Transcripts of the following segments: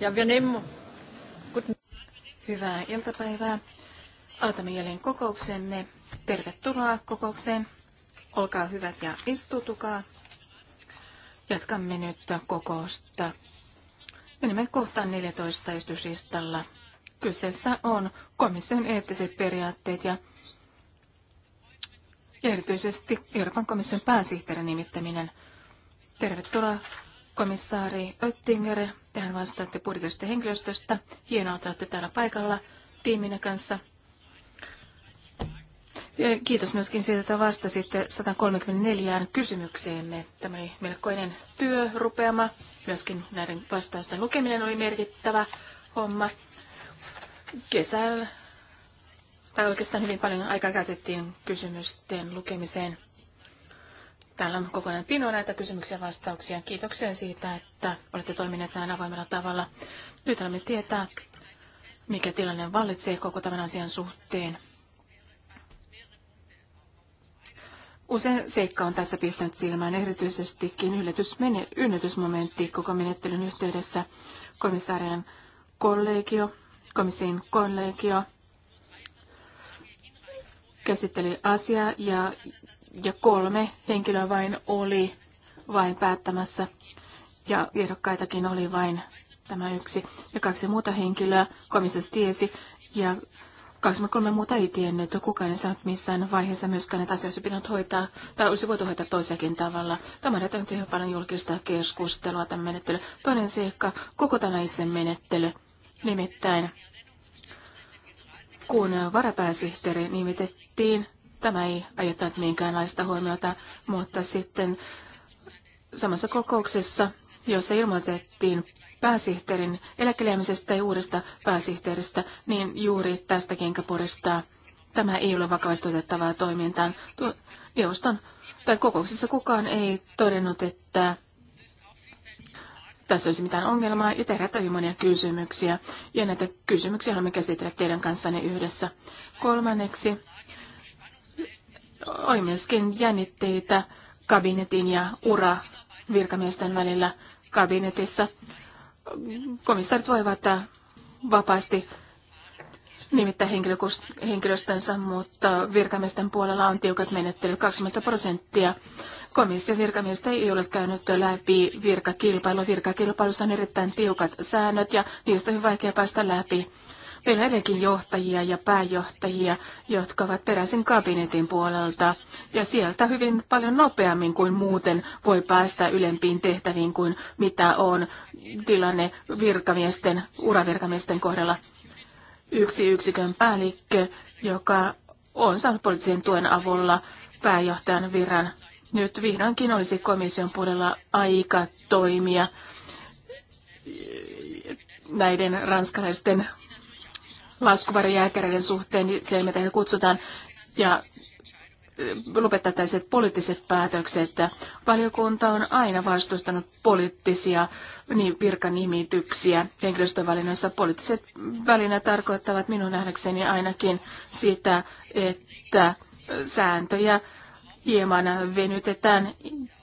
Ja wir nehmen... Hyvää iltapäivää. Aloitamme jälleen kokouksemme. Tervetuloa kokoukseen. Olkaa hyvät ja istutukaa. Jatkamme nyt kokousta. Menemme kohtaan 14 istuslistalla. Kyseessä on komission eettiset periaatteet ja erityisesti Euroopan komission pääsihteerin nimittäminen. Tervetuloa komissaari Oettinger, tähän vastaatte budjetista henkilöstöstä. Hienoa, että olette täällä paikalla tiiminä kanssa. Ja kiitos myöskin siitä, että vastasitte 134 kysymykseemme. Tämä oli melkoinen työrupeama. Myöskin näiden vastausten lukeminen oli merkittävä homma. Kesällä, tai oikeastaan hyvin paljon aikaa käytettiin kysymysten lukemiseen. Täällä on kokonaan pino näitä kysymyksiä ja vastauksia. Kiitoksia siitä, että olette toimineet näin avoimella tavalla. Nyt haluamme tietää, mikä tilanne vallitsee koko tämän asian suhteen. Usein seikka on tässä pistänyt silmään erityisestikin yllätysmomentti koko menettelyn yhteydessä. Komissaarien kollegio, komissiin kollegio käsitteli asiaa ja ja kolme henkilöä vain oli vain päättämässä ja ehdokkaitakin oli vain tämä yksi ja kaksi muuta henkilöä komissiossa tiesi ja 23 muuta ei tiennyt, kukaan ei saanut missään vaiheessa myöskään, että asia olisi pitänyt hoitaa, tai olisi voitu hoitaa toisiakin tavalla. Tämä on hyvin paljon julkista keskustelua, tämä menettely. Toinen seikka, koko tämä itse menettely, nimittäin kun varapääsihteeri nimitettiin, Tämä ei aiheuttanut minkäänlaista huomiota, mutta sitten samassa kokouksessa, jossa ilmoitettiin pääsihteerin eläkeleämisestä ja uudesta pääsihteeristä, niin juuri tästä kenkäporista tämä ei ole vakavasti otettavaa toimintaan. Jouston, tai kokouksessa kukaan ei todennut, että tässä olisi mitään ongelmaa ja tehdä hyvin monia kysymyksiä. Ja näitä kysymyksiä haluamme käsitellä teidän kanssanne yhdessä. Kolmanneksi oli myöskin jännitteitä kabinetin ja ura virkamiesten välillä kabinetissa. Komissaarit voivat vapaasti nimittäin henkilöstönsä, mutta virkamiesten puolella on tiukat menettelyt 20 prosenttia. Komission virkamiestä ei ole käynyt läpi virkakilpailu. Virkakilpailussa on erittäin tiukat säännöt ja niistä on vaikea päästä läpi. Meillä on edelleenkin johtajia ja pääjohtajia, jotka ovat peräisin kabinetin puolelta, ja sieltä hyvin paljon nopeammin kuin muuten voi päästä ylempiin tehtäviin kuin mitä on tilanne virkamiesten, uravirkamiesten kohdalla. Yksi yksikön päällikkö, joka on saanut poliittisen tuen avulla pääjohtajan viran. Nyt vihdoinkin olisi komission puolella aika toimia näiden ranskalaisten laskuvarjääkäreiden suhteen, niin se mitä he kutsutaan, ja lopettaa tällaiset poliittiset päätökset. Valiokunta on aina vastustanut poliittisia niin virkanimityksiä henkilöstövalinnoissa. Poliittiset välineet tarkoittavat minun nähdäkseni ainakin sitä, että sääntöjä hieman venytetään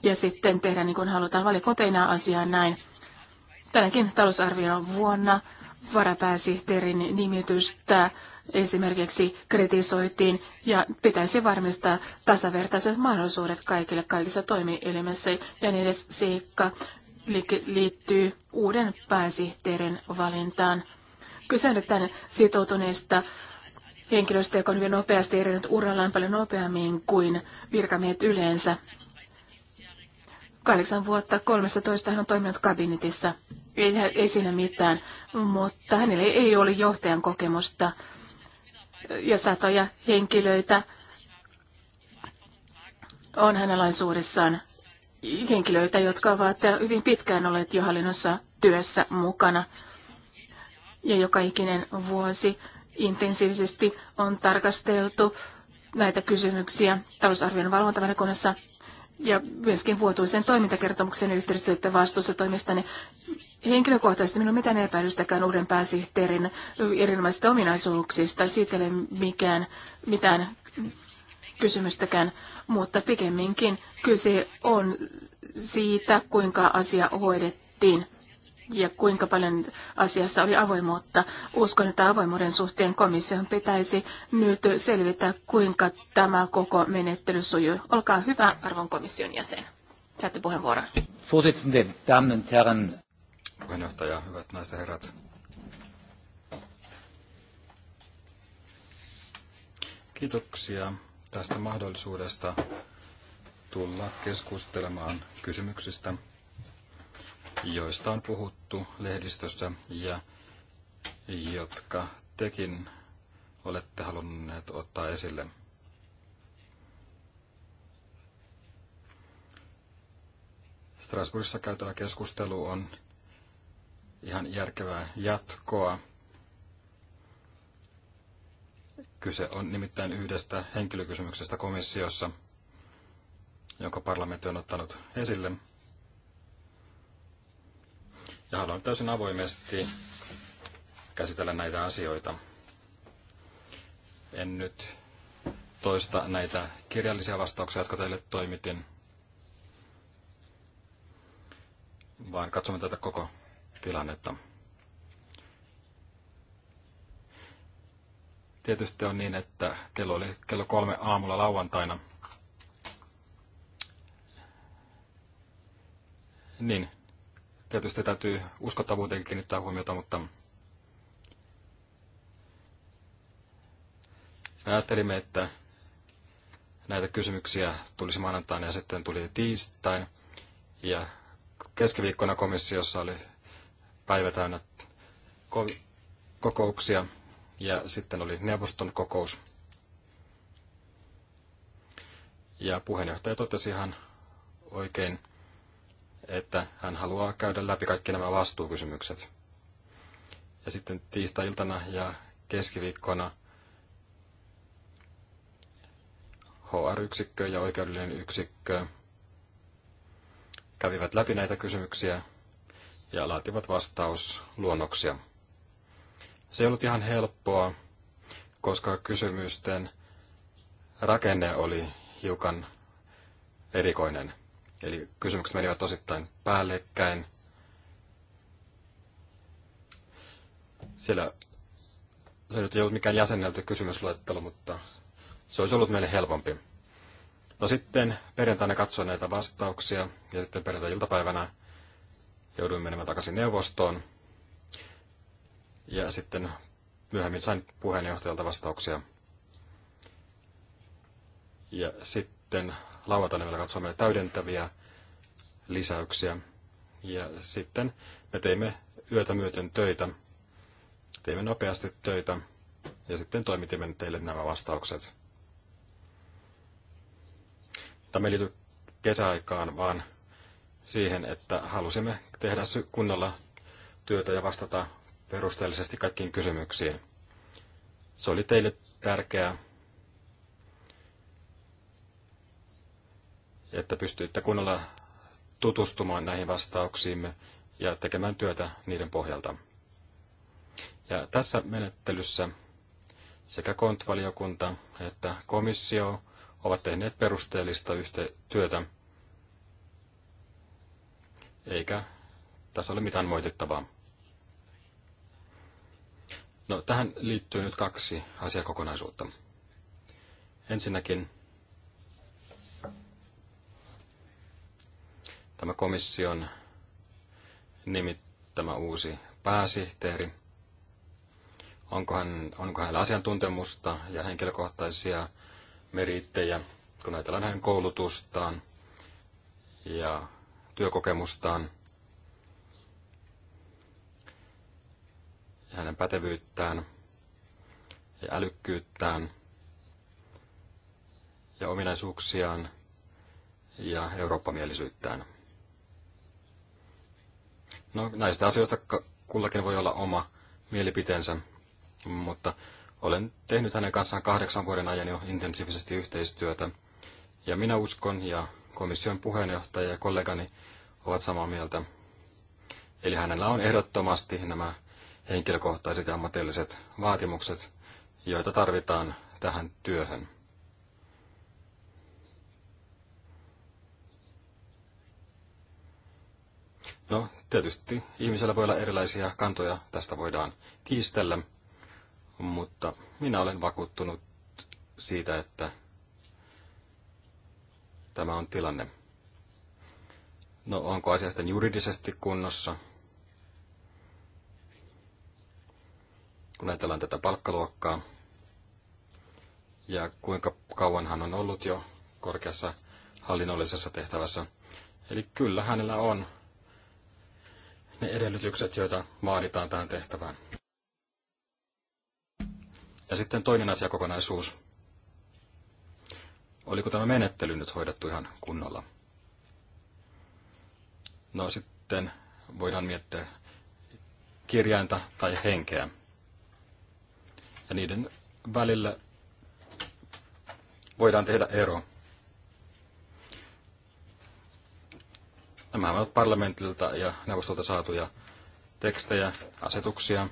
ja sitten tehdään niin kuin halutaan. Valiokunta ei näe asiaa näin. Tänäkin talousarvion vuonna varapääsihteerin nimitystä esimerkiksi kritisoitiin ja pitäisi varmistaa tasavertaiset mahdollisuudet kaikille kaikissa toimielimissä ja niin edes seikka liittyy uuden pääsihteerin valintaan. Kyse on tänne sitoutuneesta henkilöstä, joka on hyvin nopeasti erinyt urallaan paljon nopeammin kuin virkamiehet yleensä. Kahdeksan vuotta 13 hän on toiminut kabinetissa ei, ei siinä mitään, mutta hänellä ei ole johtajan kokemusta ja satoja henkilöitä on hänellä suurissaan henkilöitä, jotka ovat hyvin pitkään olleet jo hallinnossa työssä mukana. Ja joka ikinen vuosi intensiivisesti on tarkasteltu näitä kysymyksiä talousarvion valvontavaliokunnassa ja myöskin vuotuisen toimintakertomuksen yhteistyötä vastuussa niin Henkilökohtaisesti minulla mitään epäilystäkään uuden pääsihteerin erinomaisista ominaisuuksista. Siitä ei ole mikään, mitään kysymystäkään, mutta pikemminkin kyse on siitä, kuinka asia hoidettiin ja kuinka paljon asiassa oli avoimuutta. Uskon, että avoimuuden suhteen komission pitäisi nyt selvittää, kuinka tämä koko menettely sujuu. Olkaa hyvä, arvon komission jäsen. Saatte puheenvuoron. Puheenjohtaja, hyvät naiset ja herrat. Kiitoksia tästä mahdollisuudesta tulla keskustelemaan kysymyksistä, joista on puhuttu lehdistössä ja jotka tekin olette halunneet ottaa esille. Strasbourgissa käytävä keskustelu on ihan järkevää jatkoa. Kyse on nimittäin yhdestä henkilökysymyksestä komissiossa, jonka parlamentti on ottanut esille ja haluan täysin avoimesti käsitellä näitä asioita. En nyt toista näitä kirjallisia vastauksia, jotka teille toimitin, vaan katsomme tätä koko tilannetta. Tietysti on niin, että kello oli kello kolme aamulla lauantaina. Niin, Tietysti täytyy uskottavuuteen kiinnittää huomiota, mutta me ajattelimme, että näitä kysymyksiä tulisi maanantaina ja sitten tuli tiistain. Ja keskiviikkona komissiossa oli päivä täynnä kokouksia ja sitten oli neuvoston kokous. Ja puheenjohtaja totesi ihan oikein, että hän haluaa käydä läpi kaikki nämä vastuukysymykset. Ja sitten tiistai-iltana ja keskiviikkona HR-yksikkö ja oikeudellinen yksikkö kävivät läpi näitä kysymyksiä ja laativat vastausluonnoksia. Se ei ollut ihan helppoa, koska kysymysten rakenne oli hiukan erikoinen. Eli kysymykset menivät osittain päällekkäin. Siellä se nyt ei ollut mikään jäsennelty kysymysluettelo, mutta se olisi ollut meille helpompi. No sitten perjantaina katsoin näitä vastauksia ja sitten perjantai-iltapäivänä jouduin menemään takaisin neuvostoon. Ja sitten myöhemmin sain puheenjohtajalta vastauksia. Ja sitten sitten lauantaina vielä katsomme täydentäviä lisäyksiä. Ja sitten me teimme yötä myöten töitä, teimme nopeasti töitä ja sitten toimitimme teille nämä vastaukset. Tämä ei liity kesäaikaan, vaan siihen, että halusimme tehdä kunnolla työtä ja vastata perusteellisesti kaikkiin kysymyksiin. Se oli teille tärkeää että pystyitte kunnolla tutustumaan näihin vastauksiimme ja tekemään työtä niiden pohjalta. Ja tässä menettelyssä sekä kontvaliokunta että komissio ovat tehneet perusteellista työtä, eikä tässä ole mitään moitettavaa. No, tähän liittyy nyt kaksi asiakokonaisuutta. Ensinnäkin tämä komission nimittämä uusi pääsihteeri, onko, hän, onko hänellä asiantuntemusta ja henkilökohtaisia merittejä, kun ajatellaan hänen koulutustaan ja työkokemustaan ja hänen pätevyyttään ja älykkyyttään ja ominaisuuksiaan ja eurooppamielisyyttään. No näistä asioista kullakin voi olla oma mielipiteensä, mutta olen tehnyt hänen kanssaan kahdeksan vuoden ajan jo intensiivisesti yhteistyötä. Ja minä uskon, ja komission puheenjohtaja ja kollegani ovat samaa mieltä. Eli hänellä on ehdottomasti nämä henkilökohtaiset ja ammatilliset vaatimukset, joita tarvitaan tähän työhön. No, tietysti ihmisellä voi olla erilaisia kantoja, tästä voidaan kiistellä, mutta minä olen vakuuttunut siitä, että tämä on tilanne. No, onko asia sitten juridisesti kunnossa? Kun ajatellaan tätä palkkaluokkaa, ja kuinka kauan hän on ollut jo korkeassa hallinnollisessa tehtävässä. Eli kyllä hänellä on ne edellytykset, joita vaaditaan tähän tehtävään. Ja sitten toinen asiakokonaisuus. Oliko tämä menettely nyt hoidettu ihan kunnolla? No sitten voidaan miettiä kirjainta tai henkeä. Ja niiden välillä voidaan tehdä ero. Nämä ovat parlamentilta ja neuvostolta saatuja tekstejä, asetuksia.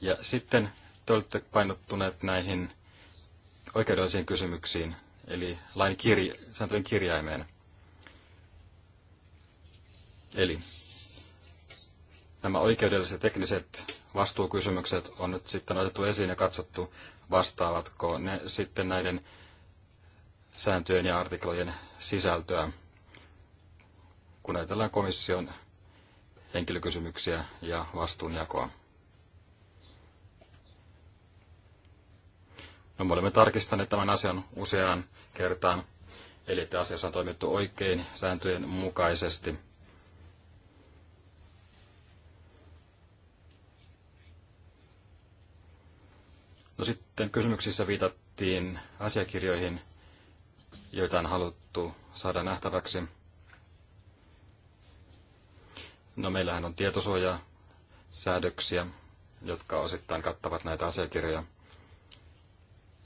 Ja sitten te olette painottuneet näihin oikeudellisiin kysymyksiin, eli lain kirja, sääntöjen kirjaimeen. Eli nämä oikeudelliset ja tekniset vastuukysymykset on nyt sitten otettu esiin ja katsottu, vastaavatko ne sitten näiden sääntöjen ja artiklojen sisältöä kun ajatellaan komission henkilökysymyksiä ja vastuunjakoa. No, me olemme tarkistaneet tämän asian useaan kertaan, eli että asiassa on toimittu oikein sääntöjen mukaisesti. No sitten kysymyksissä viitattiin asiakirjoihin, joita on haluttu saada nähtäväksi – No meillähän on tietosuojasäädöksiä, jotka osittain kattavat näitä asiakirjoja.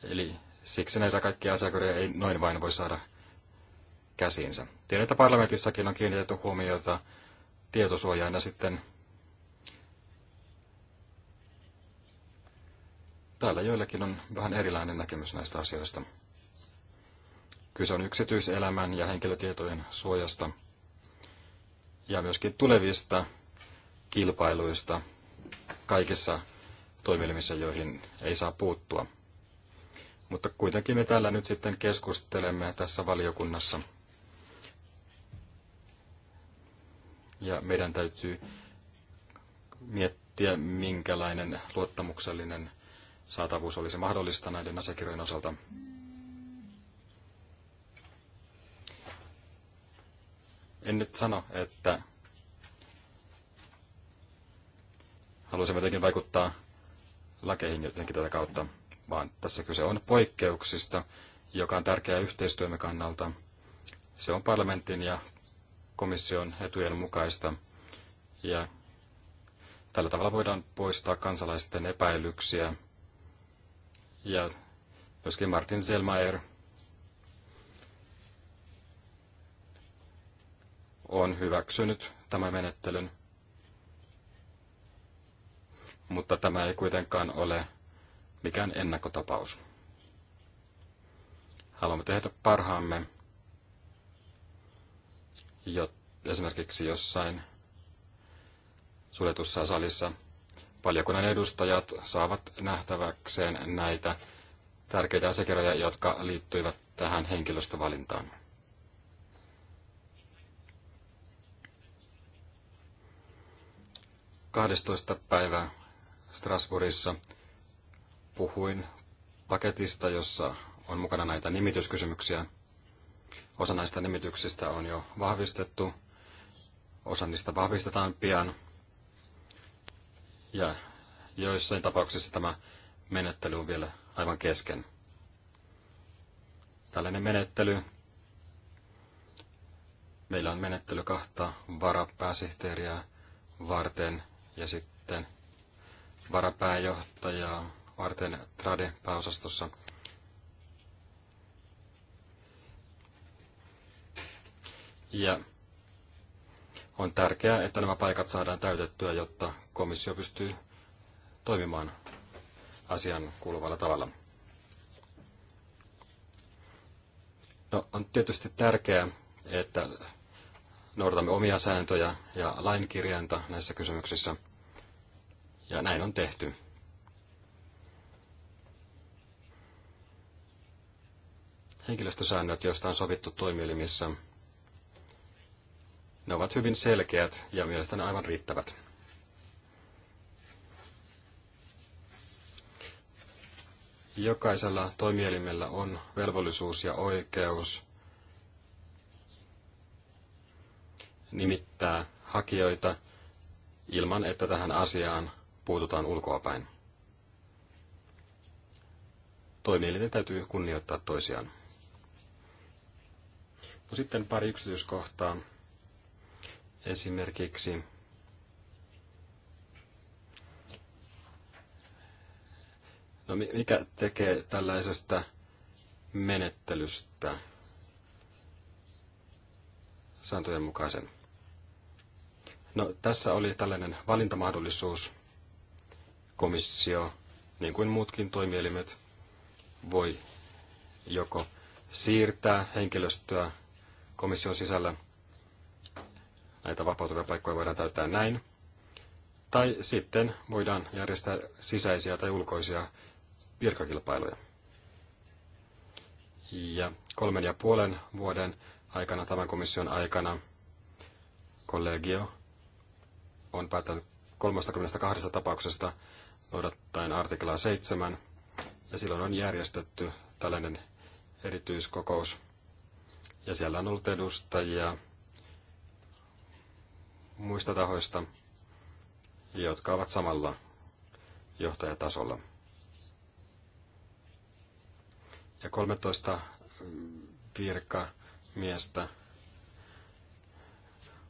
Eli siksi näitä kaikkia asiakirjoja ei noin vain voi saada käsiinsä. Tiedän, että parlamentissakin on kiinnitetty huomiota tietosuojaan ja sitten täällä joillakin on vähän erilainen näkemys näistä asioista. Kyse on yksityiselämän ja henkilötietojen suojasta – ja myöskin tulevista kilpailuista kaikissa toimielimissä, joihin ei saa puuttua. Mutta kuitenkin me täällä nyt sitten keskustelemme tässä valiokunnassa. Ja meidän täytyy miettiä, minkälainen luottamuksellinen saatavuus olisi mahdollista näiden asiakirjojen osalta. En nyt sano, että haluaisin jotenkin vaikuttaa lakeihin jotenkin tätä kautta, vaan tässä kyse on poikkeuksista, joka on tärkeää yhteistyömme kannalta. Se on parlamentin ja komission etujen mukaista, ja tällä tavalla voidaan poistaa kansalaisten epäilyksiä. Ja myöskin Martin Selmayr on hyväksynyt tämän menettelyn, mutta tämä ei kuitenkaan ole mikään ennakkotapaus. Haluamme tehdä parhaamme, jotta esimerkiksi jossain suljetussa salissa valiokunnan edustajat saavat nähtäväkseen näitä tärkeitä asiakirjoja, jotka liittyivät tähän henkilöstövalintaan. 12. päivä Strasbourgissa puhuin paketista, jossa on mukana näitä nimityskysymyksiä. Osa näistä nimityksistä on jo vahvistettu, osa niistä vahvistetaan pian. Ja joissain tapauksissa tämä menettely on vielä aivan kesken. Tällainen menettely, meillä on menettely kahta varapääsihteeriä varten, ja sitten varapääjohtajaa varten Trade pääosastossa. Ja on tärkeää, että nämä paikat saadaan täytettyä, jotta komissio pystyy toimimaan asian kuuluvalla tavalla. No, on tietysti tärkeää, että noudatamme omia sääntöjä ja lainkirjainta näissä kysymyksissä – ja näin on tehty. Henkilöstösäännöt, joista on sovittu toimielimissä, ne ovat hyvin selkeät ja mielestäni aivan riittävät. Jokaisella toimielimellä on velvollisuus ja oikeus nimittää hakijoita ilman, että tähän asiaan puututaan ulkoapäin. Toimielinten täytyy kunnioittaa toisiaan. No sitten pari yksityiskohtaa. Esimerkiksi no mikä tekee tällaisesta menettelystä sääntöjen mukaisen? No, tässä oli tällainen valintamahdollisuus komissio, niin kuin muutkin toimielimet, voi joko siirtää henkilöstöä komission sisällä, näitä vapautuvia paikkoja voidaan täyttää näin, tai sitten voidaan järjestää sisäisiä tai ulkoisia virkakilpailuja. Ja kolmen ja puolen vuoden aikana, tämän komission aikana, kollegio on päättänyt 32 tapauksesta, noudattaen artiklaa 7, ja silloin on järjestetty tällainen erityiskokous, ja siellä on ollut edustajia muista tahoista, jotka ovat samalla johtajatasolla. Ja 13 virkamiestä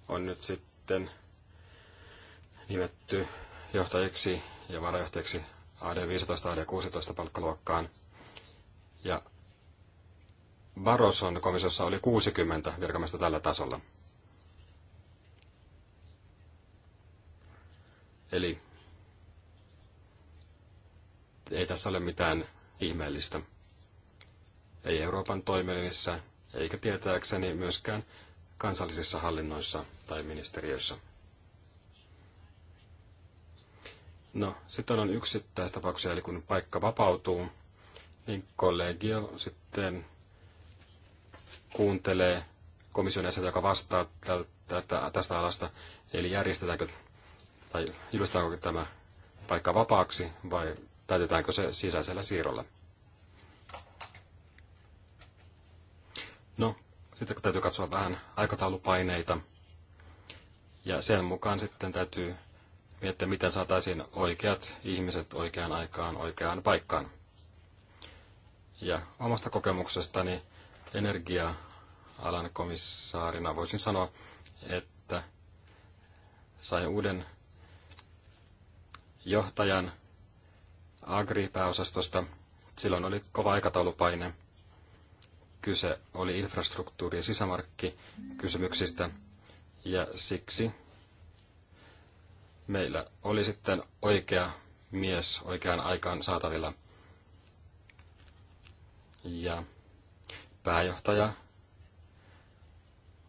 on nyt sitten nimetty johtajiksi ja varajohtajaksi AD15, AD16 palkkaluokkaan. Ja Barroson komissiossa oli 60 virkamiestä tällä tasolla. Eli ei tässä ole mitään ihmeellistä. Ei Euroopan toimielimissä, eikä tietääkseni myöskään kansallisissa hallinnoissa tai ministeriöissä. No, sitten on yksittäistapauksia, eli kun paikka vapautuu, niin kollegio sitten kuuntelee komission jäsen, joka vastaa tästä alasta, eli järjestetäänkö tai julistetaanko tämä paikka vapaaksi vai täytetäänkö se sisäisellä siirrolla. No, sitten kun täytyy katsoa vähän aikataulupaineita, ja sen mukaan sitten täytyy että miten saataisiin oikeat ihmiset oikeaan aikaan oikeaan paikkaan. Ja omasta kokemuksestani energia-alan komissaarina voisin sanoa, että sain uuden johtajan Agri-pääosastosta. Silloin oli kova aikataulupaine. Kyse oli infrastruktuuri- ja sisämarkkikysymyksistä, ja siksi meillä oli sitten oikea mies oikeaan aikaan saatavilla. Ja pääjohtaja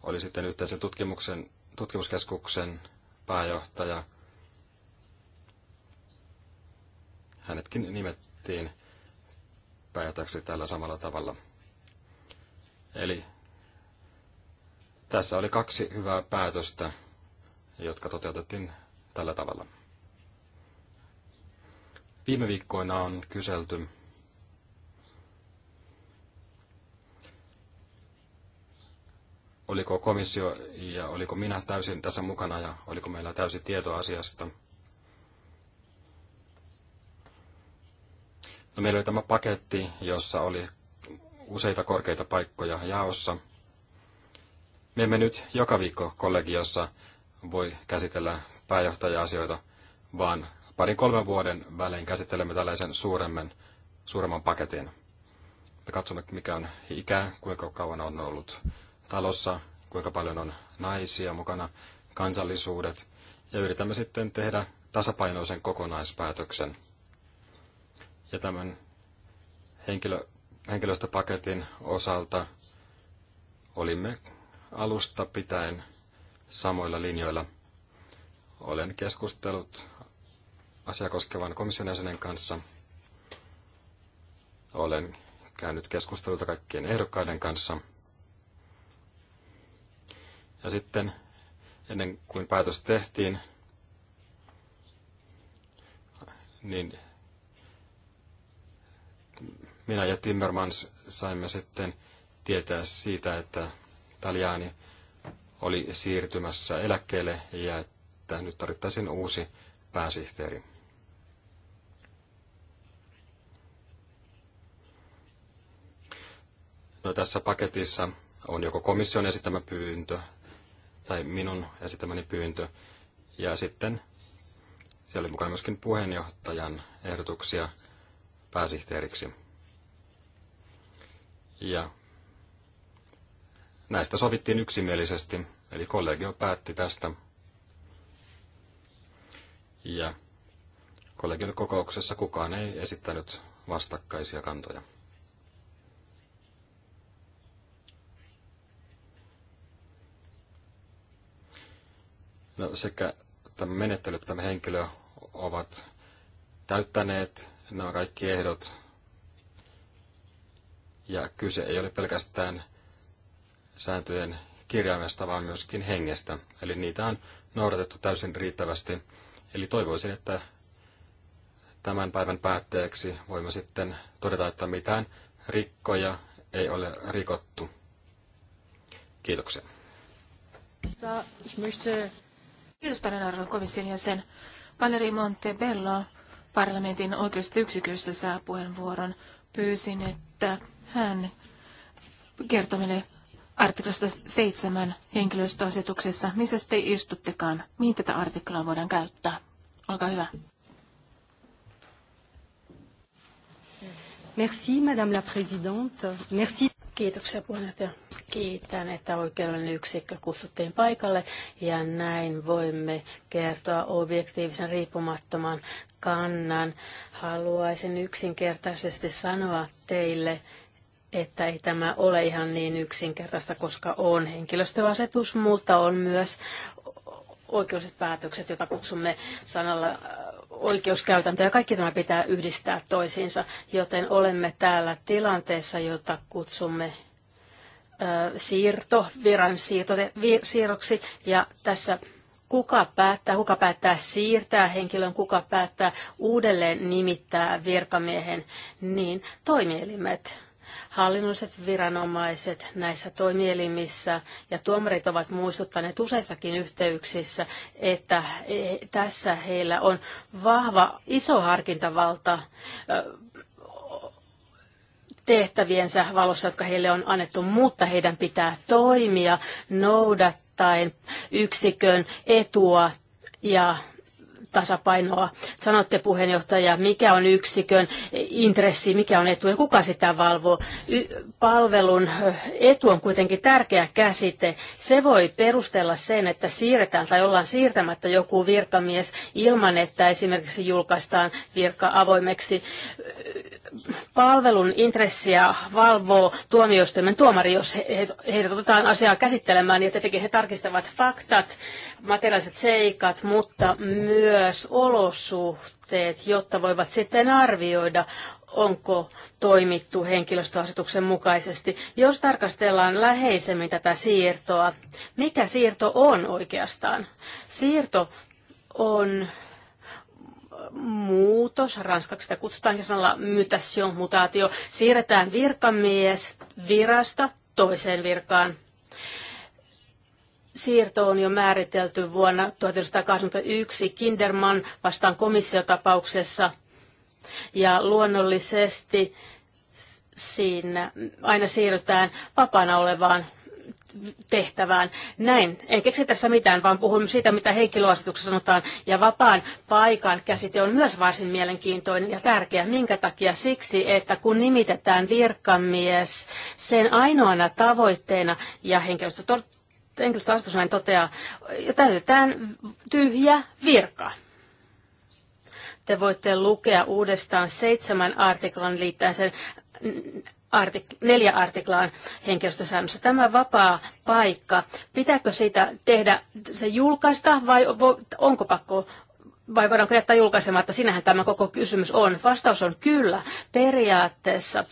oli sitten yhteisen tutkimuksen, tutkimuskeskuksen pääjohtaja. Hänetkin nimettiin pääjohtajaksi tällä samalla tavalla. Eli tässä oli kaksi hyvää päätöstä, jotka toteutettiin tällä tavalla. Viime viikkoina on kyselty oliko komissio ja oliko minä täysin tässä mukana ja oliko meillä täysi tieto asiasta. No, meillä oli tämä paketti, jossa oli useita korkeita paikkoja jaossa. Me emme nyt joka viikko kollegiossa voi käsitellä pääjohtaja-asioita, vaan parin kolmen vuoden välein käsittelemme tällaisen suuremman, suuremman paketin. Me katsomme, mikä on ikä, kuinka kauan on ollut talossa, kuinka paljon on naisia mukana, kansallisuudet, ja yritämme sitten tehdä tasapainoisen kokonaispäätöksen. Ja tämän henkilö, henkilöstöpaketin osalta olimme alusta pitäen samoilla linjoilla. Olen keskustellut asia koskevan komission jäsenen kanssa. Olen käynyt keskusteluita kaikkien ehdokkaiden kanssa. Ja sitten ennen kuin päätös tehtiin, niin minä ja Timmermans saimme sitten tietää siitä, että Taliani oli siirtymässä eläkkeelle ja että nyt tarvittaisiin uusi pääsihteeri. No, tässä paketissa on joko komission esittämä pyyntö tai minun esittämäni pyyntö. Ja sitten siellä oli mukana myöskin puheenjohtajan ehdotuksia pääsihteeriksi. Ja Näistä sovittiin yksimielisesti, eli kollegio päätti tästä. Ja kollegion kokouksessa kukaan ei esittänyt vastakkaisia kantoja. No, sekä tämä menettely että tämä henkilö ovat täyttäneet nämä kaikki ehdot. Ja kyse ei ole pelkästään sääntöjen kirjaimesta, vaan myöskin hengestä. Eli niitä on noudatettu täysin riittävästi. Eli toivoisin, että tämän päivän päätteeksi voimme sitten todeta, että mitään rikkoja ei ole rikottu. Kiitoksia. Kiitos paljon arvon komission jäsen. Valeri Montebello parlamentin oikeudesta yksiköstä saa puheenvuoron. Pyysin, että hän kertoo meille artiklasta 7 henkilöstöasetuksessa. Missä te istuttekaan? Mihin tätä artiklaa voidaan käyttää? Olkaa hyvä. Merci, Madame la Présidente. Merci. Kiitoksia puheenjohtaja. Kiitän, että oikeudellinen yksikkö kutsuttiin paikalle ja näin voimme kertoa objektiivisen riippumattoman kannan. Haluaisin yksinkertaisesti sanoa teille, että ei tämä ole ihan niin yksinkertaista, koska on henkilöstöasetus, mutta on myös oikeudelliset päätökset, joita kutsumme sanalla äh, oikeuskäytäntö, ja kaikki tämä pitää yhdistää toisiinsa, joten olemme täällä tilanteessa, jota kutsumme äh, siirto, viran siirto, vir, siirroksi, ja tässä kuka päättää, kuka päättää siirtää henkilön, kuka päättää uudelleen nimittää virkamiehen, niin toimielimet Hallinnolliset viranomaiset näissä toimielimissä ja tuomarit ovat muistuttaneet useissakin yhteyksissä, että e, tässä heillä on vahva, iso harkintavalta tehtäviensä valossa, jotka heille on annettu, mutta heidän pitää toimia noudattaen yksikön etua ja tasapainoa. Sanotte puheenjohtaja, mikä on yksikön intressi, mikä on etu ja kuka sitä valvoo. Y- palvelun eh, etu on kuitenkin tärkeä käsite. Se voi perustella sen, että siirretään tai ollaan siirtämättä joku virkamies ilman, että esimerkiksi julkaistaan virka avoimeksi palvelun intressiä valvoo tuomioistuimen tuomari, jos heidät otetaan asiaa käsittelemään, niin tietenkin he tarkistavat faktat, materiaaliset seikat, mutta myös olosuhteet, jotta voivat sitten arvioida, onko toimittu henkilöstöasetuksen mukaisesti. Jos tarkastellaan läheisemmin tätä siirtoa, mikä siirto on oikeastaan? Siirto on muutos, ranskaksi sitä kutsutaankin sanalla mutation, mutaatio, siirretään virkamies virasta toiseen virkaan. Siirto on jo määritelty vuonna 1981 Kinderman vastaan komissiotapauksessa ja luonnollisesti siinä aina siirrytään vapaana olevaan tehtävään. Näin, en keksi tässä mitään, vaan puhun siitä, mitä henkilöasetuksessa sanotaan. Ja vapaan paikan käsite on myös varsin mielenkiintoinen ja tärkeä. Minkä takia? Siksi, että kun nimitetään virkamies, sen ainoana tavoitteena, ja henkilöstö henkilöstöasetus näin toteaa, täytetään tyhjä virka. Te voitte lukea uudestaan seitsemän artiklan liittäen sen artik- neljä artiklaan henkilöstösäännössä. Tämä vapaa paikka, pitääkö siitä tehdä, se julkaista vai onko pakko vai voidaanko jättää julkaisematta? Sinähän tämä koko kysymys on. Vastaus on kyllä. Periaatteessa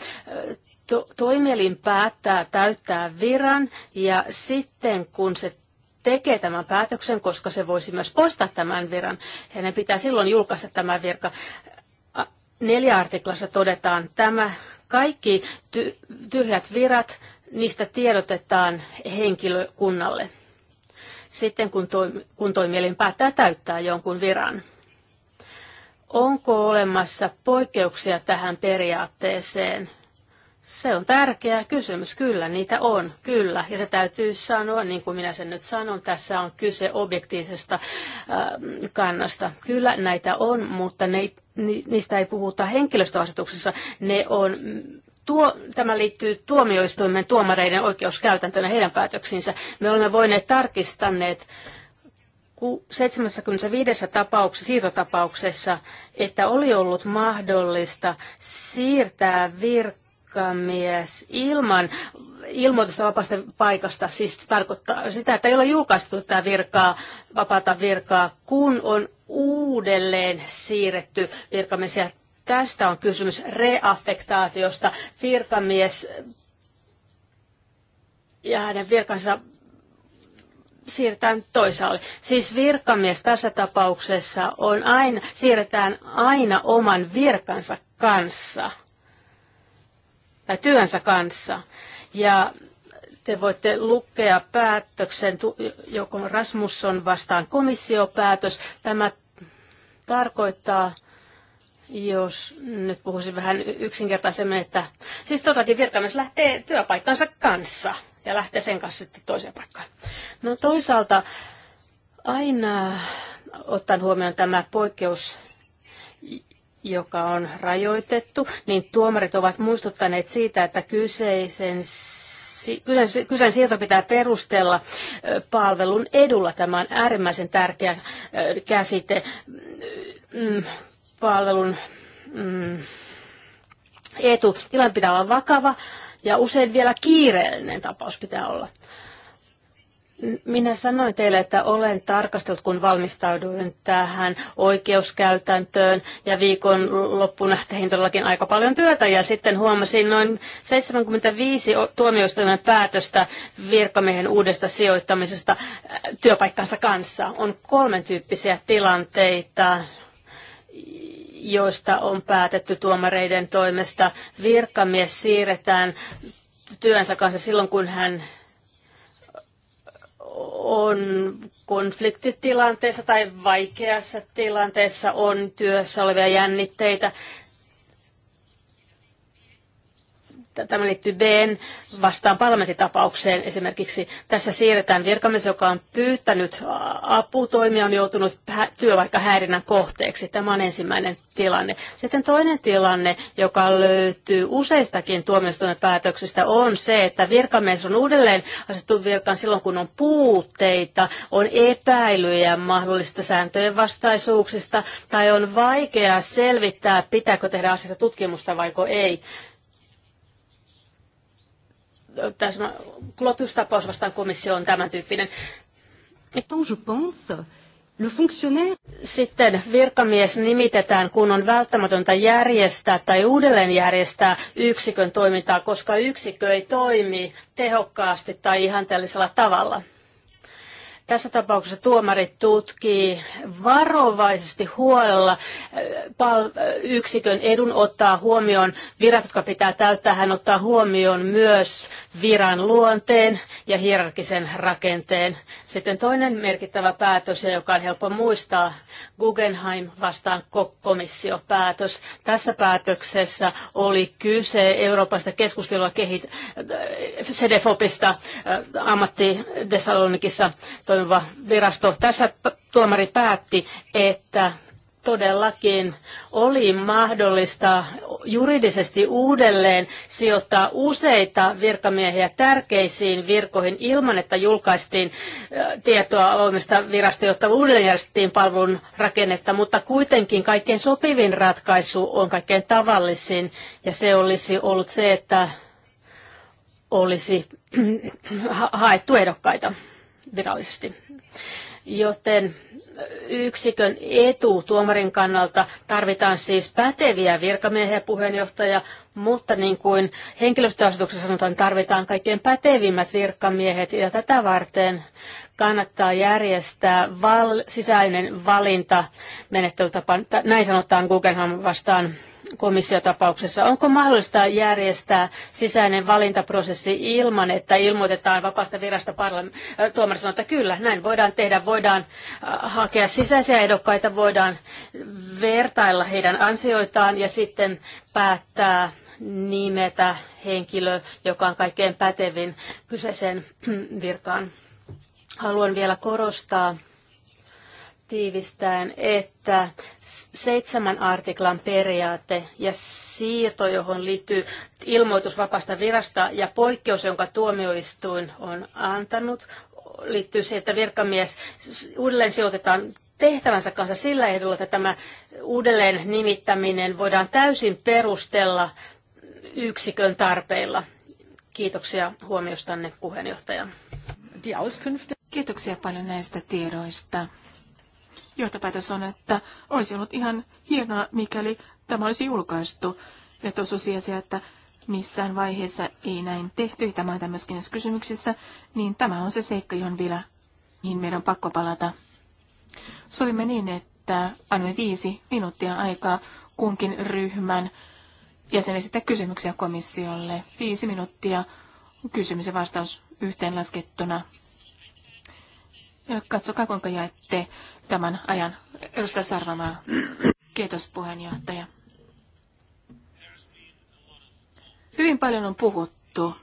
to- toimielin päättää täyttää viran ja sitten kun se tekee tämän päätöksen, koska se voisi myös poistaa tämän viran, hänen pitää silloin julkaista tämä virka. Neljä artiklassa todetaan, tämä kaikki tyhjät virat, niistä tiedotetaan henkilökunnalle sitten, kun, toimi, kun toimielin päättää täyttää jonkun viran. Onko olemassa poikkeuksia tähän periaatteeseen se on tärkeä kysymys, kyllä, niitä on, kyllä. Ja se täytyy sanoa, niin kuin minä sen nyt sanon, tässä on kyse objektiivisesta äh, kannasta. Kyllä, näitä on, mutta ne, ni, niistä ei puhuta henkilöstöasetuksessa. Ne on tuo, tämä liittyy tuomioistuimen tuomareiden oikeuskäytäntöön ja heidän päätöksiinsä. Me olemme voineet tarkistaneet 75 tapauksessa, siirtotapauksessa, että oli ollut mahdollista siirtää virkaa virkamies ilman ilmoitusta vapaasta paikasta, siis tarkoittaa sitä, että ei ole julkaistu tätä virkaa, vapaata virkaa, kun on uudelleen siirretty virkamiesiä. Tästä on kysymys reaffektaatiosta. Virkamies ja hänen virkansa siirretään toisaalle. Siis virkamies tässä tapauksessa on aina, siirretään aina oman virkansa kanssa työnsä kanssa. Ja te voitte lukea päätöksen, joko Rasmusson vastaan komissiopäätös. Tämä tarkoittaa, jos nyt puhuisin vähän yksinkertaisemmin, että siis todellakin virkamies lähtee työpaikkansa kanssa ja lähtee sen kanssa sitten toiseen paikkaan. No toisaalta aina ottaen huomioon tämä poikkeus joka on rajoitettu, niin tuomarit ovat muistuttaneet siitä, että kyseisen Kyseinen siirto pitää perustella palvelun edulla. Tämä on äärimmäisen tärkeä käsite mm, mm, palvelun mm, etu. Tilanne pitää olla vakava ja usein vielä kiireellinen tapaus pitää olla. Minä sanoin teille, että olen tarkastellut, kun valmistauduin tähän oikeuskäytäntöön ja viikon loppuna tein todellakin aika paljon työtä ja sitten huomasin noin 75 tuomioistuimen päätöstä virkamiehen uudesta sijoittamisesta äh, työpaikkansa kanssa. On kolmen tyyppisiä tilanteita joista on päätetty tuomareiden toimesta. Virkamies siirretään työnsä kanssa silloin, kun hän on konfliktitilanteessa tai vaikeassa tilanteessa, on työssä olevia jännitteitä. Tämä liittyy BN vastaan parlamenttitapaukseen esimerkiksi. Tässä siirretään virkamies, joka on pyytänyt aputoimia, on joutunut työpaikkahäirinnän kohteeksi. Tämä on ensimmäinen tilanne. Sitten toinen tilanne, joka löytyy useistakin tuomioistuimen päätöksistä, on se, että virkamies on uudelleen asettu virkaan silloin, kun on puutteita, on epäilyjä mahdollisista sääntöjen vastaisuuksista tai on vaikea selvittää, pitääkö tehdä asiasta tutkimusta vaiko ei tämä kulotustapaus vastaan komissio on tämän tyyppinen. Sitten virkamies nimitetään, kun on välttämätöntä järjestää tai uudelleen järjestää yksikön toimintaa, koska yksikkö ei toimi tehokkaasti tai ihanteellisella tavalla. Tässä tapauksessa tuomari tutkii varovaisesti huolella äh, äh, yksikön edun ottaa huomioon virat, jotka pitää täyttää. Hän ottaa huomioon myös viran luonteen ja hierarkisen rakenteen. Sitten toinen merkittävä päätös, joka on helppo muistaa, Guggenheim vastaan komissiopäätös. Tässä päätöksessä oli kyse Euroopasta keskustelua kehit, CDFOPista äh, ammatti toimiva virasto. Tässä tuomari päätti, että todellakin oli mahdollista juridisesti uudelleen sijoittaa useita virkamiehiä tärkeisiin virkoihin ilman, että julkaistiin tietoa avoimesta virasta, jotta uudelleen järjestettiin palvelun rakennetta, mutta kuitenkin kaikkein sopivin ratkaisu on kaikkein tavallisin ja se olisi ollut se, että olisi haettu ehdokkaita virallisesti. Joten yksikön etu tuomarin kannalta tarvitaan siis päteviä virkamiehiä puheenjohtaja, mutta niin kuin henkilöstöasetuksessa sanotaan, tarvitaan kaikkein pätevimmät virkamiehet ja tätä varten kannattaa järjestää val- sisäinen valinta menettelytapa. Näin sanotaan Guggenham vastaan komissiotapauksessa. Onko mahdollista järjestää sisäinen valintaprosessi ilman, että ilmoitetaan vapaasta virasta parlam- äh, tuomari sanoo, että kyllä, näin voidaan tehdä, voidaan äh, hakea sisäisiä ehdokkaita, voidaan vertailla heidän ansioitaan ja sitten päättää nimetä henkilö, joka on kaikkein pätevin kyseiseen virkaan. Haluan vielä korostaa, tiivistäen, että seitsemän artiklan periaate ja siirto, johon liittyy ilmoitus vapaasta virasta ja poikkeus, jonka tuomioistuin on antanut, liittyy siihen, että virkamies uudelleen sijoitetaan tehtävänsä kanssa sillä ehdolla, että tämä uudelleen nimittäminen voidaan täysin perustella yksikön tarpeilla. Kiitoksia huomiostanne puheenjohtaja. Kiitoksia paljon näistä tiedoista johtopäätös on, että olisi ollut ihan hienoa, mikäli tämä olisi julkaistu. Ja tosiasia, että missään vaiheessa ei näin tehty, tämä on tämmöiskin kysymyksissä, niin tämä on se seikka, johon vielä niin meidän on pakko palata. Sovimme niin, että annamme viisi minuuttia aikaa kunkin ryhmän jäsen kysymyksiä komissiolle. Viisi minuuttia kysymys ja vastaus yhteenlaskettuna. Ja katsokaa, kuinka jaette tämän ajan. Edustaja Sarvamaa. Kiitos puheenjohtaja. Hyvin paljon on puhuttu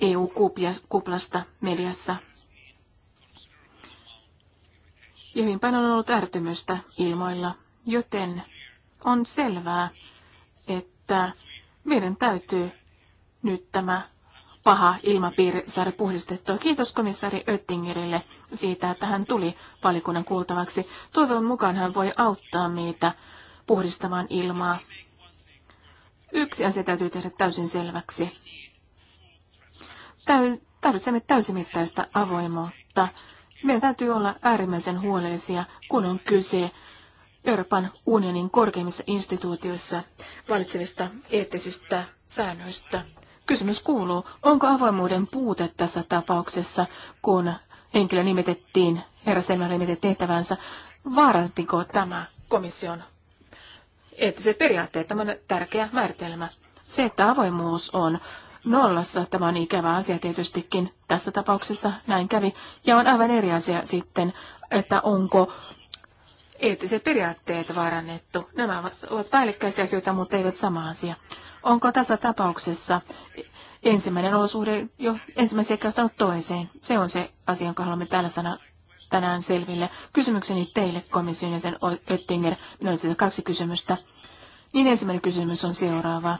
EU-kuplasta mediassa. Ja hyvin paljon on ollut ärtymystä ilmoilla, joten on selvää, että meidän täytyy nyt tämä paha ilmapiiri saada puhdistettua. Kiitos komissaari Öttingerille siitä, että hän tuli valikunnan kuultavaksi. Toivon mukaan hän voi auttaa meitä puhdistamaan ilmaa. Yksi asia täytyy tehdä täysin selväksi. Tarvitsemme täysimittaista avoimuutta. Meidän täytyy olla äärimmäisen huolellisia, kun on kyse Euroopan unionin korkeimmissa instituutioissa valitsevista eettisistä säännöistä. Kysymys kuuluu, onko avoimuuden puute tässä tapauksessa, kun henkilö nimitettiin, herra Selmer nimitettiin tehtävänsä, vaarantiko tämä komission eettiset periaatteet, tämä on tärkeä määritelmä. Se, että avoimuus on nollassa, tämä on ikävä asia tietystikin. Tässä tapauksessa näin kävi. Ja on aivan eri asia sitten, että onko eettiset periaatteet vaarannettu. Nämä ovat päällekkäisiä asioita, mutta eivät sama asia. Onko tässä tapauksessa ensimmäinen olosuhde jo ensimmäisen käyttänyt toiseen? Se on se asia, jonka haluamme tällä sana tänään selville. Kysymykseni teille, komission ja sen Oettinger. Minulla on siitä kaksi kysymystä. Niin ensimmäinen kysymys on seuraava.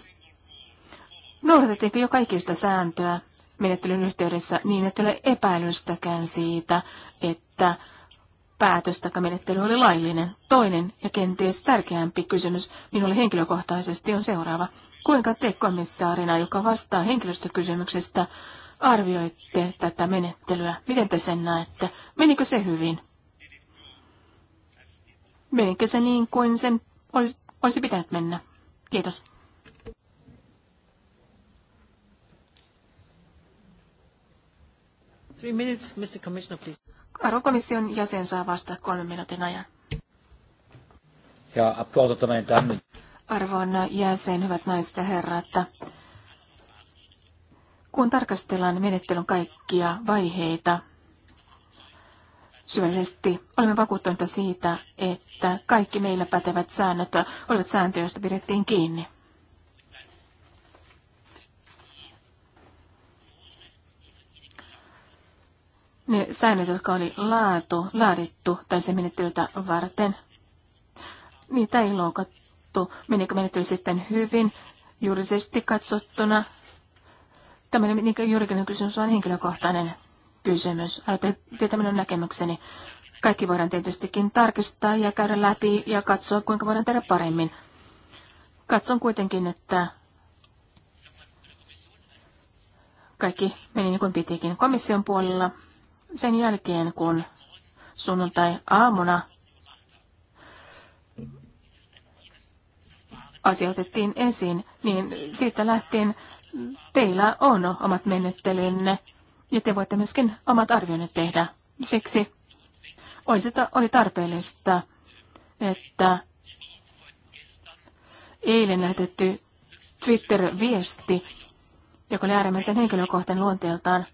Noudatettiinko jo kaikista sääntöä menettelyn yhteydessä niin, että ei ole epäilystäkään siitä, että päätös tai menettely oli laillinen. Toinen ja kenties tärkeämpi kysymys minulle henkilökohtaisesti on seuraava. Kuinka te komissaarina, joka vastaa henkilöstökysymyksestä, arvioitte tätä menettelyä? Miten te sen näette? Menikö se hyvin? Menikö se niin kuin sen olisi, olisi pitänyt mennä? Kiitos. Three minutes, Mr. Commissioner, please. Arvokomission jäsen saa vastata kolmen minuutin ajan. Ja Arvon jäsen, hyvät naiset ja herrat, kun tarkastellaan menettelyn kaikkia vaiheita syvällisesti, olemme vakuuttuneita siitä, että kaikki meillä pätevät säännöt olivat sääntöjä, joista pidettiin kiinni. ne säännöt, jotka oli laatu, laadittu tai se menettelytä varten, niitä ei loukattu. Menikö menettely sitten hyvin juridisesti katsottuna? Tämä ei niin juridinen kysymys, vaan henkilökohtainen kysymys. Haluatte tietää minun näkemykseni. Kaikki voidaan tietystikin tarkistaa ja käydä läpi ja katsoa, kuinka voidaan tehdä paremmin. Katson kuitenkin, että kaikki meni niin kuin pitikin komission puolella sen jälkeen, kun sunnuntai-aamuna asia otettiin esiin, niin siitä lähtien teillä on omat menettelynne ja te voitte myöskin omat arvioinnit tehdä. Siksi olisi, oli tarpeellista, että eilen lähetetty Twitter-viesti, joka oli äärimmäisen henkilökohtainen luonteeltaan,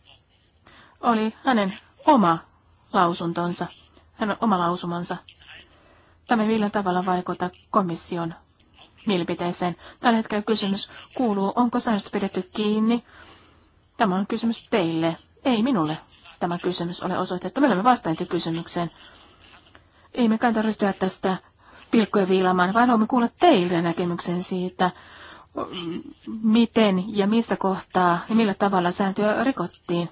oli hänen oma lausuntonsa, hänen oma lausumansa. Tämä ei tavalla vaikuta komission mielipiteeseen. Tällä hetkellä kysymys kuuluu, onko säännöstä pidetty kiinni. Tämä on kysymys teille, ei minulle. Tämä kysymys ole osoitettu. Me olemme vastaajat kysymykseen. Ei me kannata ryhtyä tästä pilkkoja viilamaan, vaan haluamme kuulla teille näkemyksen siitä, mm, miten ja missä kohtaa ja millä tavalla sääntöä rikottiin.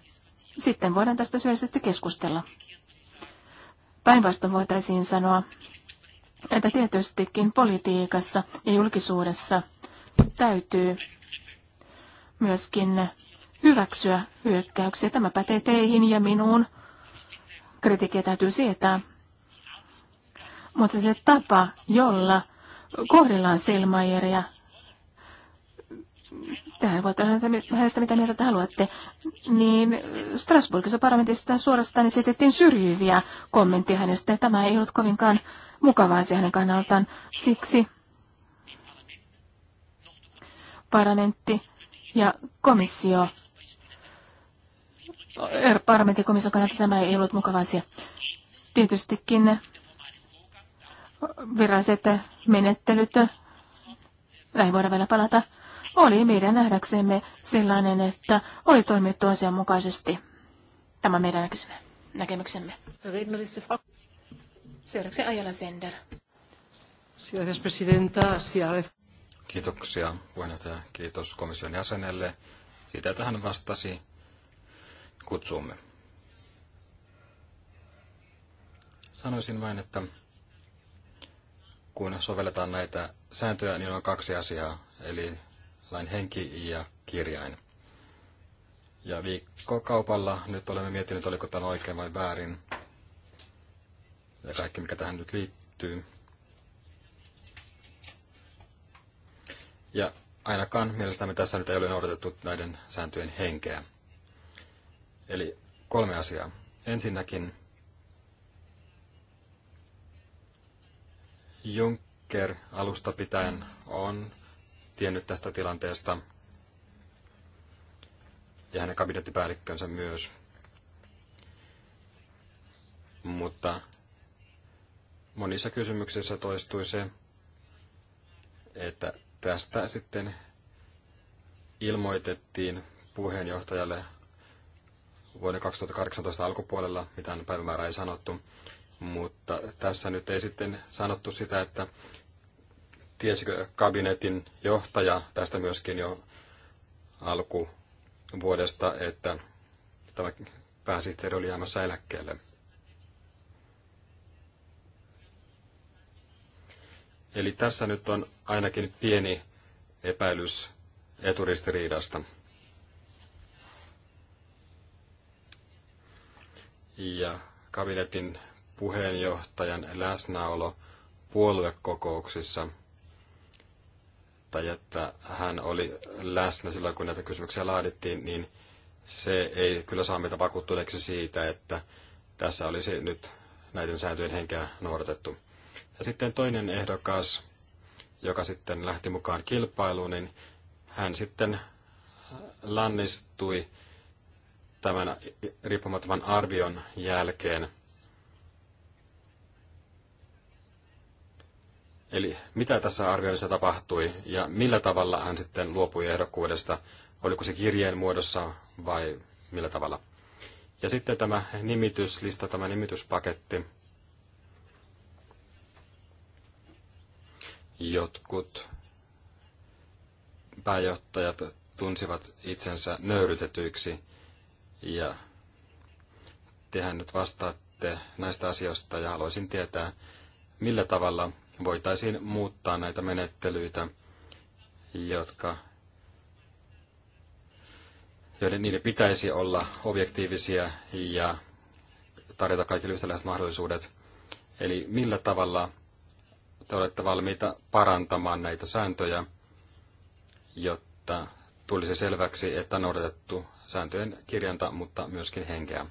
Sitten voidaan tästä syöllisesti keskustella. Päinvastoin voitaisiin sanoa, että tietystikin politiikassa ja julkisuudessa täytyy myöskin hyväksyä hyökkäyksiä. Tämä pätee teihin ja minuun. Kritiikkiä täytyy sietää. Mutta se tapa, jolla kohdellaan Selmayeria Tähän voitte hänestä mitä mieltä haluatte. Niin Strasbourgissa parlamentissa suorastaan esitettiin syrjiviä kommentteja hänestä. Tämä ei ollut kovinkaan mukavaa se hänen kannaltaan. Siksi parlamentti ja komissio er, parlamentin komission kannalta tämä ei ollut mukava asia. Tietystikin viralliset menettelyt, näihin voidaan vielä palata oli meidän nähdäksemme sellainen, että oli toimittu asianmukaisesti. Tämä meidän näkemyksemme. Seuraavaksi Ajala Sender. Kiitoksia puheenjohtaja. Kiitos komission jäsenelle siitä, tähän vastasi kutsumme. Sanoisin vain, että kun sovelletaan näitä sääntöjä, niin on kaksi asiaa. Eli lain henki ja kirjain. Ja viikkokaupalla nyt olemme miettineet, oliko tämä oikein vai väärin. Ja kaikki, mikä tähän nyt liittyy. Ja ainakaan mielestäni tässä nyt ei ole noudatettu näiden sääntöjen henkeä. Eli kolme asiaa. Ensinnäkin Juncker alusta pitäen on tiennyt tästä tilanteesta ja hänen kabinettipäällikkönsä myös. Mutta monissa kysymyksissä toistui se, että tästä sitten ilmoitettiin puheenjohtajalle vuoden 2018 alkupuolella, mitä päivämäärä ei sanottu, mutta tässä nyt ei sitten sanottu sitä, että tiesikö kabinetin johtaja tästä myöskin jo alkuvuodesta, että tämä pääsihteeri oli jäämässä eläkkeelle? Eli tässä nyt on ainakin pieni epäilys eturistiriidasta. Ja kabinetin puheenjohtajan läsnäolo puoluekokouksissa tai että hän oli läsnä silloin, kun näitä kysymyksiä laadittiin, niin se ei kyllä saa meitä vakuuttuneeksi siitä, että tässä olisi nyt näiden sääntöjen henkeä noudatettu. Ja sitten toinen ehdokas, joka sitten lähti mukaan kilpailuun, niin hän sitten lannistui tämän riippumattoman arvion jälkeen. Eli mitä tässä arvioinnissa tapahtui ja millä tavalla hän sitten luopui ehdokkuudesta? Oliko se kirjeen muodossa vai millä tavalla? Ja sitten tämä nimityslista, tämä nimityspaketti. Jotkut pääjohtajat tunsivat itsensä nöyrytetyiksi ja tehän nyt vastaatte näistä asioista ja haluaisin tietää, millä tavalla voitaisiin muuttaa näitä menettelyitä, jotka joiden niiden pitäisi olla objektiivisia ja tarjota kaikille yhtäläiset mahdollisuudet. Eli millä tavalla te olette valmiita parantamaan näitä sääntöjä, jotta tulisi selväksi, että on noudatettu sääntöjen kirjanta, mutta myöskin henkeä.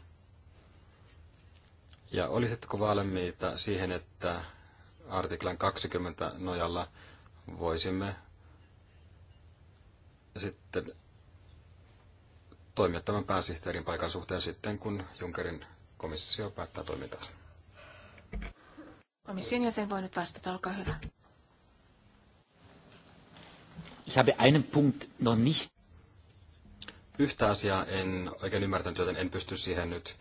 Ja olisitteko valmiita siihen, että artiklan 20 nojalla voisimme sitten toimia tämän pääsihteerin paikan suhteen sitten, kun Junckerin komissio päättää toimintansa. Komission jäsen voi nyt vastata, olkaa hyvä. Ich habe einen Punkt noch nicht. Yhtä asiaa en oikein ymmärtänyt, joten en pysty siihen nyt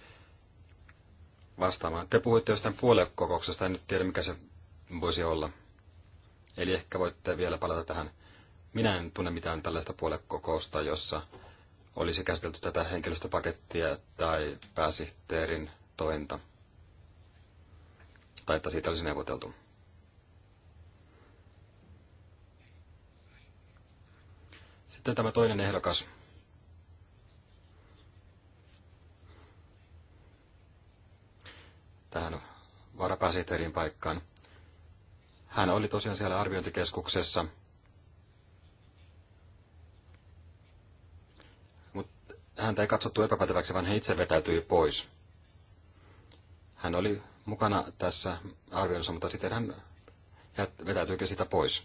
vastaamaan. Te puhuitte jostain puoluekokouksesta, en nyt tiedä mikä se voisi olla. Eli ehkä voitte vielä palata tähän. Minä en tunne mitään tällaista puolekokousta, jossa olisi käsitelty tätä henkilöstöpakettia tai pääsihteerin tointa. Tai että siitä olisi neuvoteltu. Sitten tämä toinen ehdokas. Tähän varapääsihteerin paikkaan. Hän oli tosiaan siellä arviointikeskuksessa. Mutta häntä ei katsottu epäpäteväksi, vaan hän itse vetäytyi pois. Hän oli mukana tässä arvioinnissa, mutta sitten hän vetäytyi sitä pois.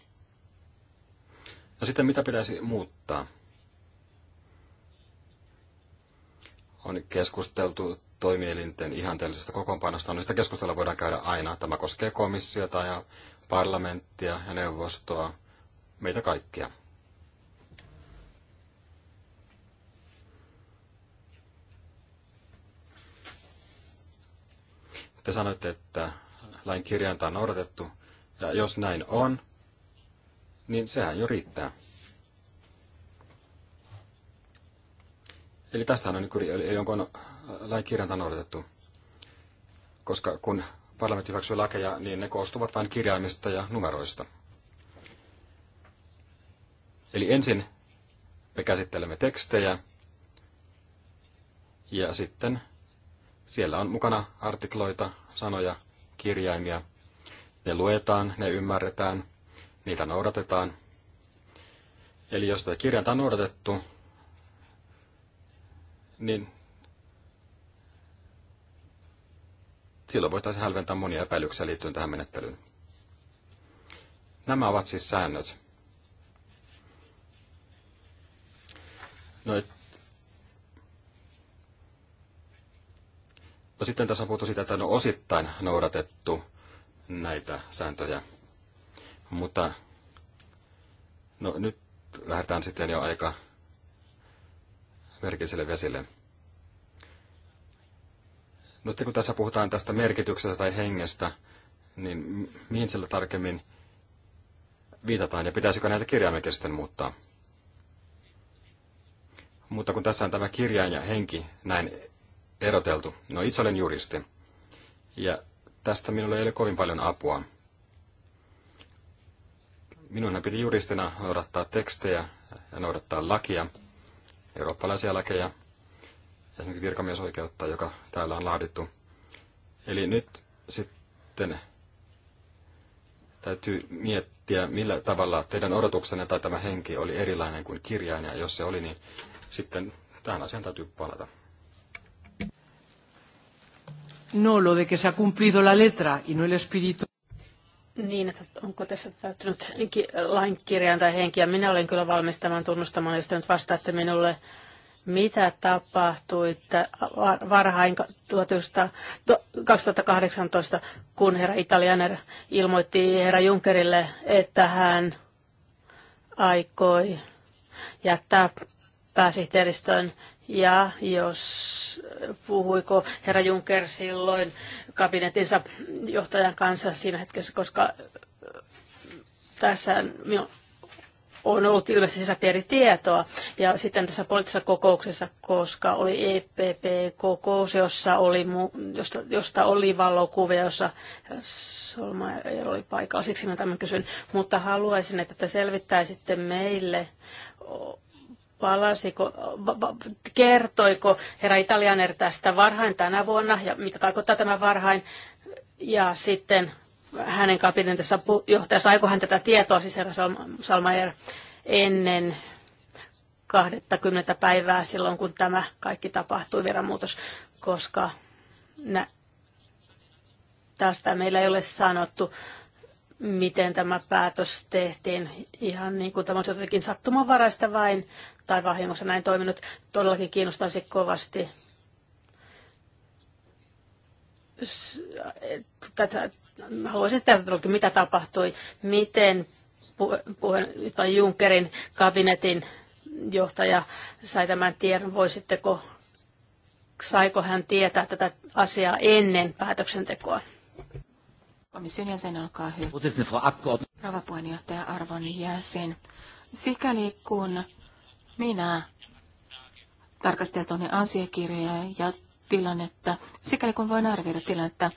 No sitten mitä pitäisi muuttaa? On keskusteltu toimielinten ihanteellisesta kokoonpanosta. No sitä keskustella voidaan käydä aina. Tämä koskee komissiota ja parlamenttia ja neuvostoa, meitä kaikkia. Te sanoitte, että lain kirjainta on noudatettu, ja jos näin on, niin sehän jo riittää. Eli tästähän on, eli onko lain kirjainta noudatettu? Koska kun parlamentti hyväksyy lakeja, niin ne koostuvat vain kirjaimista ja numeroista. Eli ensin me käsittelemme tekstejä ja sitten siellä on mukana artikloita, sanoja, kirjaimia. Ne luetaan, ne ymmärretään, niitä noudatetaan. Eli jos tätä kirjainta on noudatettu, niin silloin voitaisiin hälventää monia epäilyksiä liittyen tähän menettelyyn. Nämä ovat siis säännöt. No, et... no sitten tässä on puhuttu siitä, että on osittain noudatettu näitä sääntöjä. Mutta no, nyt lähdetään sitten jo aika merkiselle vesille. No sitten kun tässä puhutaan tästä merkityksestä tai hengestä, niin mihin sillä tarkemmin viitataan ja pitäisikö näitä kirjaimekin sitten muuttaa? Mutta kun tässä on tämä kirjain ja henki näin eroteltu, no itse olen juristi ja tästä minulle ei ole kovin paljon apua. Minun piti juristina noudattaa tekstejä ja noudattaa lakia, eurooppalaisia lakeja, esimerkiksi virkamiesoikeutta, joka täällä on laadittu. Eli nyt sitten täytyy miettiä, millä tavalla teidän odotuksenne tai tämä henki oli erilainen kuin kirjain, ja jos se oli, niin sitten tähän asiaan täytyy palata. No, lo de que se ha cumplido la letra y no el espíritu. Niin, että onko tässä täyttynyt lain kirjain tai henkiä. Minä olen kyllä valmis tämän tunnustamaan, jos te nyt vastaatte minulle mitä tapahtui että varhain 2018, kun herra Italianer ilmoitti herra Junckerille, että hän aikoi jättää pääsihteeristön ja jos puhuiko herra Juncker silloin kabinetinsa johtajan kanssa siinä hetkessä, koska tässä on ollut ilmeisesti sisäpiiritietoa. Ja sitten tässä poliittisessa kokouksessa, koska oli EPP-kokous, jossa oli, josta, josta oli valokuvia, jossa Solma ei oli paikalla, siksi minä tämän kysyn. Mutta haluaisin, että te selvittäisitte meille, palasiko, kertoiko herra Italianer tästä varhain tänä vuonna, ja mitä tarkoittaa tämä varhain, ja sitten hänen tässä johtaja, saiko hän tätä tietoa, siis herra Salmajer, ennen 20 päivää silloin, kun tämä kaikki tapahtui, viranmuutos, koska nä- tästä meillä ei ole sanottu, miten tämä päätös tehtiin. Ihan niin kuin tämä on jotenkin sattumanvaraista vain, tai vahingossa näin toiminut. Todellakin kiinnostaisi kovasti haluaisin tietää, mitä tapahtui, miten tai Junckerin kabinetin johtaja sai tämän tiedon, voisitteko, saiko hän tietää tätä asiaa ennen päätöksentekoa? Komission jäsen, olkaa hyvä. Rova puheenjohtaja, arvon jäsen. Sikäli kun minä tarkasteltuani asiakirjoja ja tilannetta, sikäli kun voin arvioida tilannetta,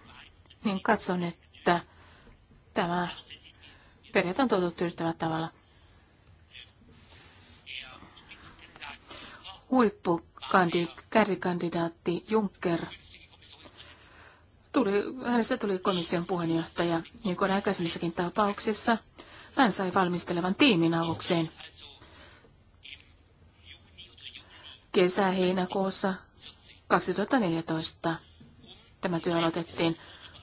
niin katson, että Tämä periaate on totuttu yrittävällä tavalla. Huippukandidaatti Juncker tuli, hänestä tuli komission puheenjohtaja, niin kuin aikaisemmissakin tapauksissa. Hän sai valmistelevan tiimin avukseen. Kesä-heinäkuussa 2014 tämä työ aloitettiin.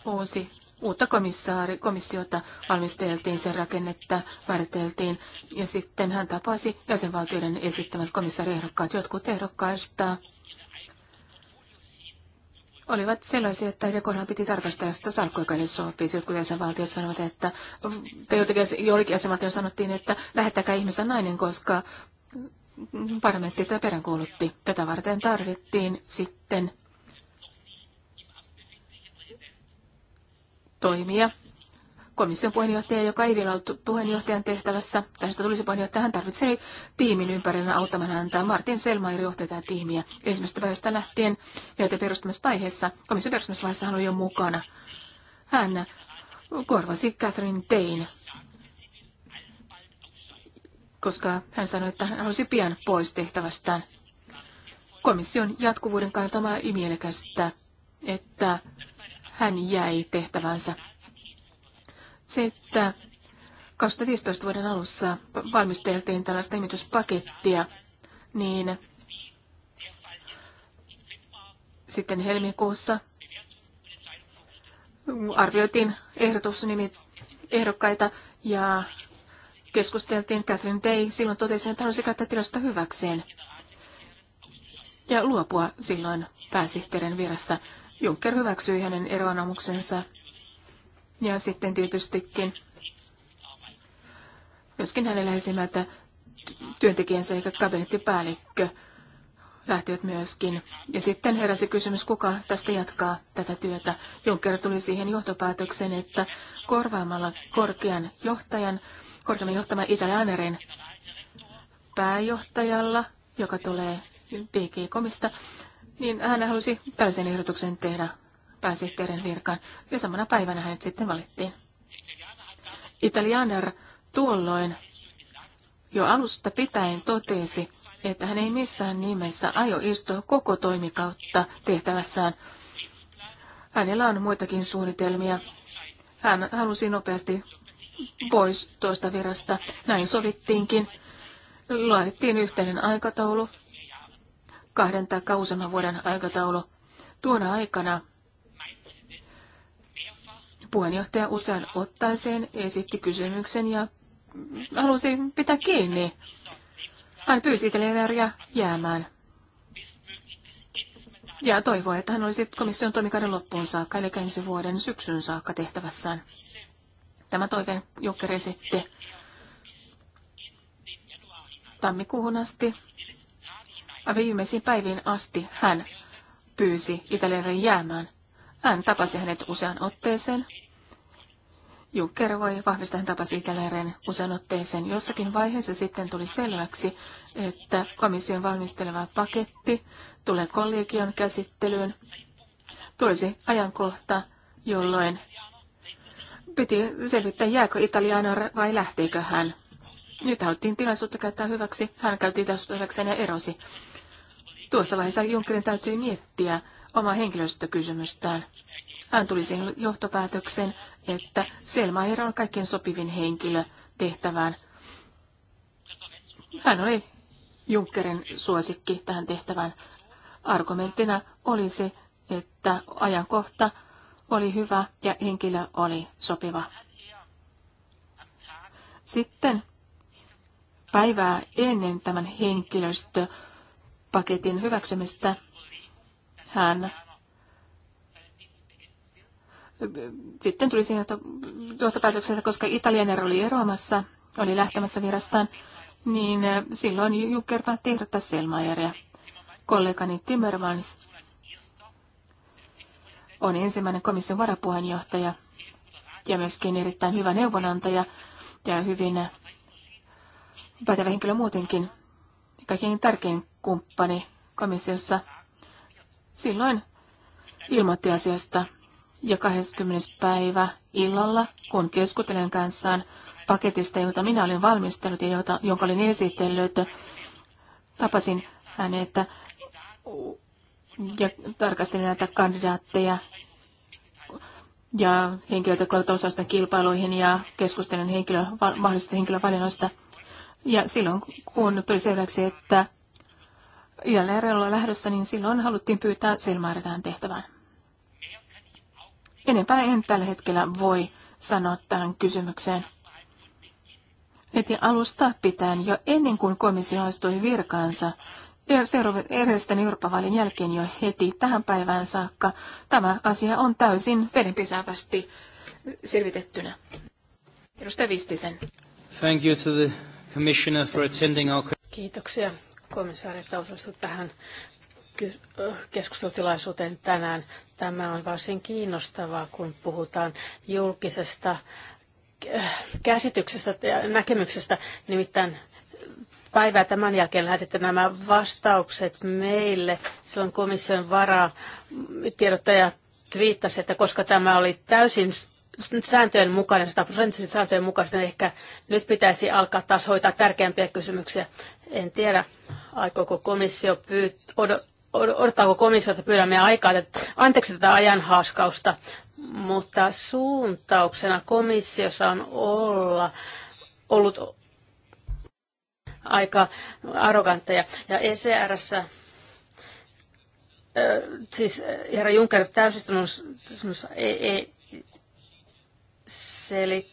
Uusi uutta komissaari, komissiota valmisteltiin, sen rakennetta varteltiin ja sitten hän tapasi jäsenvaltioiden esittämät komissaariehdokkaat. Jotkut ehdokkaista olivat sellaisia, että heidän kohdallaan piti tarkastaa sitä salkkua, joka sopisi. Jotkut jäsenvaltiot sanoivat, että, tai joillekin jäsenvaltioon sanottiin, että lähettäkää ihmisen nainen, koska parlamentti tätä peräänkuulutti. Tätä varten tarvittiin sitten toimia. Komission puheenjohtaja, joka ei vielä ollut puheenjohtajan tehtävässä, tästä tulisi puheenjohtaja, hän tarvitsee tiimin ympärillä auttamaan häntä. Martin Selmair johtaa tätä tiimiä ensimmäisestä päivästä lähtien ja perustamisvaiheessa. Komission perustamisvaiheessa hän oli jo mukana. Hän korvasi Catherine Dane, koska hän sanoi, että hän halusi pian pois tehtävästään. Komission jatkuvuuden kannalta tämä mielekästä, että hän jäi tehtävänsä. Se, että 2015 vuoden alussa valmisteltiin tällaista nimityspakettia, niin sitten helmikuussa arvioitiin ehdotusnimit ehdokkaita ja keskusteltiin Catherine Day silloin totesi, että halusi käyttää tilasta hyväkseen ja luopua silloin pääsihteerin virasta. Juncker hyväksyi hänen eroanomuksensa. Ja sitten tietystikin myöskin hänen läheisimmät työntekijänsä eikä kabinettipäällikkö lähtivät myöskin. Ja sitten heräsi kysymys, kuka tästä jatkaa tätä työtä. Juncker tuli siihen johtopäätöksen, että korvaamalla korkean johtajan, korkeamman johtaman Italianerin pääjohtajalla, joka tulee DG-komista, niin hän halusi tällaisen ehdotuksen tehdä pääsihteerin virkaan. Ja samana päivänä hänet sitten valittiin. Italianer tuolloin jo alusta pitäen totesi, että hän ei missään nimessä aio istua koko toimikautta tehtävässään. Hänellä on muitakin suunnitelmia. Hän halusi nopeasti pois tuosta virasta. Näin sovittiinkin. Laadittiin yhteinen aikataulu kahden tai useamman vuoden aikataulu. Tuona aikana puheenjohtaja usean ottaiseen esitti kysymyksen ja halusi pitää kiinni. Hän pyysi Italianäriä jäämään. Ja toivoi, että hän olisi komission toimikauden loppuun saakka, eli ensi vuoden syksyn saakka tehtävässään. Tämä toiveen Juncker esitti tammikuuhun asti ja viimeisiin päiviin asti hän pyysi Italianin jäämään. Hän tapasi hänet usean otteeseen. Juncker voi vahvistaa, hän tapasi Itälären usean otteeseen. Jossakin vaiheessa sitten tuli selväksi, että komission valmistelema paketti tulee kollegion käsittelyyn. Tulisi ajankohta, jolloin piti selvittää, jääkö Italiano vai lähteekö hän. Nyt haluttiin tilaisuutta käyttää hyväksi. Hän käytti tilaisuutta hyväksi ja erosi. Tuossa vaiheessa Junckerin täytyy miettiä omaa henkilöstökysymystään. Hän tuli siihen johtopäätöksen, että Selmayr on kaikkein sopivin henkilö tehtävään. Hän oli Junckerin suosikki tähän tehtävään. Argumenttina oli se, että ajankohta oli hyvä ja henkilö oli sopiva. Sitten päivää ennen tämän henkilöstö paketin hyväksymistä, hän sitten tuli siihen johtopäätöksestä, koska ero oli eroamassa, oli lähtemässä virastaan, niin eh, silloin Juncker päätti ehdottaa Selmayeria. Kollegani Timmermans on ensimmäinen komission varapuheenjohtaja ja myöskin erittäin hyvä neuvonantaja ja hyvin päätävä henkilö muutenkin kaikkein tärkein kumppani komissiossa, silloin ilmoitti asiasta. Ja 20. päivä illalla, kun keskustelen kanssaan paketista, jota minä olin valmistellut ja jota, jonka olin esitellyt, tapasin hänet ja tarkastelin näitä kandidaatteja ja henkilöitä, jotka olivat osallistuneet kilpailuihin ja keskustelin henkilö, mahdollisista henkilövalinnoista – ja silloin, kun tuli selväksi, että Ilanjärjellä on lähdössä, niin silloin haluttiin pyytää Silmaritään tehtävään. Enempää en tällä hetkellä voi sanoa tähän kysymykseen. Heti alusta pitäen jo ennen kuin komissio astui virkaansa, edellisten Euroopan jälkeen jo heti tähän päivään saakka, tämä asia on täysin vedenpisävästi selvitettynä. Edustaja Vistisen. Thank you to the Commissioner, for attending our... Kiitoksia komissaari Tausasta tähän keskustelutilaisuuteen tänään. Tämä on varsin kiinnostavaa, kun puhutaan julkisesta käsityksestä ja näkemyksestä. Nimittäin päivää tämän jälkeen lähetitte nämä vastaukset meille. Silloin komission tiedottaja twiittasi, että koska tämä oli täysin sääntöjen mukainen, 100 prosenttisen sääntöjen mukaisesti, niin ehkä nyt pitäisi alkaa taas hoitaa tärkeämpiä kysymyksiä. En tiedä, aikooko komissio pyyt, odot, odottaako että pyydämme aikaa, että anteeksi tätä ajanhaaskausta, mutta suuntauksena komissiossa on olla ollut aika arrogantteja. Ja ECRssä siis herra Juncker täysistunnossa ei, ei, Seli...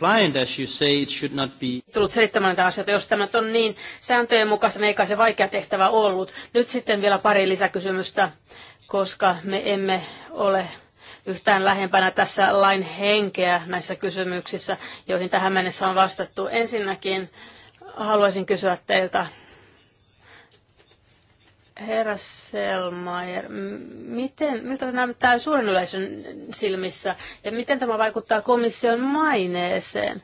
Blind, as you say, it should not be. Tullut selittämään näitä asioita. Jos tämä on niin sääntöjen mukaista, niin eikä se vaikea tehtävä ollut. Nyt sitten vielä pari lisäkysymystä, koska me emme ole yhtään lähempänä tässä lain henkeä näissä kysymyksissä, joihin tähän mennessä on vastattu. Ensinnäkin haluaisin kysyä teiltä Herra Selmayer, miten, miltä tämä näyttää suuren yleisön silmissä ja miten tämä vaikuttaa komission maineeseen?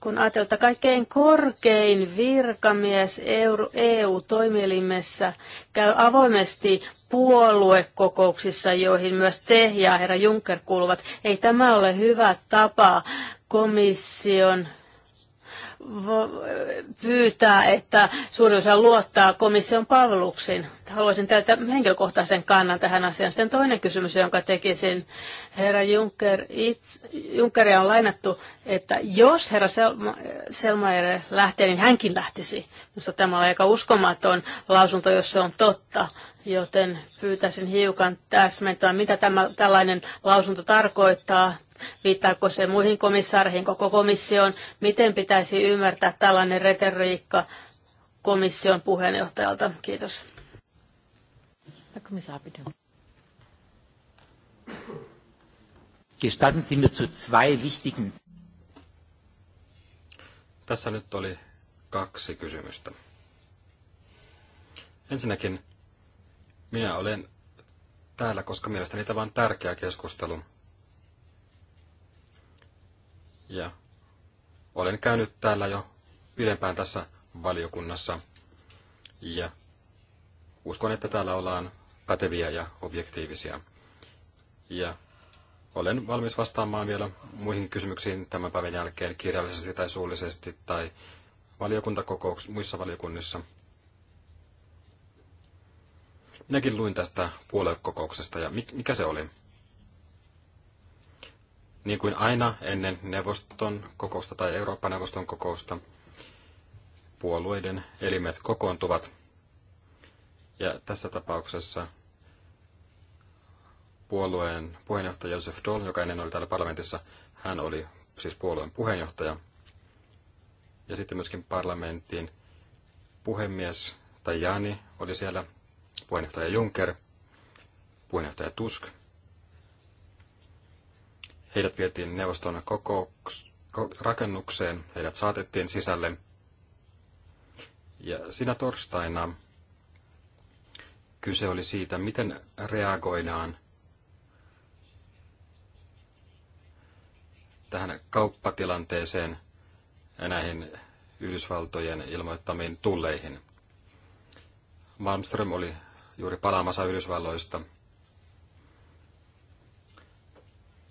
Kun ajatellaan, että kaikkein korkein virkamies EU-toimielimessä e käy avoimesti puoluekokouksissa, joihin myös te ja herra Juncker kuuluvat, ei tämä ole hyvä tapa komission pyytää, että suurin osa luottaa komission palveluksiin. Haluaisin tältä henkilökohtaisen kannan tähän asiaan. Sitten toinen kysymys, jonka tekisin. Herra Juncker, itse, Junckeria on lainattu, että jos herra Selma, Selmaer lähtee, niin hänkin lähtisi. Minusta tämä on aika uskomaton lausunto, jos se on totta joten pyytäisin hiukan täsmentämään, mitä tämä, tällainen lausunto tarkoittaa, viittaako se muihin komissaareihin, koko komissioon, miten pitäisi ymmärtää tällainen retoriikka komission puheenjohtajalta. Kiitos. Gestatten Sie mir zu zwei wichtigen. Tässä nyt oli kaksi kysymystä. Ensinnäkin minä olen täällä, koska mielestäni tämä on tärkeä keskustelu. Ja olen käynyt täällä jo pidempään tässä valiokunnassa ja uskon, että täällä ollaan päteviä ja objektiivisia. Ja olen valmis vastaamaan vielä muihin kysymyksiin tämän päivän jälkeen kirjallisesti tai suullisesti tai valiokuntakokouks- muissa valiokunnissa. Minäkin luin tästä puoluekokouksesta ja mikä se oli? Niin kuin aina ennen neuvoston kokousta tai Eurooppa-neuvoston kokousta, puolueiden elimet kokoontuvat. Ja tässä tapauksessa puolueen puheenjohtaja Josef Doll, joka ennen oli täällä parlamentissa, hän oli siis puolueen puheenjohtaja. Ja sitten myöskin parlamentin puhemies Tajani oli siellä puheenjohtaja Juncker, puheenjohtaja Tusk. Heidät vietiin neuvoston kokouks- rakennukseen, heidät saatettiin sisälle. Ja sinä torstaina kyse oli siitä, miten reagoidaan tähän kauppatilanteeseen ja näihin Yhdysvaltojen ilmoittamiin tulleihin. Malmström oli juuri palaamassa Yhdysvalloista.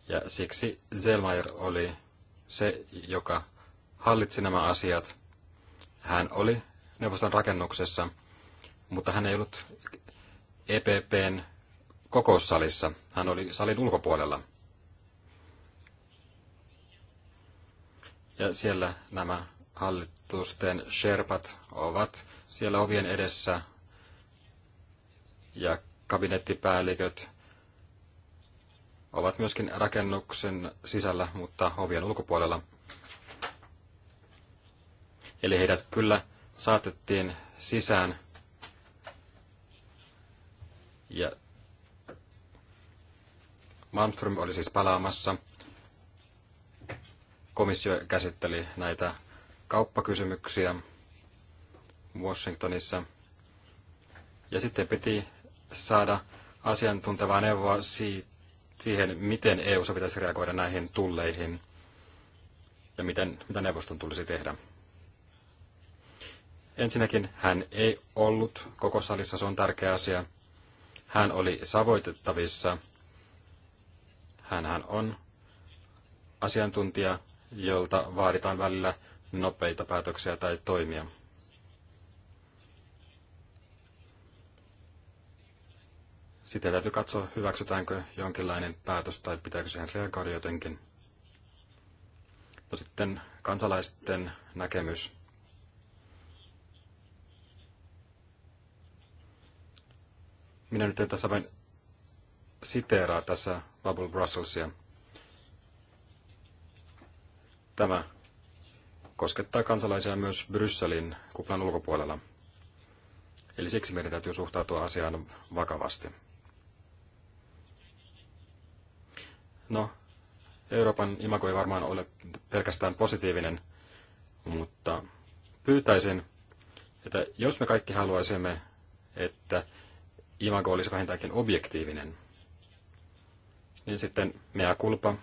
Ja siksi Zelmayr oli se, joka hallitsi nämä asiat. Hän oli neuvoston rakennuksessa, mutta hän ei ollut EPPn kokoussalissa. Hän oli salin ulkopuolella. Ja siellä nämä hallitusten sherpat ovat siellä ovien edessä ja kabinettipäälliköt ovat myöskin rakennuksen sisällä, mutta ovien ulkopuolella. Eli heidät kyllä saatettiin sisään ja Malmström oli siis palaamassa. Komissio käsitteli näitä kauppakysymyksiä Washingtonissa. Ja sitten piti saada asiantuntevaa neuvoa siihen, miten eu pitäisi reagoida näihin tulleihin ja miten, mitä neuvoston tulisi tehdä. Ensinnäkin hän ei ollut koko salissa, se on tärkeä asia. Hän oli savoitettavissa. hän on asiantuntija, jolta vaaditaan välillä nopeita päätöksiä tai toimia. Sitten täytyy katsoa, hyväksytäänkö jonkinlainen päätös tai pitääkö siihen reagoida jotenkin. No sitten kansalaisten näkemys. Minä nyt en tässä vain siteeraa tässä Bubble Brusselsia. Tämä koskettaa kansalaisia myös Brysselin kuplan ulkopuolella. Eli siksi meidän täytyy suhtautua asiaan vakavasti. No, Euroopan imago ei varmaan ole pelkästään positiivinen, mutta pyytäisin, että jos me kaikki haluaisimme, että imago olisi vähintäänkin objektiivinen, niin sitten mea kulpa,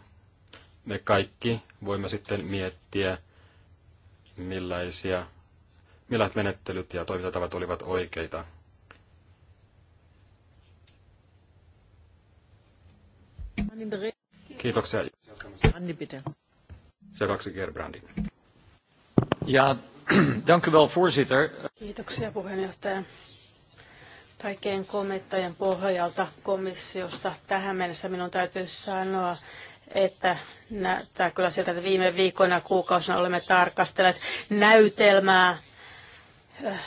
me kaikki voimme sitten miettiä, millaisia, millaiset menettelyt ja toimintatavat olivat oikeita. Kiitoksia. Anni Pite. Seuraavaksi Gerbrandi. Ja, dank u wel, voorzitter. Kiitoksia puheenjohtaja. Kaikkien kommenttien pohjalta komissiosta tähän mennessä minun täytyy sanoa, että näyttää kyllä sieltä että viime viikkoina kuukausina olemme tarkastelleet näytelmää äh,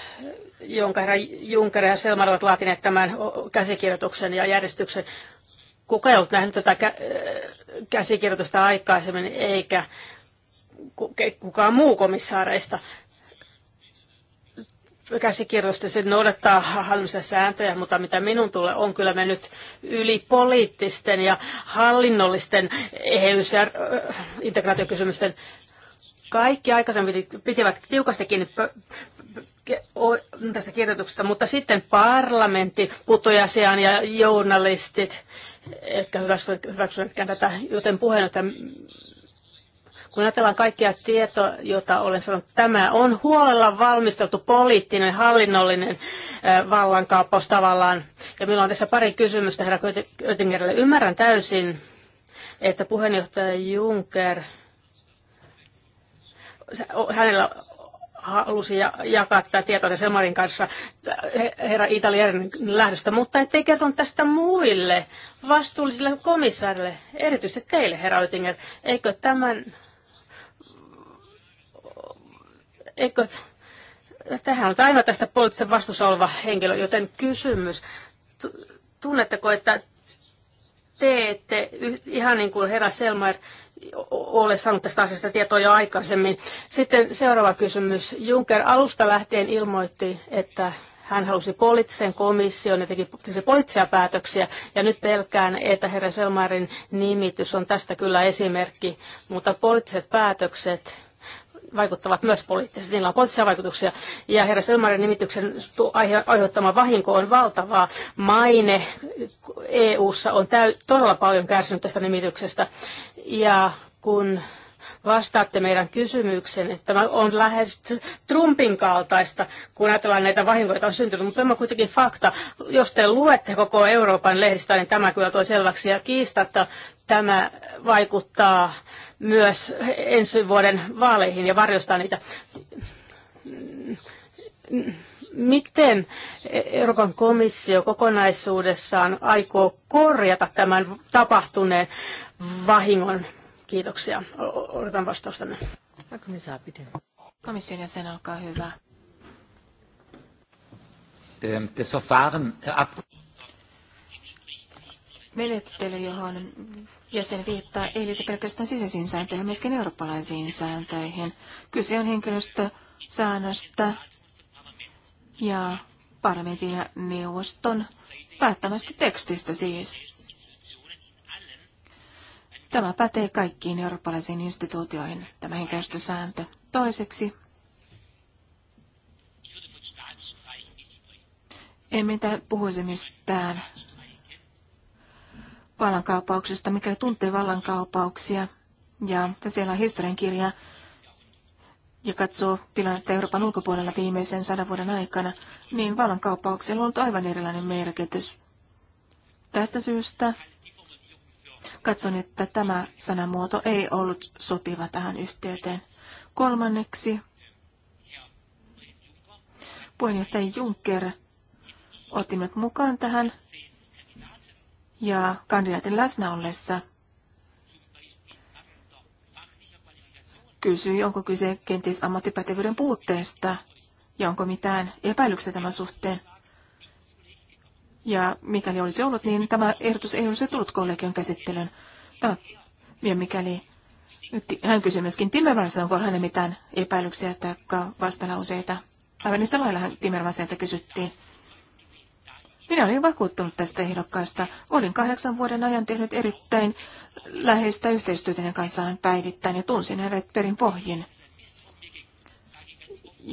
jonka herra Juncker ja Selmar ovat laatineet tämän käsikirjoituksen ja järjestyksen. Kuka ei ollut nähnyt tätä äh, käsikirjoitusta aikaisemmin, eikä kukaan muu komissaareista käsikirjoitusta. se noudattaa hallinnollisia sääntöjä, mutta mitä minun tulee, on kyllä mennyt yli poliittisten ja hallinnollisten eheys- ja äh, integraatiokysymysten. Kaikki aikaisemmin pitivät tiukasti kiinni tästä kirjoituksesta, mutta sitten parlamentti puttui asiaan ja journalistit, jotka hyväksyvätkään tätä, joten että kun ajatellaan kaikkia tietoa, jota olen sanonut, tämä on huolella valmisteltu poliittinen, hallinnollinen vallankaappaus tavallaan. Ja minulla on tässä pari kysymystä herra Oettingerille. Ymmärrän täysin, että puheenjohtaja Juncker hänellä halusi jakaa tätä tietoa Selmarin kanssa herra Italian lähdöstä, mutta ettei kertonut tästä muille vastuullisille komissaarille, erityisesti teille, herra Oettinger. Eikö tämän... Eikö... Tähän on aina tästä poliittisen vastuussa oleva henkilö, joten kysymys. Tunnetteko, että ette ihan niin kuin herra Selmair ole saanut tästä asiasta tietoa jo aikaisemmin. Sitten seuraava kysymys. Juncker alusta lähtien ilmoitti, että hän halusi poliittisen komission ja teki poliittisia päätöksiä. Ja nyt pelkään, että herra Selmarin nimitys on tästä kyllä esimerkki, mutta poliittiset päätökset vaikuttavat myös poliittisesti, niillä on poliittisia vaikutuksia. Ja herra Selmarin nimityksen aiheuttama vahinko on valtavaa. Maine EU:ssa on täy- todella paljon kärsinyt tästä nimityksestä. Ja kun vastaatte meidän kysymykseen, että tämä on lähes Trumpin kaltaista, kun ajatellaan näitä vahinkoja, joita on syntynyt, mutta tämä on kuitenkin fakta. Jos te luette koko Euroopan lehdistä, niin tämä kyllä toi selväksi ja kiistatta tämä vaikuttaa myös ensi vuoden vaaleihin ja varjostaa niitä. Miten Euroopan komissio kokonaisuudessaan aikoo korjata tämän tapahtuneen vahingon Kiitoksia. Odotan vastausta. Komission jäsen, olkaa hyvä. Ähm, äh, menettely, johon jäsen viittaa, ei liity pelkästään sisäisiin sääntöihin, myöskin eurooppalaisiin sääntöihin. Kyse on henkilöstösäännöstä ja parlamentin ja neuvoston päättämästä tekstistä siis. Tämä pätee kaikkiin eurooppalaisiin instituutioihin, tämä henkäystösääntö. Toiseksi, emme puhuisi mistään vallankaapauksesta, mikäli tuntee vallankaupauksia. ja siellä on kirja ja katsoo tilannetta Euroopan ulkopuolella viimeisen sadan vuoden aikana, niin vallankaappauksella on ollut aivan erilainen merkitys. Tästä syystä Katson, että tämä sanamuoto ei ollut sopiva tähän yhteyteen. Kolmanneksi puheenjohtaja Juncker otti minut mukaan tähän ja kandidaatin läsnä ollessa kysyi, onko kyse kenties ammattipätevyyden puutteesta ja onko mitään epäilyksiä tämän suhteen. Ja mikäli olisi ollut, niin tämä ehdotus ei olisi tullut kollegion käsittelyyn. Tämä, ja mikäli hän kysyi myöskin Timmermansilta, onko hänen mitään epäilyksiä tai vastalauseita. Aivan yhtä lailla hän Timmermansilta kysyttiin. Minä olin vakuuttunut tästä ehdokkaasta. Olin kahdeksan vuoden ajan tehnyt erittäin läheistä yhteistyötä hänen kanssaan päivittäin ja tunsin hänet perin pohjin.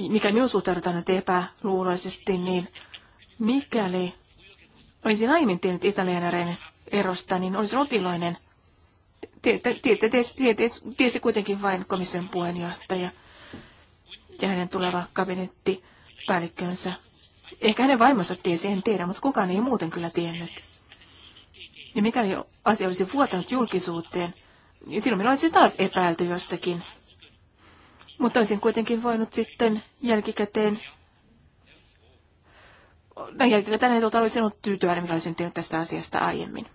Mikä minun suhtaudutaan epäluuloisesti, niin mikäli olisin aiemmin tehnyt italianaren erosta, niin olisin ollut iloinen. Tiesi kuitenkin vain komission puheenjohtaja ja hänen tuleva kabinettipäällikkönsä. Ehkä hänen vaimonsa tiesi, en tiedä, mutta kukaan ei muuten kyllä tiennyt. Ja mikäli asia olisi vuotanut julkisuuteen, niin silloin minä olisin taas epäilty jostakin. Mutta olisin kuitenkin voinut sitten jälkikäteen näin jälkeen tänne tuolta olisi ollut tyytyväinen, mitä olisin tehnyt tästä asiasta aiemmin.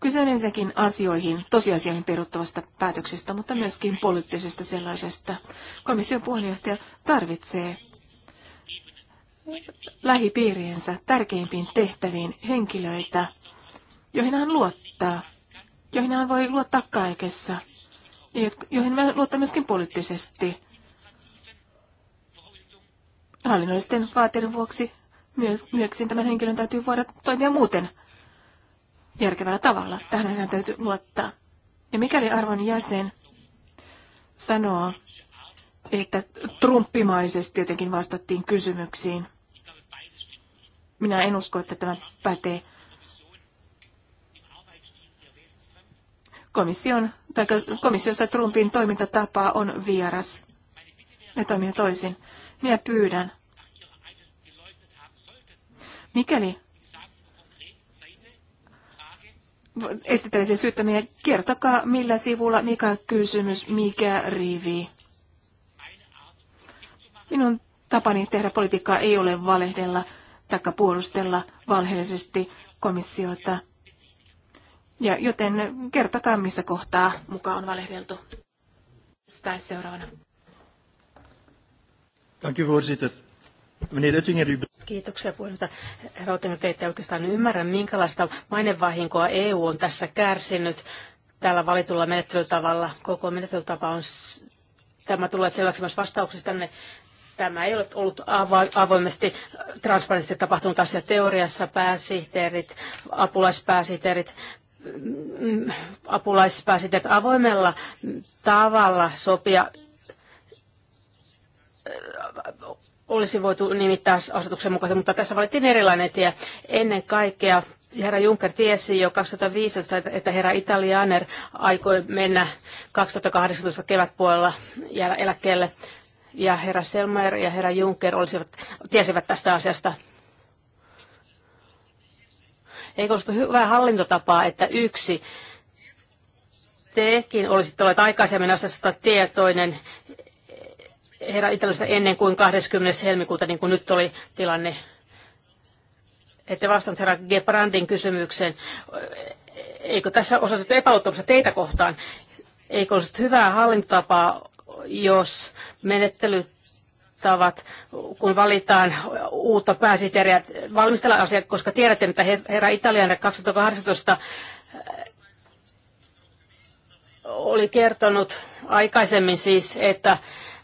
Kyse on ensinnäkin asioihin, tosiasioihin peruttavasta päätöksestä, mutta myöskin poliittisesta sellaisesta. Komission puheenjohtaja tarvitsee lähipiiriensä tärkeimpiin tehtäviin henkilöitä, joihin hän luottaa, joihin hän voi luottaa kaikessa, ja joihin hän luottaa myöskin poliittisesti. Hallinnollisten vaateiden vuoksi myös, myöksin tämän henkilön täytyy voida toimia muuten järkevällä tavalla. Tähän hän täytyy luottaa. Ja mikäli arvon jäsen sanoo, että trumppimaisesti jotenkin vastattiin kysymyksiin, minä en usko, että tämä pätee. Komission, tai komissiossa Trumpin toimintatapa on vieras. me toimimme toisin. Minä pyydän. Mikäli esittelisi syyttäminen, kertokaa millä sivulla, mikä kysymys, mikä rivi. Minun tapani tehdä politiikkaa ei ole valehdella tai puolustella valheellisesti komissiota. Ja joten kertokaa, missä kohtaa mukaan on valehdeltu. Sitä seuraavana. Dank u voorzitter. Meneer Oettinger, u... Kiitoksia puheenjohtaja. Herra Oettinger, te ette oikeastaan ymmärrä, minkälaista mainevahinkoa EU on tässä kärsinyt tällä valitulla menettelytavalla. Koko menettelytapa on, tämä tulee selväksi myös vastauksistanne. Tämä ei ole ollut avoimesti transparentisti tapahtunut asia teoriassa. Pääsihteerit, apulaispääsihteerit, mm, mm, apulaispääsihteerit avoimella tavalla sopia olisi voitu nimittää asetuksen mukaisesti, mutta tässä valittiin erilainen tie. Ennen kaikkea herra Juncker tiesi jo 2015, että herra Italianer aikoi mennä 2018 kevätpuolella jäädä eläkkeelle. Ja herra Selmer ja herra Juncker olisivat, tiesivät tästä asiasta. Eikö olisi hyvää hallintotapaa, että yksi tekin olisitte olleet aikaisemmin asiasta tietoinen herra Italiasta ennen kuin 20. helmikuuta, niin kuin nyt oli tilanne. Ette vastannut herra Gebrandin kysymykseen. Eikö tässä osoitettu epäluottamusta teitä kohtaan? Eikö olisi hyvää hallintotapaa, jos menettelyt tavat, kun valitaan uutta pääsihteeriä valmistella asiaa, koska tiedätte, että herra Italian 2018 äh, oli kertonut aikaisemmin siis, että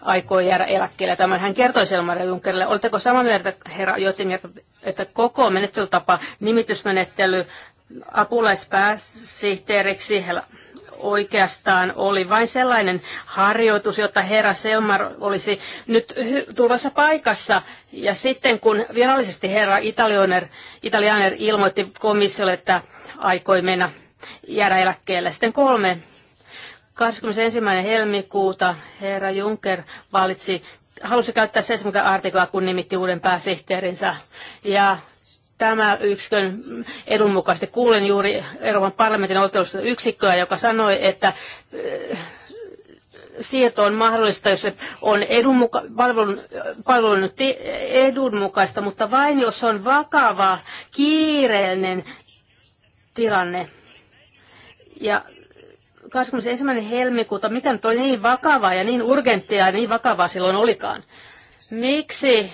aikoo jäädä eläkkeelle. Tämän hän kertoi Selmar Junckerille. Oletteko samaa mieltä, herra Jotimir, että koko menettelytapa, nimitysmenettely, apulaispääsihteeriksi oikeastaan oli vain sellainen harjoitus, jotta herra Selmar olisi nyt turvassa paikassa. Ja sitten kun virallisesti herra Italianer, Italianer ilmoitti komissiolle, että aikoi mennä jäädä eläkkeelle. Sitten kolme 21. helmikuuta herra Juncker valitsi, halusi käyttää 70 artiklaa, kun nimitti uuden pääsihteerinsä. Ja tämä yksikön edun mukaisesti kuulen juuri Euroopan parlamentin oikeudellista yksikköä, joka sanoi, että äh, siirto on mahdollista, jos se on edunmuka- palvelun, palvelun edunmukaista, mutta vain jos on vakava, kiireellinen tilanne. Ja 21. helmikuuta, mikä nyt oli niin vakavaa ja niin urgenttia ja niin vakavaa silloin olikaan. Miksi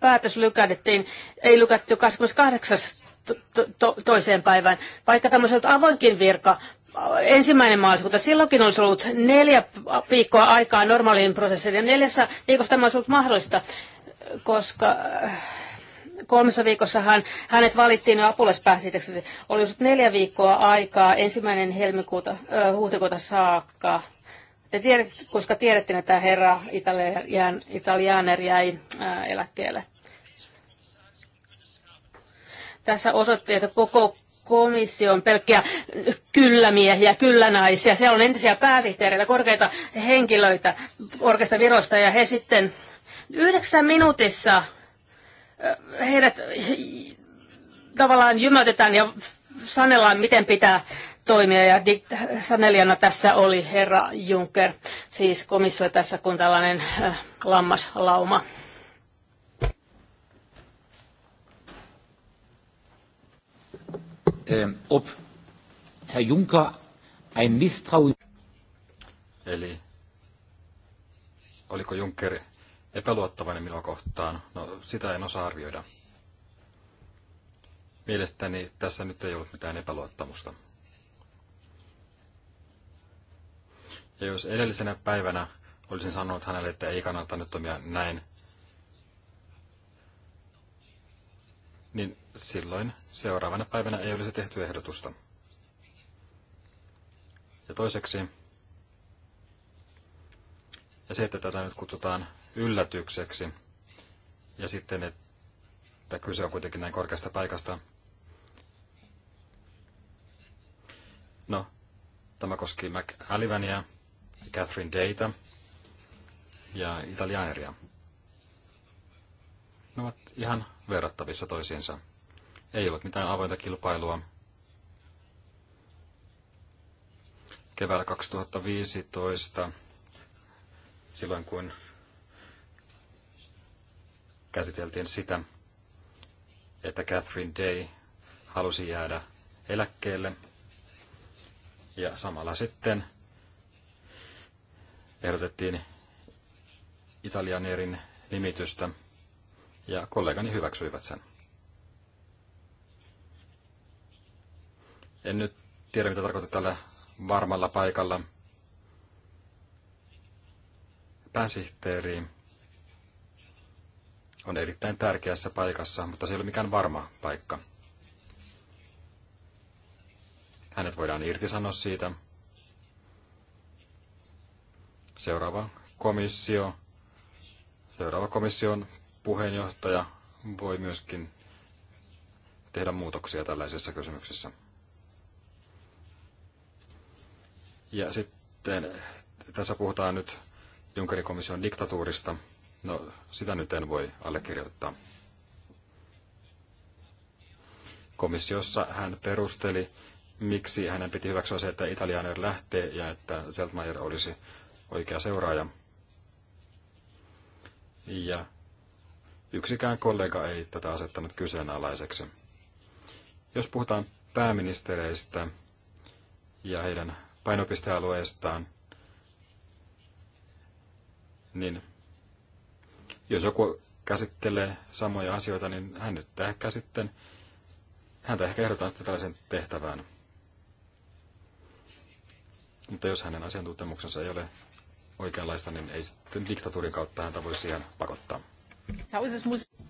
päätös lykätettiin, ei lykätty 28. To- to- toiseen päivään, vaikka tämä ollut avoinkin virka, ensimmäinen maaliskuuta. Silloinkin olisi ollut neljä viikkoa aikaa normaaliin prosessiin ja neljässä viikossa tämä olisi ollut mahdollista, koska Kolmessa viikossahan hänet valittiin jo apulaispääsiteksi. Oli just neljä viikkoa aikaa ensimmäinen helmikuuta, ö, huhtikuuta saakka. Te tiedätte, koska tiedettiin, että herra Italian, Italianer jäi äh, eläkkeelle. Tässä osoitti, että koko komissio on pelkkiä kyllämiehiä, kyllänaisia. Siellä on entisiä pääsihteereitä, korkeita henkilöitä orkesta virosta ja he sitten yhdeksän minuutissa heidät tavallaan jymäytetään ja sanellaan, miten pitää toimia. Ja sanelijana tässä oli herra Juncker, siis komissio tässä kuin tällainen äh, lammaslauma. Ähm, ob Herr Juncker ein Misstrauen... Eli oliko Juncker epäluottavainen minua kohtaan. No, sitä en osaa arvioida. Mielestäni tässä nyt ei ollut mitään epäluottamusta. Ja jos edellisenä päivänä olisin sanonut hänelle, että ei kannata nyt toimia näin, niin silloin seuraavana päivänä ei olisi tehty ehdotusta. Ja toiseksi, ja se, että tätä nyt kutsutaan yllätykseksi. Ja sitten, että kyse on kuitenkin näin korkeasta paikasta. No, tämä koski Alivania, Catherine Data ja Italianeria. Ne ovat ihan verrattavissa toisiinsa. Ei ollut mitään avointa kilpailua. Keväällä 2015, silloin kun käsiteltiin sitä, että Catherine Day halusi jäädä eläkkeelle. Ja samalla sitten ehdotettiin Italianerin nimitystä ja kollegani hyväksyivät sen. En nyt tiedä, mitä tarkoittaa tällä varmalla paikalla. Pääsihteeri on erittäin tärkeässä paikassa, mutta se ei ole mikään varma paikka. Hänet voidaan irtisanoa siitä. Seuraava komissio, seuraava komission puheenjohtaja voi myöskin tehdä muutoksia tällaisissa kysymyksissä. Ja sitten tässä puhutaan nyt Junckerin komission diktatuurista – No, sitä nyt en voi allekirjoittaa. Komissiossa hän perusteli, miksi hänen piti hyväksyä se, että Italianer lähtee ja että Seltmaier olisi oikea seuraaja. Ja yksikään kollega ei tätä asettanut kyseenalaiseksi. Jos puhutaan pääministereistä ja heidän painopistealueestaan, niin jos joku käsittelee samoja asioita, niin hän ehkä sitten, häntä ehkä ehdotetaan sitten tällaisen tehtävään. Mutta jos hänen asiantuntemuksensa ei ole oikeanlaista, niin ei sitten diktatuurin kautta häntä voi siihen pakottaa.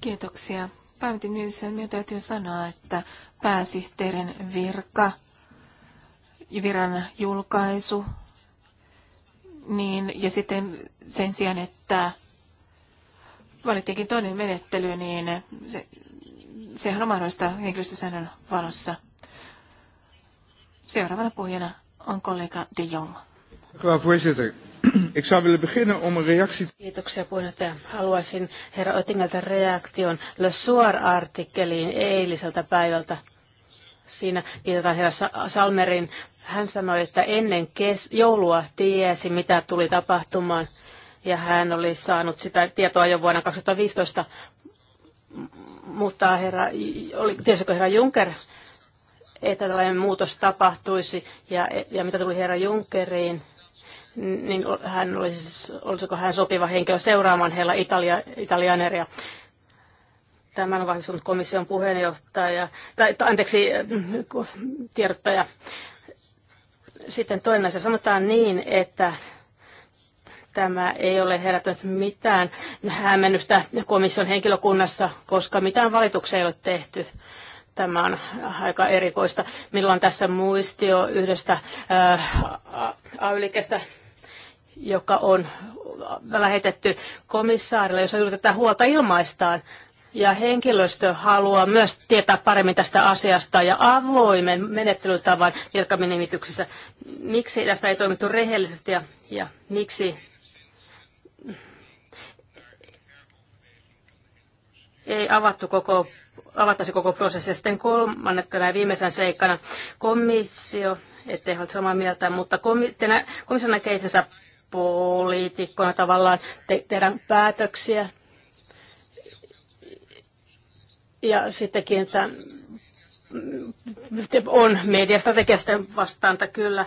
Kiitoksia. Päätin Nilsen, niin täytyy sanoa, että pääsihteerin virka ja viran julkaisu, niin, ja sitten sen sijaan, että valittiinkin toinen menettely, niin se, sehän on mahdollista henkilöstösäännön valossa. Seuraavana puhujana on kollega De Jong. Kiitoksia puheenjohtaja. Haluaisin herra Oettingeltä reaktion Le Soir-artikkeliin eiliseltä päivältä. Siinä viitataan herra Salmerin. Hän sanoi, että ennen kes- joulua tiesi, mitä tuli tapahtumaan ja hän oli saanut sitä tietoa jo vuonna 2015. Mutta herra, oli, tiesikö herra Juncker, että tällainen muutos tapahtuisi ja, ja mitä tuli herra Junckeriin, niin hän olisi, siis, olisiko hän sopiva henkilö seuraamaan heillä Italia, Italianeria. Tämän on vahvistanut komission puheenjohtaja, tai, tai anteeksi, tiedottaja. Sitten toinen asia. Sanotaan niin, että Tämä ei ole herättänyt mitään hämmennystä komission henkilökunnassa, koska mitään valituksia ei ole tehty. Tämä on aika erikoista. Minulla on tässä muistio yhdestä äh, ay joka on lähetetty komissaarille, jossa yritetään huolta ilmaistaan. Ja henkilöstö haluaa myös tietää paremmin tästä asiasta ja avoimen menettelytavan virkaminimityksessä. Miksi tästä ei toimittu rehellisesti ja, ja miksi ei avattu koko avattaisi koko prosessi. Ja sitten kolmannetta ja viimeisenä seikkana komissio, ettei ole samaa mieltä, mutta komi- komissio näkee itsensä poliitikkona tavallaan te- tehdään päätöksiä ja sittenkin että on mediastrategiasta vastaanta kyllä,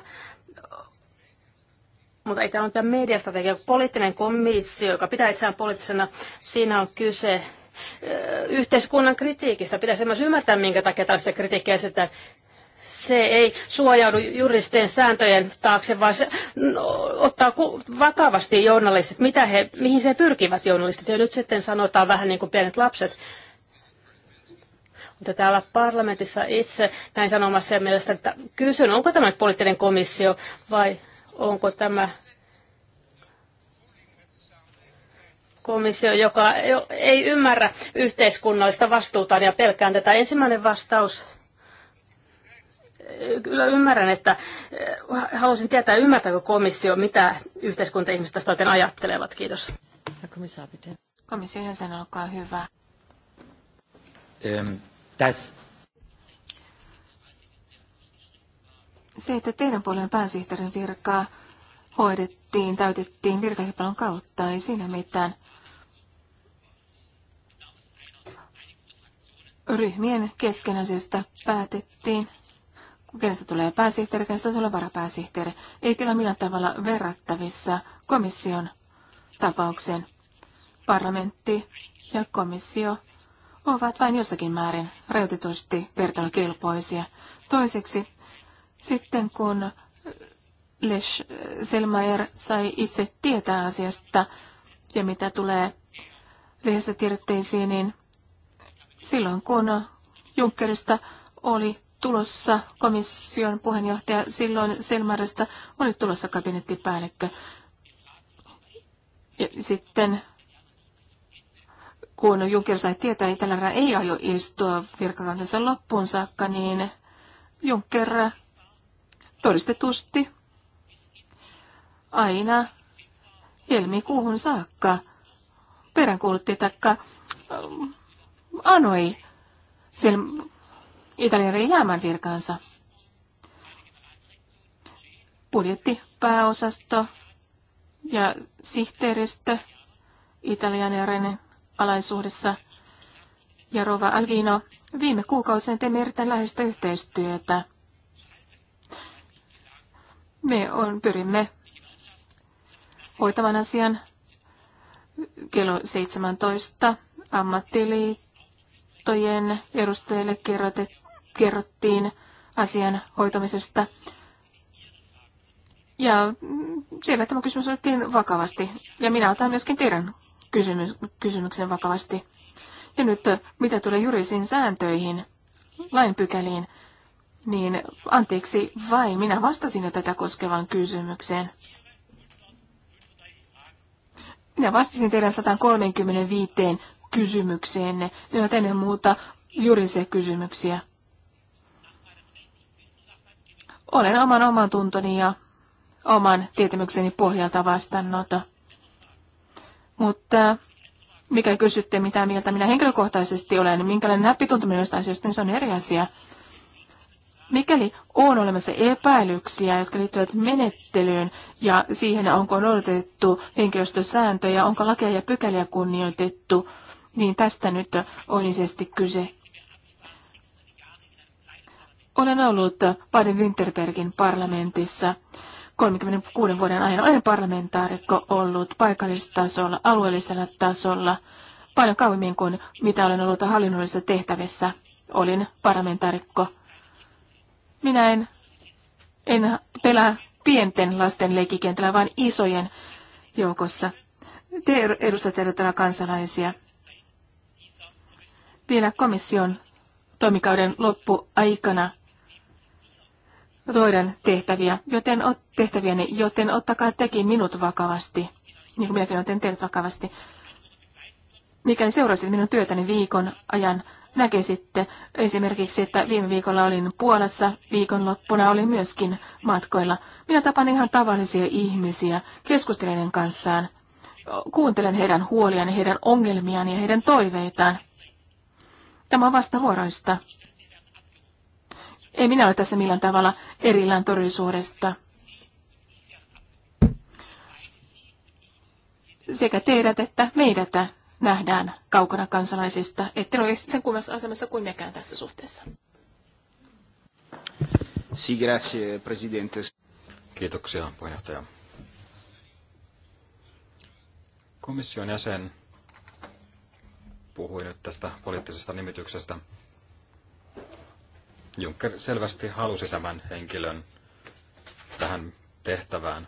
mutta ei täällä ole mediastrategia. Poliittinen komissio, joka pitää itseään poliittisena, siinä on kyse yhteiskunnan kritiikistä. Pitäisi myös ymmärtää, minkä takia tällaista kritiikkiä esitetään se ei suojaudu juristien sääntöjen taakse, vaan se no, ottaa vakavasti journalistit, mitä he, mihin se pyrkivät journalistit. Ja nyt sitten sanotaan vähän niin kuin pienet lapset. Mutta täällä parlamentissa itse näin sanomassa ja mielestäni, että kysyn, onko tämä poliittinen komissio vai onko tämä komissio, joka ei ymmärrä yhteiskunnallista vastuutaan ja pelkään tätä. Ensimmäinen vastaus. Kyllä ymmärrän, että eh, haluaisin tietää, ymmärtääkö komissio, mitä yhteiskuntaihmiset tästä oikein ajattelevat. Kiitos. Komissio jäsen, olkaa hyvä. Ähm, tässä se, että teidän puolen pääsihteerin virkaa hoidettiin, täytettiin virkahipalon kautta, ei siinä mitään. ryhmien kesken asiasta päätettiin. Kenestä tulee pääsihteeri, kenestä tulee varapääsihteeri. Ei tila millään tavalla verrattavissa komission tapauksen. Parlamentti ja komissio ovat vain jossakin määrin rajoitetusti vertailukelpoisia. Toiseksi, sitten kun Lesch Selmayr sai itse tietää asiasta ja mitä tulee lehdistötiedotteisiin, niin silloin, kun Junckerista oli tulossa komission puheenjohtaja, silloin Selmarista oli tulossa kabinettipäällikkö. Ja sitten kun Juncker sai tietää, että Itälärä ei aio istua virkakantansa loppuun saakka, niin Juncker todistetusti aina helmikuuhun saakka peräänkuulutti että anoi sen Italian jäämän virkaansa. Budjettipääosasto ja sihteeristö Italian ja alaisuudessa ja Rova Alvino viime kuukausien teemme erittäin läheistä yhteistyötä. Me on, pyrimme hoitavan asian kello 17 ammattiliitto liittojen edustajille kerrottiin asian hoitamisesta. Ja siellä tämä kysymys otettiin vakavasti. Ja minä otan myöskin teidän kysymys, kysymyksen vakavasti. Ja nyt äh, mitä tulee juridisiin sääntöihin, lainpykäliin, niin anteeksi vai minä vastasin jo tätä koskevaan kysymykseen. Minä vastasin teidän 135 kysymykseenne. Ne ovat ennen muuta juridisia kysymyksiä. Olen oman oman tuntoni ja oman tietämykseni pohjalta vastannut. Mutta mikä kysytte, mitä mieltä minä henkilökohtaisesti olen, minkälainen näppituntuminen minusta asioista, niin se on eri asia. Mikäli on olemassa epäilyksiä, jotka liittyvät menettelyyn ja siihen, onko noudatettu henkilöstösääntöjä, onko lakeja ja pykäliä kunnioitettu, niin tästä nyt onisesti kyse. Olen ollut Baden-Winterbergin parlamentissa 36 vuoden ajan. Olen parlamentaarikko ollut paikallistasolla, alueellisella tasolla paljon kauemmin kuin mitä olen ollut hallinnollisessa tehtävissä. Olin parlamentaarikko. Minä en, en pelää pienten lasten leikkikentällä, vaan isojen joukossa. Te edustatte kansalaisia vielä komission toimikauden loppuaikana toiden tehtäviä, joten ot, tehtäviäni, joten ottakaa tekin minut vakavasti, niin kuin minäkin otan teidät vakavasti. Mikäli seurasit minun työtäni viikon ajan, näkisitte esimerkiksi, että viime viikolla olin Puolassa, viikonloppuna olin myöskin matkoilla. Minä tapan ihan tavallisia ihmisiä, keskustelen kanssaan, kuuntelen heidän huoliaan, heidän ongelmiaan ja heidän toiveitaan. Tämä on vastavuoroista. Ei minä ole tässä millään tavalla erillään todellisuudesta. Sekä teidät että meidät nähdään kaukana kansalaisista, ette ole sen kummassa asemassa kuin mekään tässä suhteessa. Si, grazie, presidente. Kiitoksia, puheenjohtaja. Komission jäsen puhui nyt tästä poliittisesta nimityksestä. Juncker selvästi halusi tämän henkilön tähän tehtävään.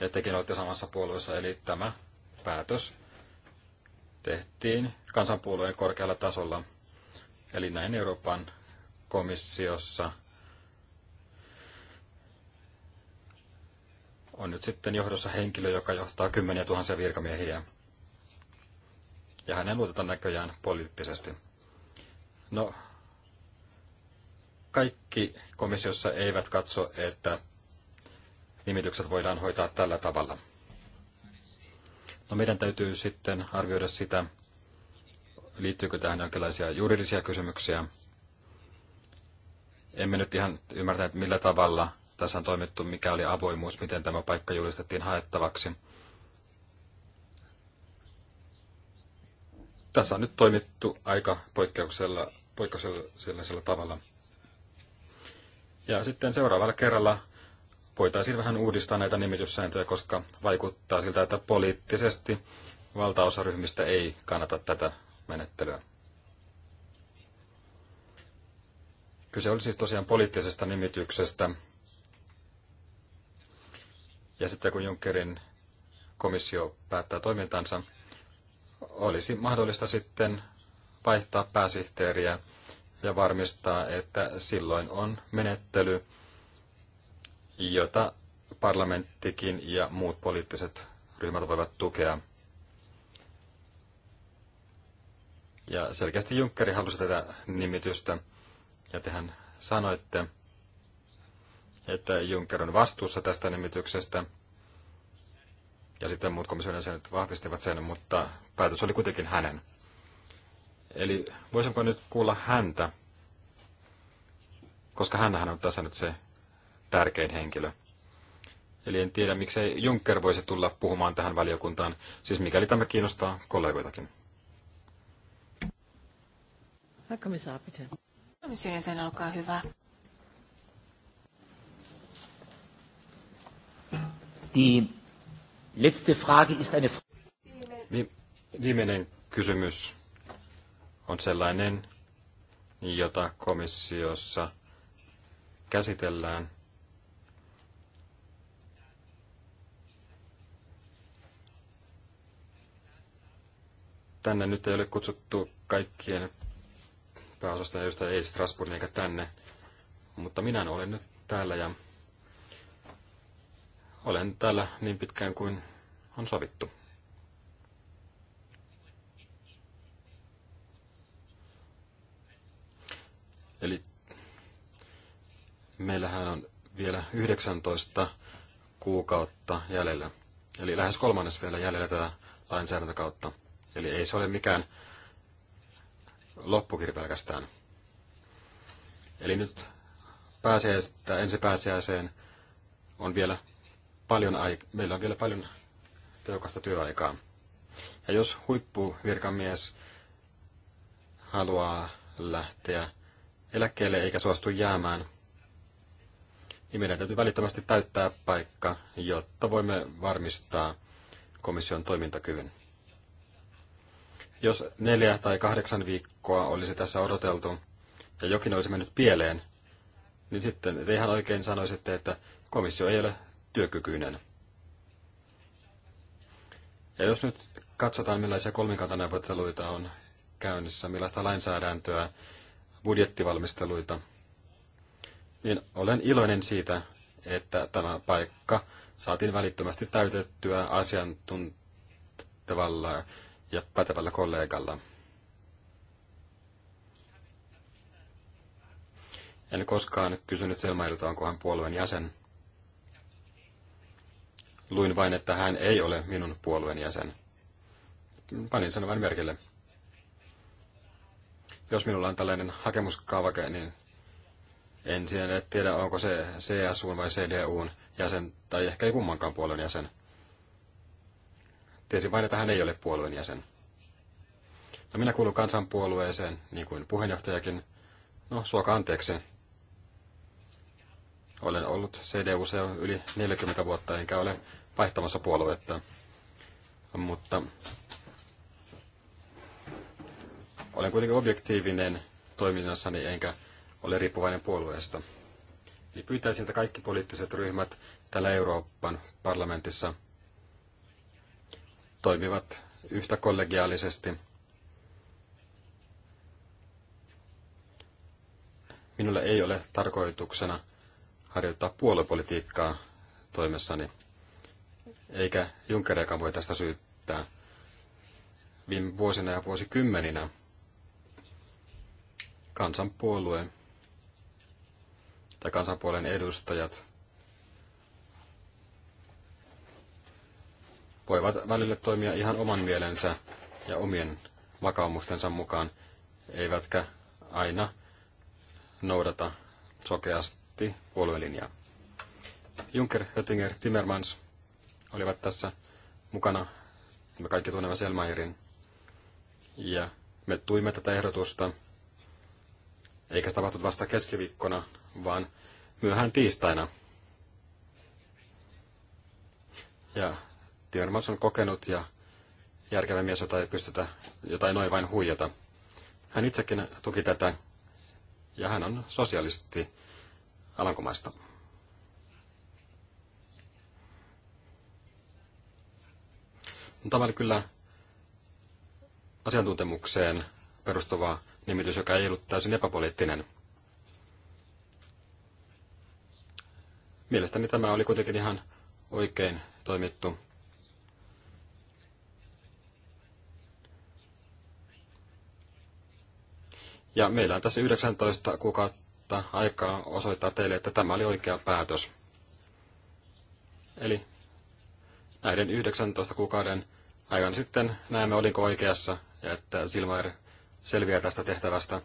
Ja tekin olette samassa puolueessa, eli tämä päätös tehtiin kansanpuolueen korkealla tasolla. Eli näin Euroopan komissiossa on nyt sitten johdossa henkilö, joka johtaa kymmeniä tuhansia virkamiehiä. Ja hän ei luoteta näköjään poliittisesti. No, kaikki komissiossa eivät katso, että nimitykset voidaan hoitaa tällä tavalla. No meidän täytyy sitten arvioida sitä, liittyykö tähän jonkinlaisia juridisia kysymyksiä. Emme nyt ihan ymmärtäneet, millä tavalla tässä on toimittu, mikä oli avoimuus, miten tämä paikka julistettiin haettavaksi. tässä on nyt toimittu aika poikkeuksella, poikkeuksellisella tavalla. Ja sitten seuraavalla kerralla voitaisiin vähän uudistaa näitä nimityssääntöjä, koska vaikuttaa siltä, että poliittisesti valtaosa ryhmistä ei kannata tätä menettelyä. Kyse oli siis tosiaan poliittisesta nimityksestä. Ja sitten kun Junckerin komissio päättää toimintansa, olisi mahdollista sitten vaihtaa pääsihteeriä ja varmistaa, että silloin on menettely, jota parlamenttikin ja muut poliittiset ryhmät voivat tukea. Ja selkeästi Junckeri halusi tätä nimitystä, ja tehän sanoitte, että Juncker on vastuussa tästä nimityksestä – ja sitten muut komission jäsenet vahvistivat sen, mutta päätös oli kuitenkin hänen. Eli voisinko nyt kuulla häntä, koska hän on tässä nyt se tärkein henkilö. Eli en tiedä, miksei Juncker voisi tulla puhumaan tähän valiokuntaan, siis mikäli tämä kiinnostaa kollegoitakin. Herr Kommissar, bitte. Komission jäsen, olkaa hyvä. Die Letzte Frage ist eine... Viimeinen kysymys on sellainen, jota komissiossa käsitellään. Tänne nyt ei ole kutsuttu kaikkien pääosasta edustajia, ei Strasbourgin eikä tänne, mutta minä olen nyt täällä ja olen täällä niin pitkään kuin on sovittu. Eli meillähän on vielä 19 kuukautta jäljellä. Eli lähes kolmannes vielä jäljellä tätä lainsäädäntökautta. Eli ei se ole mikään loppukirja pelkästään. Eli nyt pääsiäistä ensi pääsiäiseen on vielä paljon, meillä on vielä paljon tehokasta työaikaa. Ja jos huippuvirkamies haluaa lähteä eläkkeelle eikä suostu jäämään, niin meidän täytyy välittömästi täyttää paikka, jotta voimme varmistaa komission toimintakyvyn. Jos neljä tai kahdeksan viikkoa olisi tässä odoteltu ja jokin olisi mennyt pieleen, niin sitten te ihan oikein sanoisitte, että komissio ei ole työkykyinen. Ja jos nyt katsotaan, millaisia kolmikantaneuvotteluita on käynnissä, millaista lainsäädäntöä, budjettivalmisteluita, niin olen iloinen siitä, että tämä paikka saatiin välittömästi täytettyä asiantuntevalla ja pätevällä kollegalla. En koskaan kysynyt Selmailta, onko hän puolueen jäsen. Luin vain, että hän ei ole minun puolueen jäsen. Panin sen vain merkille. Jos minulla on tällainen hakemuskaavake, niin en siellä tiedä, onko se CSU vai CDUn jäsen, tai ehkä ei kummankaan puolueen jäsen. Tiesin vain, että hän ei ole puolueen jäsen. No minä kuulun kansanpuolueeseen, niin kuin puheenjohtajakin. No, suoka anteeksi. Olen ollut CDUC yli 40 vuotta, enkä ole vaihtamassa puoluetta, mutta olen kuitenkin objektiivinen toiminnassani enkä ole riippuvainen puolueesta. Niin pyytäisin, että kaikki poliittiset ryhmät täällä Euroopan parlamentissa toimivat yhtä kollegiaalisesti. Minulla ei ole tarkoituksena harjoittaa puoluepolitiikkaa toimessani eikä Junckeriakaan voi tästä syyttää. Viime vuosina ja vuosikymmeninä kansanpuolue tai kansanpuolen edustajat voivat välille toimia ihan oman mielensä ja omien vakaumustensa mukaan, eivätkä aina noudata sokeasti puoluelinjaa. Juncker, Höttinger Timmermans – olivat tässä mukana. Me kaikki tunnemme Selmairin. Ja me tuimme tätä ehdotusta, eikä se tapahtunut vasta keskiviikkona, vaan myöhään tiistaina. Ja Timmermans on kokenut ja järkevä mies, jota ei pystytä jotain noin vain huijata. Hän itsekin tuki tätä ja hän on sosialisti Alankomaista. Tämä oli kyllä asiantuntemukseen perustuva nimitys, joka ei ollut täysin epäpoliittinen. Mielestäni tämä oli kuitenkin ihan oikein toimittu. Ja meillä on tässä 19 kuukautta aikaa osoittaa teille, että tämä oli oikea päätös. Eli näiden 19 kuukauden ajan sitten näemme, olinko oikeassa ja että Silmair selviää tästä tehtävästä.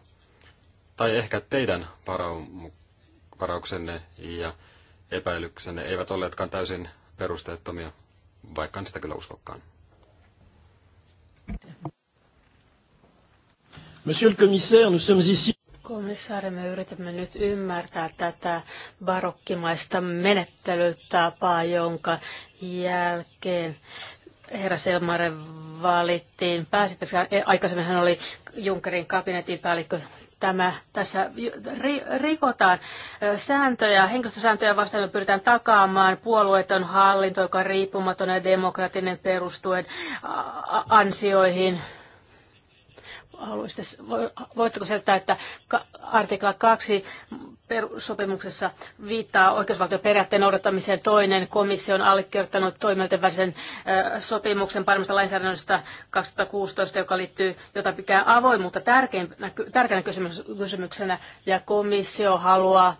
Tai ehkä teidän varauksenne ja epäilyksenne eivät olleetkaan täysin perusteettomia, vaikka en sitä kyllä uskokkaan. Monsieur le commissaire, nous sommes ici. Komissaari, me yritämme nyt ymmärtää tätä barokkimaista menettelytapaa, jonka jälkeen herra Selmare valittiin pääsihteeriksi. Eh, aikaisemmin hän oli Junckerin kabinetin päällikkö. Tämä, tässä rikotaan eh, sääntöjä, henkilöstösääntöjä vastaan, me pyritään takaamaan puolueeton hallinto, joka on riippumaton ja demokraattinen perustuen ansioihin haluaisitte, voitteko selittää, että artikla 2 perussopimuksessa viittaa oikeusvaltioperiaatteen noudattamiseen toinen komissio on allekirjoittanut toimijoiden välisen sopimuksen paremmasta lainsäädännöstä 2016, joka liittyy, jota pitää avoimuutta tärkeinä, tärkeänä kysymyksenä, ja komissio haluaa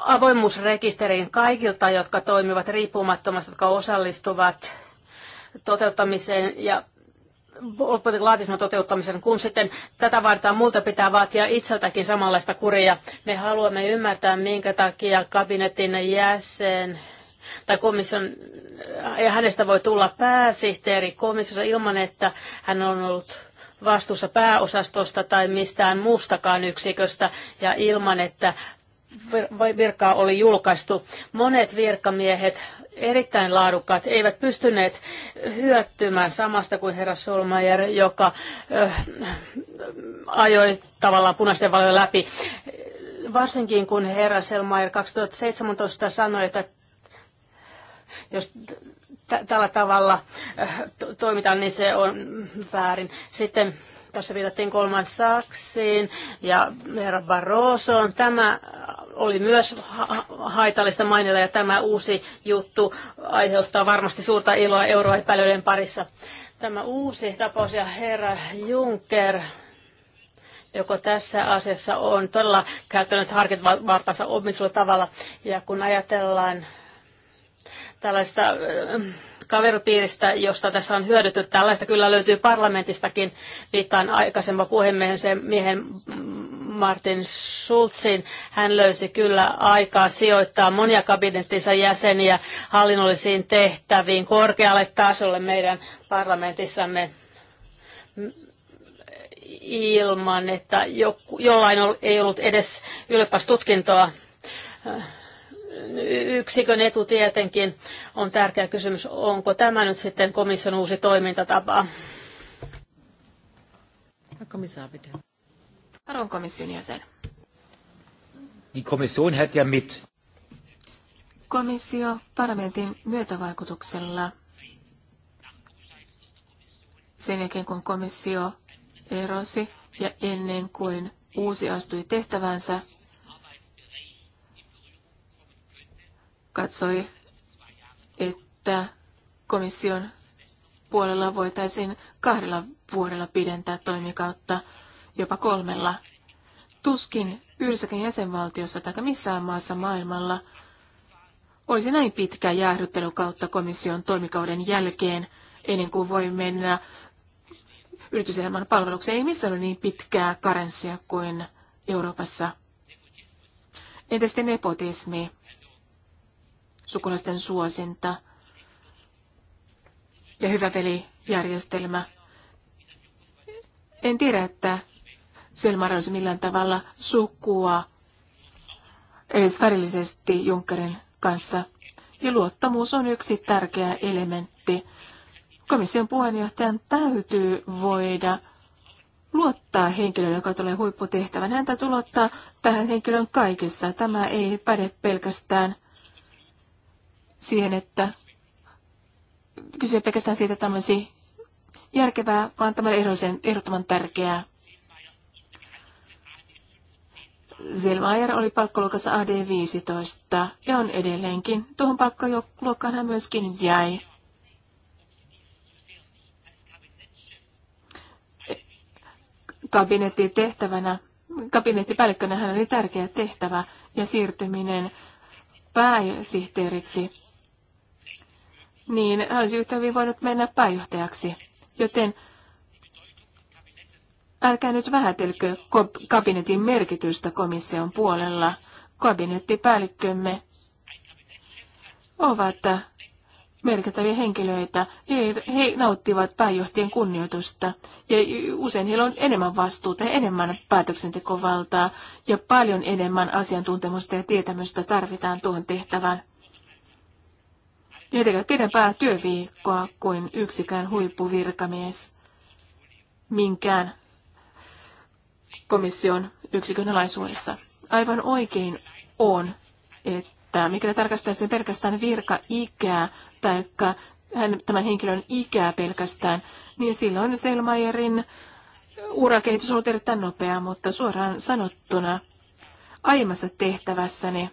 avoimuusrekisteriin kaikilta, jotka toimivat riippumattomasti, jotka osallistuvat toteuttamiseen ja potilaatisen toteuttamisen, kun sitten tätä vartaan muuta pitää vaatia itseltäkin samanlaista kuria. Me haluamme ymmärtää, minkä takia kabinetin jäsen tai komission, äh, ja hänestä voi tulla pääsihteeri komissiossa ilman, että hän on ollut vastuussa pääosastosta tai mistään muustakaan yksiköstä ja ilman, että virkaa oli julkaistu. Monet virkamiehet, erittäin laadukkaat, eivät pystyneet hyöttymään samasta kuin herra Solmajer, joka äh, ajoi tavallaan punaisten valojen läpi. Varsinkin kun herra Selmayer 2017 sanoi, että jos tällä tavalla äh, toimitaan, niin se on väärin. Sitten tässä viitattiin kolman Saksiin ja Vera Barrosoon. Tämä oli myös haitallista mainilla ja tämä uusi juttu aiheuttaa varmasti suurta iloa euroepäilyiden parissa. Tämä uusi tapaus ja herra Juncker joko tässä asiassa on todella käyttänyt harkintavaltaansa omituisella tavalla. Ja kun ajatellaan tällaista äh, kaveripiiristä, josta tässä on hyödytty. Tällaista kyllä löytyy parlamentistakin. Viittaan aikaisemman puhemiehen miehen Martin Schulzin. Hän löysi kyllä aikaa sijoittaa monia kabinettinsa jäseniä hallinnollisiin tehtäviin korkealle tasolle meidän parlamentissamme ilman, että jo, jollain ei ollut edes ylioppastutkintoa. tutkintoa yksikön etu tietenkin on tärkeä kysymys. Onko tämä nyt sitten komission uusi toimintatapa? Arvon komission jäsen. Die Kommission hat ja mit. Komissio parlamentin myötävaikutuksella sen jälkeen kun komissio erosi ja ennen kuin uusi astui tehtävänsä, katsoi, että komission puolella voitaisiin kahdella vuodella pidentää toimikautta jopa kolmella. Tuskin yhdessäkin jäsenvaltiossa tai missään maassa maailmalla olisi näin pitkä jäähdyttelykautta komission toimikauden jälkeen, ennen kuin voi mennä yrityselämän palvelukseen. Ei missään ole niin pitkää karenssia kuin Euroopassa. Entä sitten nepotismi? sukulaisten suosinta ja hyvä velijärjestelmä. En tiedä, että Selmar olisi millään tavalla sukua edes värillisesti Junckerin kanssa. Ja luottamus on yksi tärkeä elementti. Komission puheenjohtajan täytyy voida luottaa henkilöön, joka tulee huipputehtävän. Häntä tulottaa tähän henkilön kaikessa. Tämä ei päde pelkästään siihen, että kyse pelkästään siitä, että olisi järkevää, vaan tämä on ehdottoman tärkeää. Selmayr oli palkkaluokassa AD15 ja on edelleenkin. Tuohon palkkaluokkaan hän myöskin jäi. Kabinetti tehtävänä, kabinettipäällikkönä hän oli tärkeä tehtävä ja siirtyminen pääsihteeriksi niin hän olisi yhtä hyvin voinut mennä pääjohtajaksi. Joten älkää nyt vähätelkö kabinetin merkitystä komission puolella. Kabinettipäällikkömme ovat merkittäviä henkilöitä. He, he nauttivat pääjohtajien kunnioitusta ja usein heillä on enemmän vastuuta ja enemmän päätöksentekovaltaa ja paljon enemmän asiantuntemusta ja tietämystä tarvitaan tuohon tehtävään tietenkään pidempää työviikkoa kuin yksikään huippuvirkamies minkään komission yksikön alaisuudessa. Aivan oikein on, että mikäli tarkastetaan pelkästään virka-ikää tai hän, tämän henkilön ikää pelkästään, niin silloin Selmayerin urakehitys on ollut erittäin nopea, mutta suoraan sanottuna aiemmassa tehtävässäni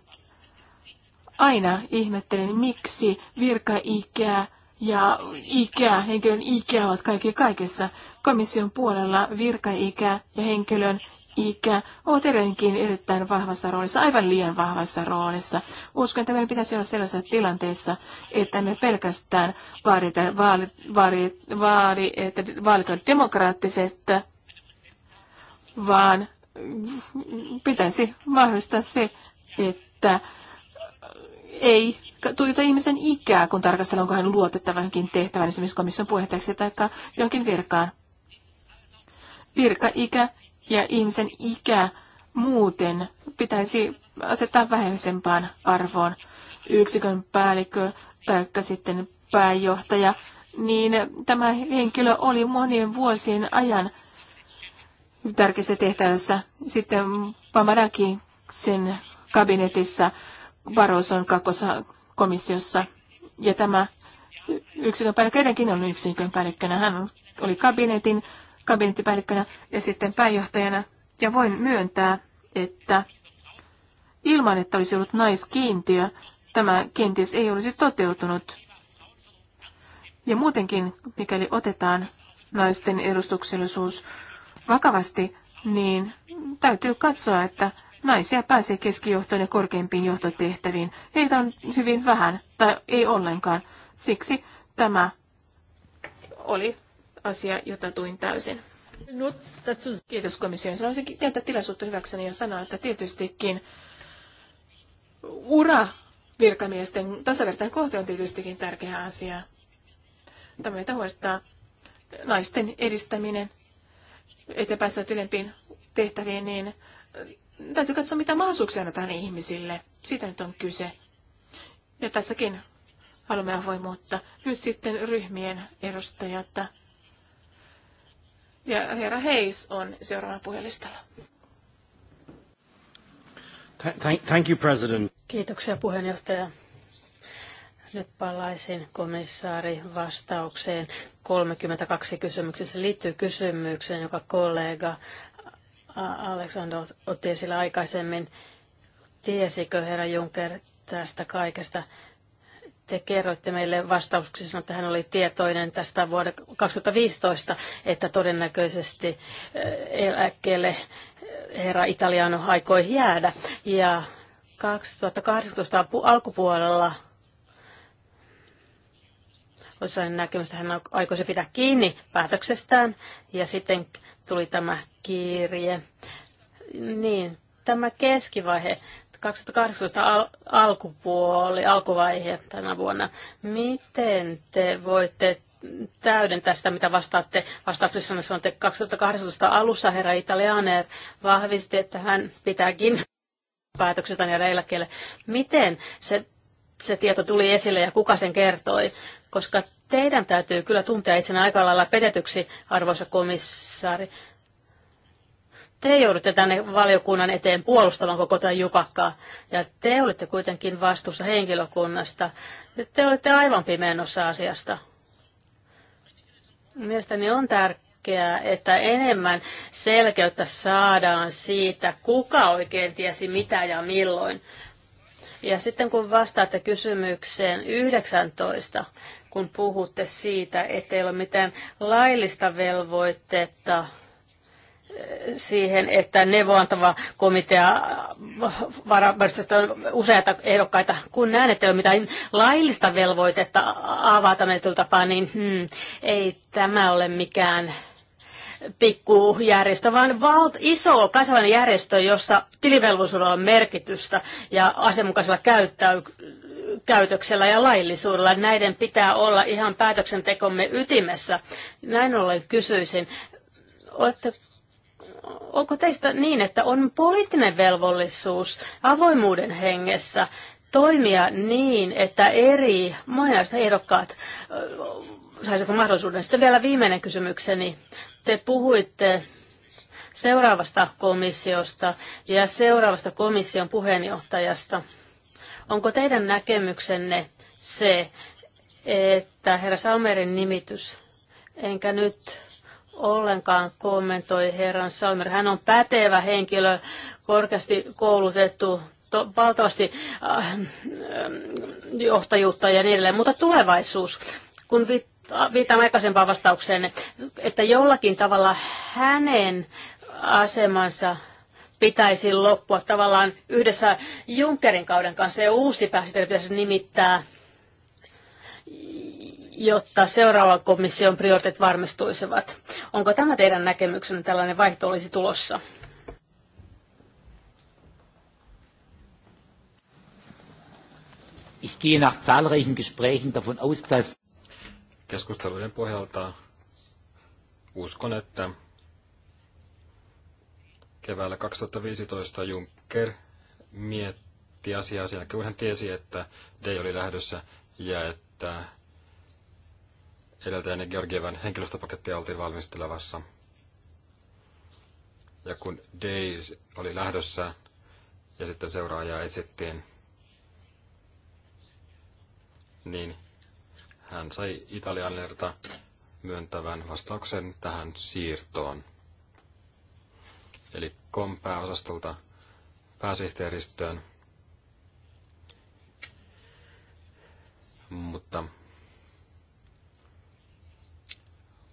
aina ihmettelen, miksi virkaikää ja ikä, henkilön ikä ovat kaikki kaikessa. Komission puolella virkaikä ja henkilön ikä ovat edelleenkin erittäin vahvassa roolissa, aivan liian vahvassa roolissa. Uskon, että meidän pitäisi olla sellaisessa tilanteessa, että me pelkästään vaaditaan vaali, vaali, vaali, että vaalit ovat demokraattiset, vaan pitäisi mahdollistaa se, että ei tuijota ihmisen ikää, kun tarkastellaan, onko hän luotettava johonkin tehtävään, esimerkiksi komission puheenjohtajaksi tai johonkin virkaan. Virkaikä ja ihmisen ikä muuten pitäisi asettaa vähäisempään arvoon. Yksikön päällikkö tai sitten pääjohtaja, niin tämä henkilö oli monien vuosien ajan tärkeässä tehtävässä. Sitten Pamarakin sen kabinetissa Barroson komissiossa Ja tämä yksikön päällikkö edenkin on yksikön päällikkönä. Hän oli kabinetin, kabinettipäällikkönä ja sitten pääjohtajana. Ja voin myöntää, että ilman, että olisi ollut naiskiintiö, tämä kenties ei olisi toteutunut. Ja muutenkin, mikäli otetaan naisten edustuksellisuus vakavasti, niin täytyy katsoa, että Naisia pääsee keskijohtoon ja korkeimpiin johtotehtäviin. Heitä on hyvin vähän tai ei ollenkaan. Siksi tämä oli asia, jota tuin täysin. Kiitos komission. Sanoisin käyttää tilaisuutta hyväkseni ja sanoa, että tietystikin ura virkamiesten tasavertainen kohte on tietystikin tärkeä asia. Tämä meitä huolestaa naisten edistäminen eteenpäin ylempiin tehtäviin, niin täytyy katsoa, mitä mahdollisuuksia annetaan ihmisille. Siitä nyt on kyse. Ja tässäkin haluamme avoimuutta. Nyt sitten ryhmien edustajat. Ja herra Heis on seuraavana puhelistalla. Thank you, President. Kiitoksia puheenjohtaja. Nyt palaisin komissaari vastaukseen 32 kysymyksessä. Se liittyy kysymykseen, joka kollega Alexander otti esille aikaisemmin. Tiesikö herra Juncker tästä kaikesta? Te kerroitte meille vastauksessa, että hän oli tietoinen tästä vuonna 2015, että todennäköisesti eh, eläkkeelle eh, herra Italiano aikoi jäädä. Ja 2018 alkupuolella olisi näkemys, että hän aikoisi pitää kiinni päätöksestään ja sitten tuli tämä kirje. Niin, tämä keskivaihe, 2018 al- alkupuoli, alkuvaihe tänä vuonna. Miten te voitte täydentää sitä, mitä vastaatte vastauksessanne että 2018 alussa herra Italianer vahvisti, että hän pitääkin päätöksestä ja eläkkeelle. Miten se, se tieto tuli esille ja kuka sen kertoi? Koska teidän täytyy kyllä tuntea itsenä aika lailla petetyksi, arvoisa komissaari. Te joudutte tänne valiokunnan eteen puolustamaan koko tämän jupakkaa, ja te olette kuitenkin vastuussa henkilökunnasta. Te olette aivan pimeenossa asiasta. Mielestäni on tärkeää, että enemmän selkeyttä saadaan siitä, kuka oikein tiesi mitä ja milloin. Ja sitten kun vastaatte kysymykseen 19, kun puhutte siitä, ettei ole mitään laillista velvoitetta eh, siihen, että neuvoantava komitea eh, on useita ehdokkaita, kun näen, että ei ole mitään laillista velvoitetta avata menetyllä tapaa, niin hmm, ei tämä ole mikään pikkujärjestö, vaan valt, iso kansainvälinen järjestö, jossa tilivelvollisuudella on merkitystä ja asianmukaisella käyttäy- käytöksellä ja laillisuudella. Näiden pitää olla ihan päätöksentekomme ytimessä. Näin ollen kysyisin, olette, onko teistä niin, että on poliittinen velvollisuus avoimuuden hengessä toimia niin, että eri maanjärjestä ehdokkaat saisivat mahdollisuuden. Sitten vielä viimeinen kysymykseni. Te puhuitte seuraavasta komissiosta ja seuraavasta komission puheenjohtajasta. Onko teidän näkemyksenne se, että herra Salmerin nimitys, enkä nyt ollenkaan kommentoi herran Salmer, hän on pätevä henkilö, korkeasti koulutettu, to, valtavasti äh, äh johtajuutta ja niin edelleen, mutta tulevaisuus, kun vi, viitaan aikaisempaan vastaukseen, että jollakin tavalla hänen asemansa pitäisi loppua tavallaan yhdessä Junckerin kauden kanssa ja uusi pääsihteeri pitäisi nimittää, jotta seuraavan komission prioriteet varmistuisivat. Onko tämä teidän näkemyksenne tällainen vaihto olisi tulossa? Ich gehe nach zahlreichen Gesprächen davon aus, dass Keskustelujen pohjalta uskon, että Keväällä 2015 Juncker mietti asiaa sen kun hän tiesi, että Day oli lähdössä ja että edeltäjänne Georgievan henkilöstöpakettia oltiin valmistelevassa. Ja kun Day oli lähdössä ja sitten seuraajaa etsittiin, niin hän sai Italianlerta myöntävän vastauksen tähän siirtoon eli kompääosastolta pääsihteeristöön. Mutta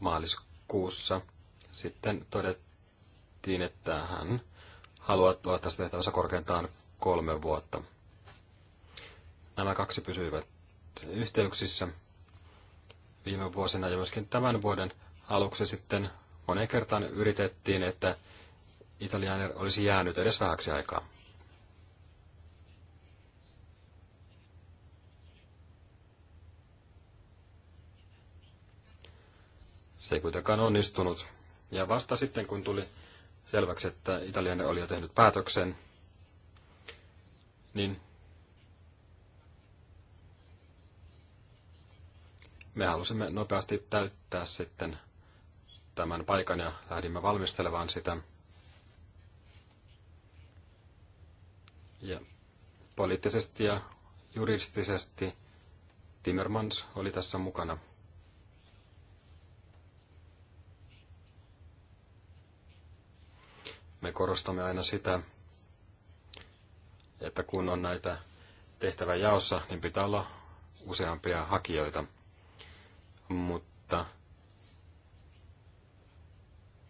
maaliskuussa sitten todettiin, että hän haluaa olla tässä tehtävässä korkeintaan kolme vuotta. Nämä kaksi pysyivät yhteyksissä viime vuosina ja myöskin tämän vuoden aluksi sitten moneen kertaan yritettiin, että Italianer olisi jäänyt edes vähäksi aikaa. Se ei kuitenkaan onnistunut. Ja vasta sitten, kun tuli selväksi, että Italianer oli jo tehnyt päätöksen, niin me halusimme nopeasti täyttää sitten tämän paikan ja lähdimme valmistelemaan sitä. Ja poliittisesti ja juristisesti Timmermans oli tässä mukana. Me korostamme aina sitä, että kun on näitä tehtävä jaossa, niin pitää olla useampia hakijoita. Mutta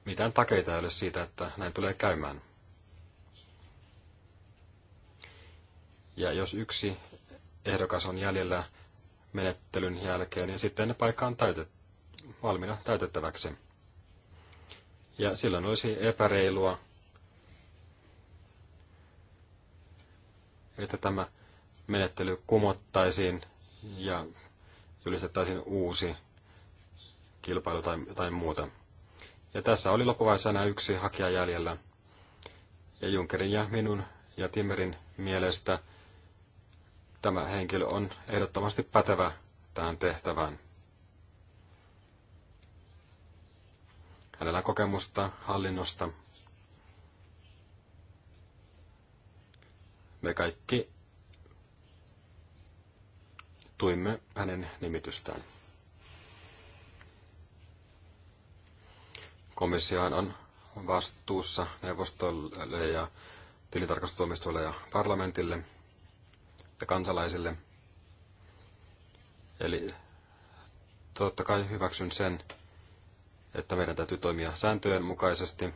mitään takeita ei ole siitä, että näin tulee käymään. Ja jos yksi ehdokas on jäljellä menettelyn jälkeen, niin sitten paikka on täytet, valmiina täytettäväksi. Ja silloin olisi epäreilua, että tämä menettely kumottaisiin ja julistettaisiin uusi kilpailu tai, tai muuta. Ja tässä oli loppuvaiheessa enää yksi hakija jäljellä. Ja Junkerin ja minun ja Timmerin mielestä – tämä henkilö on ehdottomasti pätevä tähän tehtävään. Hänellä on kokemusta hallinnosta. Me kaikki tuimme hänen nimitystään. Komissiohan on vastuussa neuvostolle ja tilintarkastustuomistolle ja parlamentille – että kansalaisille. Eli totta kai hyväksyn sen, että meidän täytyy toimia sääntöjen mukaisesti.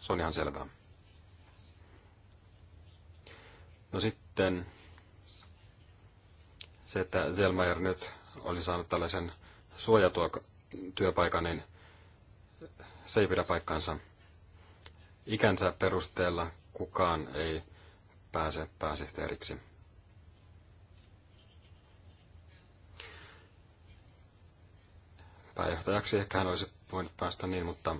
Se on ihan selvää. No sitten se, että Zelmayer nyt oli saanut tällaisen suojatyöpaikan, niin se ei pidä paikkansa. Ikänsä perusteella kukaan ei pääse pääsihteeriksi. pääjohtajaksi. Ehkä hän olisi voinut päästä niin, mutta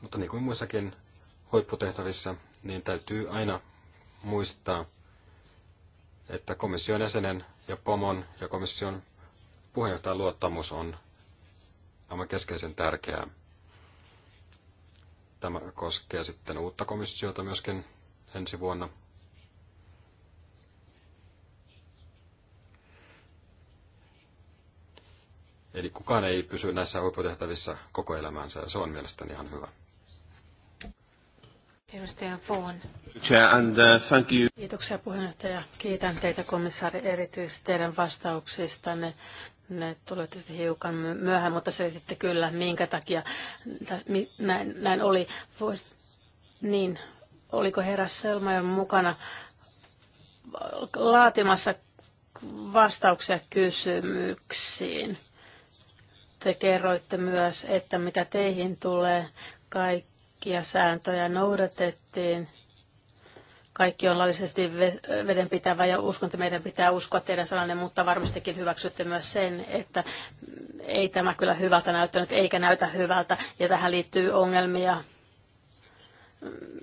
Mutta niin kuin muissakin huipputehtävissä, niin täytyy aina muistaa, että komission jäsenen ja pomon ja komission puheenjohtajan luottamus on aivan keskeisen tärkeää. Tämä koskee sitten uutta komissiota myöskin ensi vuonna. Eli kukaan ei pysy näissä huipputehtävissä koko elämänsä, ja se on mielestäni ihan hyvä. Edustaja Vaughan. And, uh, thank you. Kiitoksia puheenjohtaja. Kiitän teitä komissaari erityisesti teidän vastauksistanne. Ne tulee tietysti hiukan myöhään, mutta selititte kyllä, minkä takia näin, näin oli. Vois, niin, oliko herra Selmajan mukana laatimassa vastauksia kysymyksiin? Te kerroitte myös, että mitä teihin tulee, kaikkia sääntöjä noudatettiin. Kaikki on laillisesti vedenpitävä ja uskon, että meidän pitää uskoa teidän sananne, mutta varmastikin hyväksytte myös sen, että ei tämä kyllä hyvältä näyttänyt eikä näytä hyvältä ja tähän liittyy ongelmia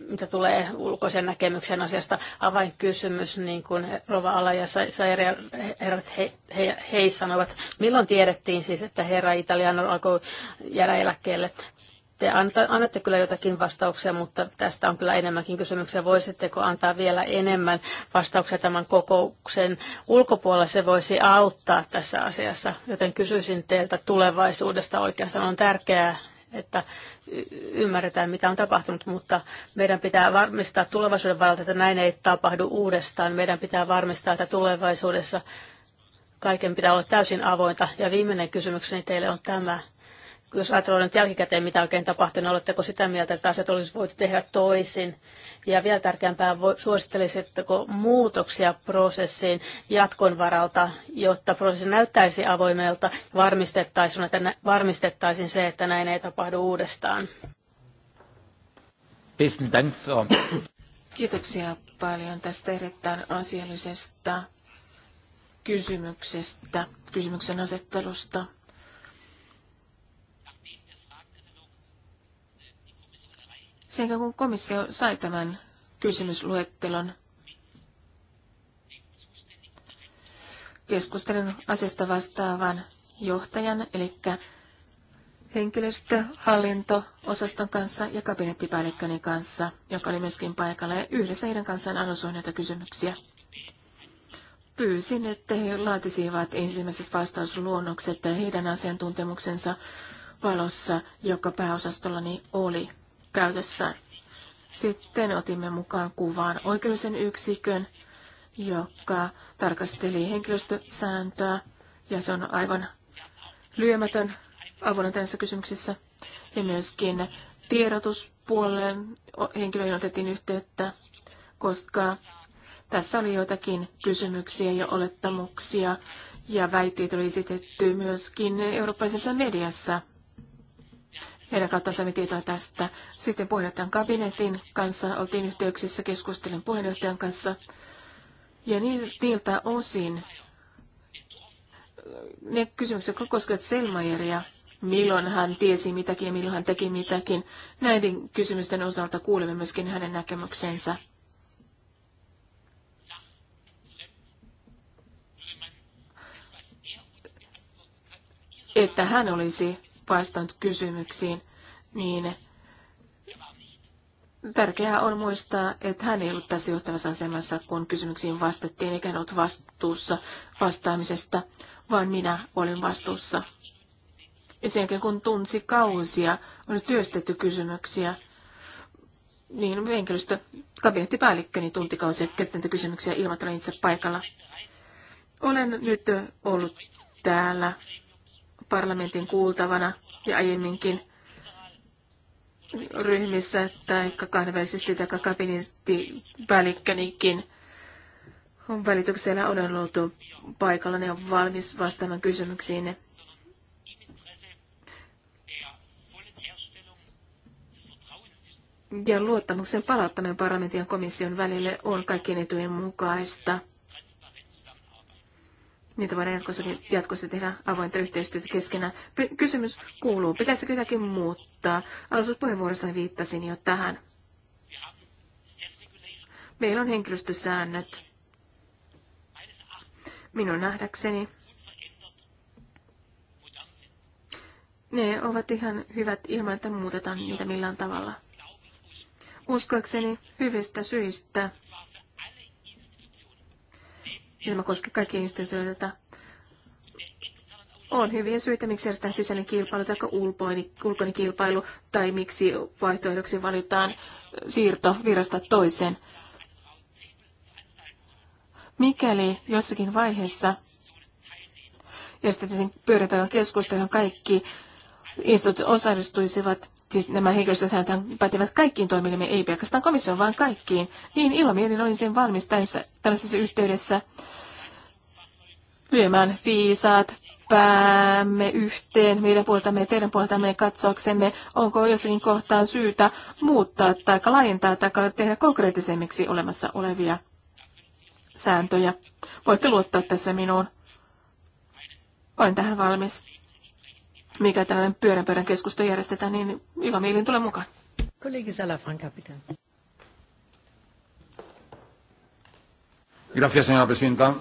mitä tulee ulkoisen näkemyksen asiasta, avainkysymys, niin kuin Rova Ala ja Sairi herrat he, he, he sanovat. Milloin tiedettiin siis, että herra Italiano alkoi jäädä eläkkeelle? Te annatte kyllä jotakin vastauksia, mutta tästä on kyllä enemmänkin kysymyksiä. Voisitteko antaa vielä enemmän vastauksia tämän kokouksen ulkopuolella? Se voisi auttaa tässä asiassa, joten kysyisin teiltä tulevaisuudesta oikeastaan. On tärkeää, että ymmärretään, mitä on tapahtunut, mutta meidän pitää varmistaa tulevaisuuden varalta, että näin ei tapahdu uudestaan. Meidän pitää varmistaa, että tulevaisuudessa kaiken pitää olla täysin avointa. Ja viimeinen kysymykseni teille on tämä jos ajatellaan nyt jälkikäteen, mitä oikein tapahtui, niin oletteko sitä mieltä, että asiat olisi voitu tehdä toisin? Ja vielä tärkeämpää, suosittelisitteko muutoksia prosessiin jatkon varalta, jotta prosessi näyttäisi avoimelta, varmistettaisiin, että varmistettaisiin se, että näin ei tapahdu uudestaan? Kiitoksia paljon tästä erittäin asiallisesta kysymyksestä, kysymyksen asettelusta. Sen jälkeen kun komissio sai tämän kysymysluettelon, keskustelin asiasta vastaavan johtajan, eli henkilöstöhallinto-osaston kanssa ja kabinettipäällikköni kanssa, joka oli myöskin paikalla, ja yhdessä heidän kanssaan analysoin näitä kysymyksiä. Pyysin, että he laatisivat ensimmäiset vastausluonnokset heidän asiantuntemuksensa valossa, joka pääosastollani oli. Käytössä. Sitten otimme mukaan kuvaan oikeudellisen yksikön, joka tarkasteli henkilöstösääntöä, ja se on aivan lyömätön avuna tässä kysymyksessä. Ja myöskin tiedotuspuolen henkilöihin otettiin yhteyttä, koska tässä oli joitakin kysymyksiä ja olettamuksia, ja väitteitä oli esitetty myöskin eurooppalaisessa mediassa heidän kautta saimme tietoa tästä. Sitten puheenjohtajan kabinetin kanssa oltiin yhteyksissä, keskustelin puheenjohtajan kanssa. Ja niiltä osin ne kysymykset, jotka koskevat Selmajeria, milloin hän tiesi mitäkin ja milloin hän teki mitäkin, näiden kysymysten osalta kuulemme myöskin hänen näkemyksensä. että hän olisi vastannut kysymyksiin, niin tärkeää on muistaa, että hän ei ollut tässä johtavassa asemassa, kun kysymyksiin vastattiin, eikä hän ollut vastuussa vastaamisesta, vaan minä olin vastuussa. Ja sen jälkeen, kun tunsi kausia, oli työstetty kysymyksiä, niin henkilöstö, kabinettipäällikköni kausia käsiteltä kysymyksiä ilman, että olen itse paikalla. Olen nyt ollut täällä parlamentin kuultavana ja aiemminkin ryhmissä tai kahdenvälisesti tai kabinettipäällikkönikin välityksellä on ollut paikalla ja valmis vastaamaan kysymyksiin. Ja luottamuksen palauttaminen parlamentin ja komission välille on kaikkien etujen mukaista. Niitä voidaan jatkossakin, jatkossa tehdä avointa yhteistyötä keskenään. P- kysymys kuuluu, pitäisikö jotakin muuttaa? Alustuspuheenvuorossani viittasin jo tähän. Meillä on henkilöstösäännöt. Minun nähdäkseni ne ovat ihan hyvät ilman, että muutetaan niitä millään tavalla. Uskoakseni hyvistä syistä Tämä kaikki instituutioita. On hyviä syitä, miksi järjestetään sisäinen kilpailu tai ulkoinen kilpailu, tai miksi vaihtoehdoksi valitaan siirto virasta toiseen. Mikäli jossakin vaiheessa järjestetään pyöräpäivän keskustelu, johon kaikki instituutit osallistuisivat, siis nämä henkilöstöt pätevät kaikkiin toimielimiin, ei pelkästään komissioon, vaan kaikkiin, niin ilomielin olin sen valmis tässä, tällaisessa yhteydessä lyömään viisaat päämme yhteen meidän puoltamme ja teidän puoltamme katsoaksemme, onko jossakin kohtaan syytä muuttaa tai laajentaa tai tehdä konkreettisemmiksi olemassa olevia sääntöjä. Voitte luottaa tässä minuun. Olen tähän valmis mikä tällainen pyörän pöydän keskustelu järjestetään, niin ilomielin tulee mukaan. Kollegi Salafranca, pitää. Gracias, señora presidenta.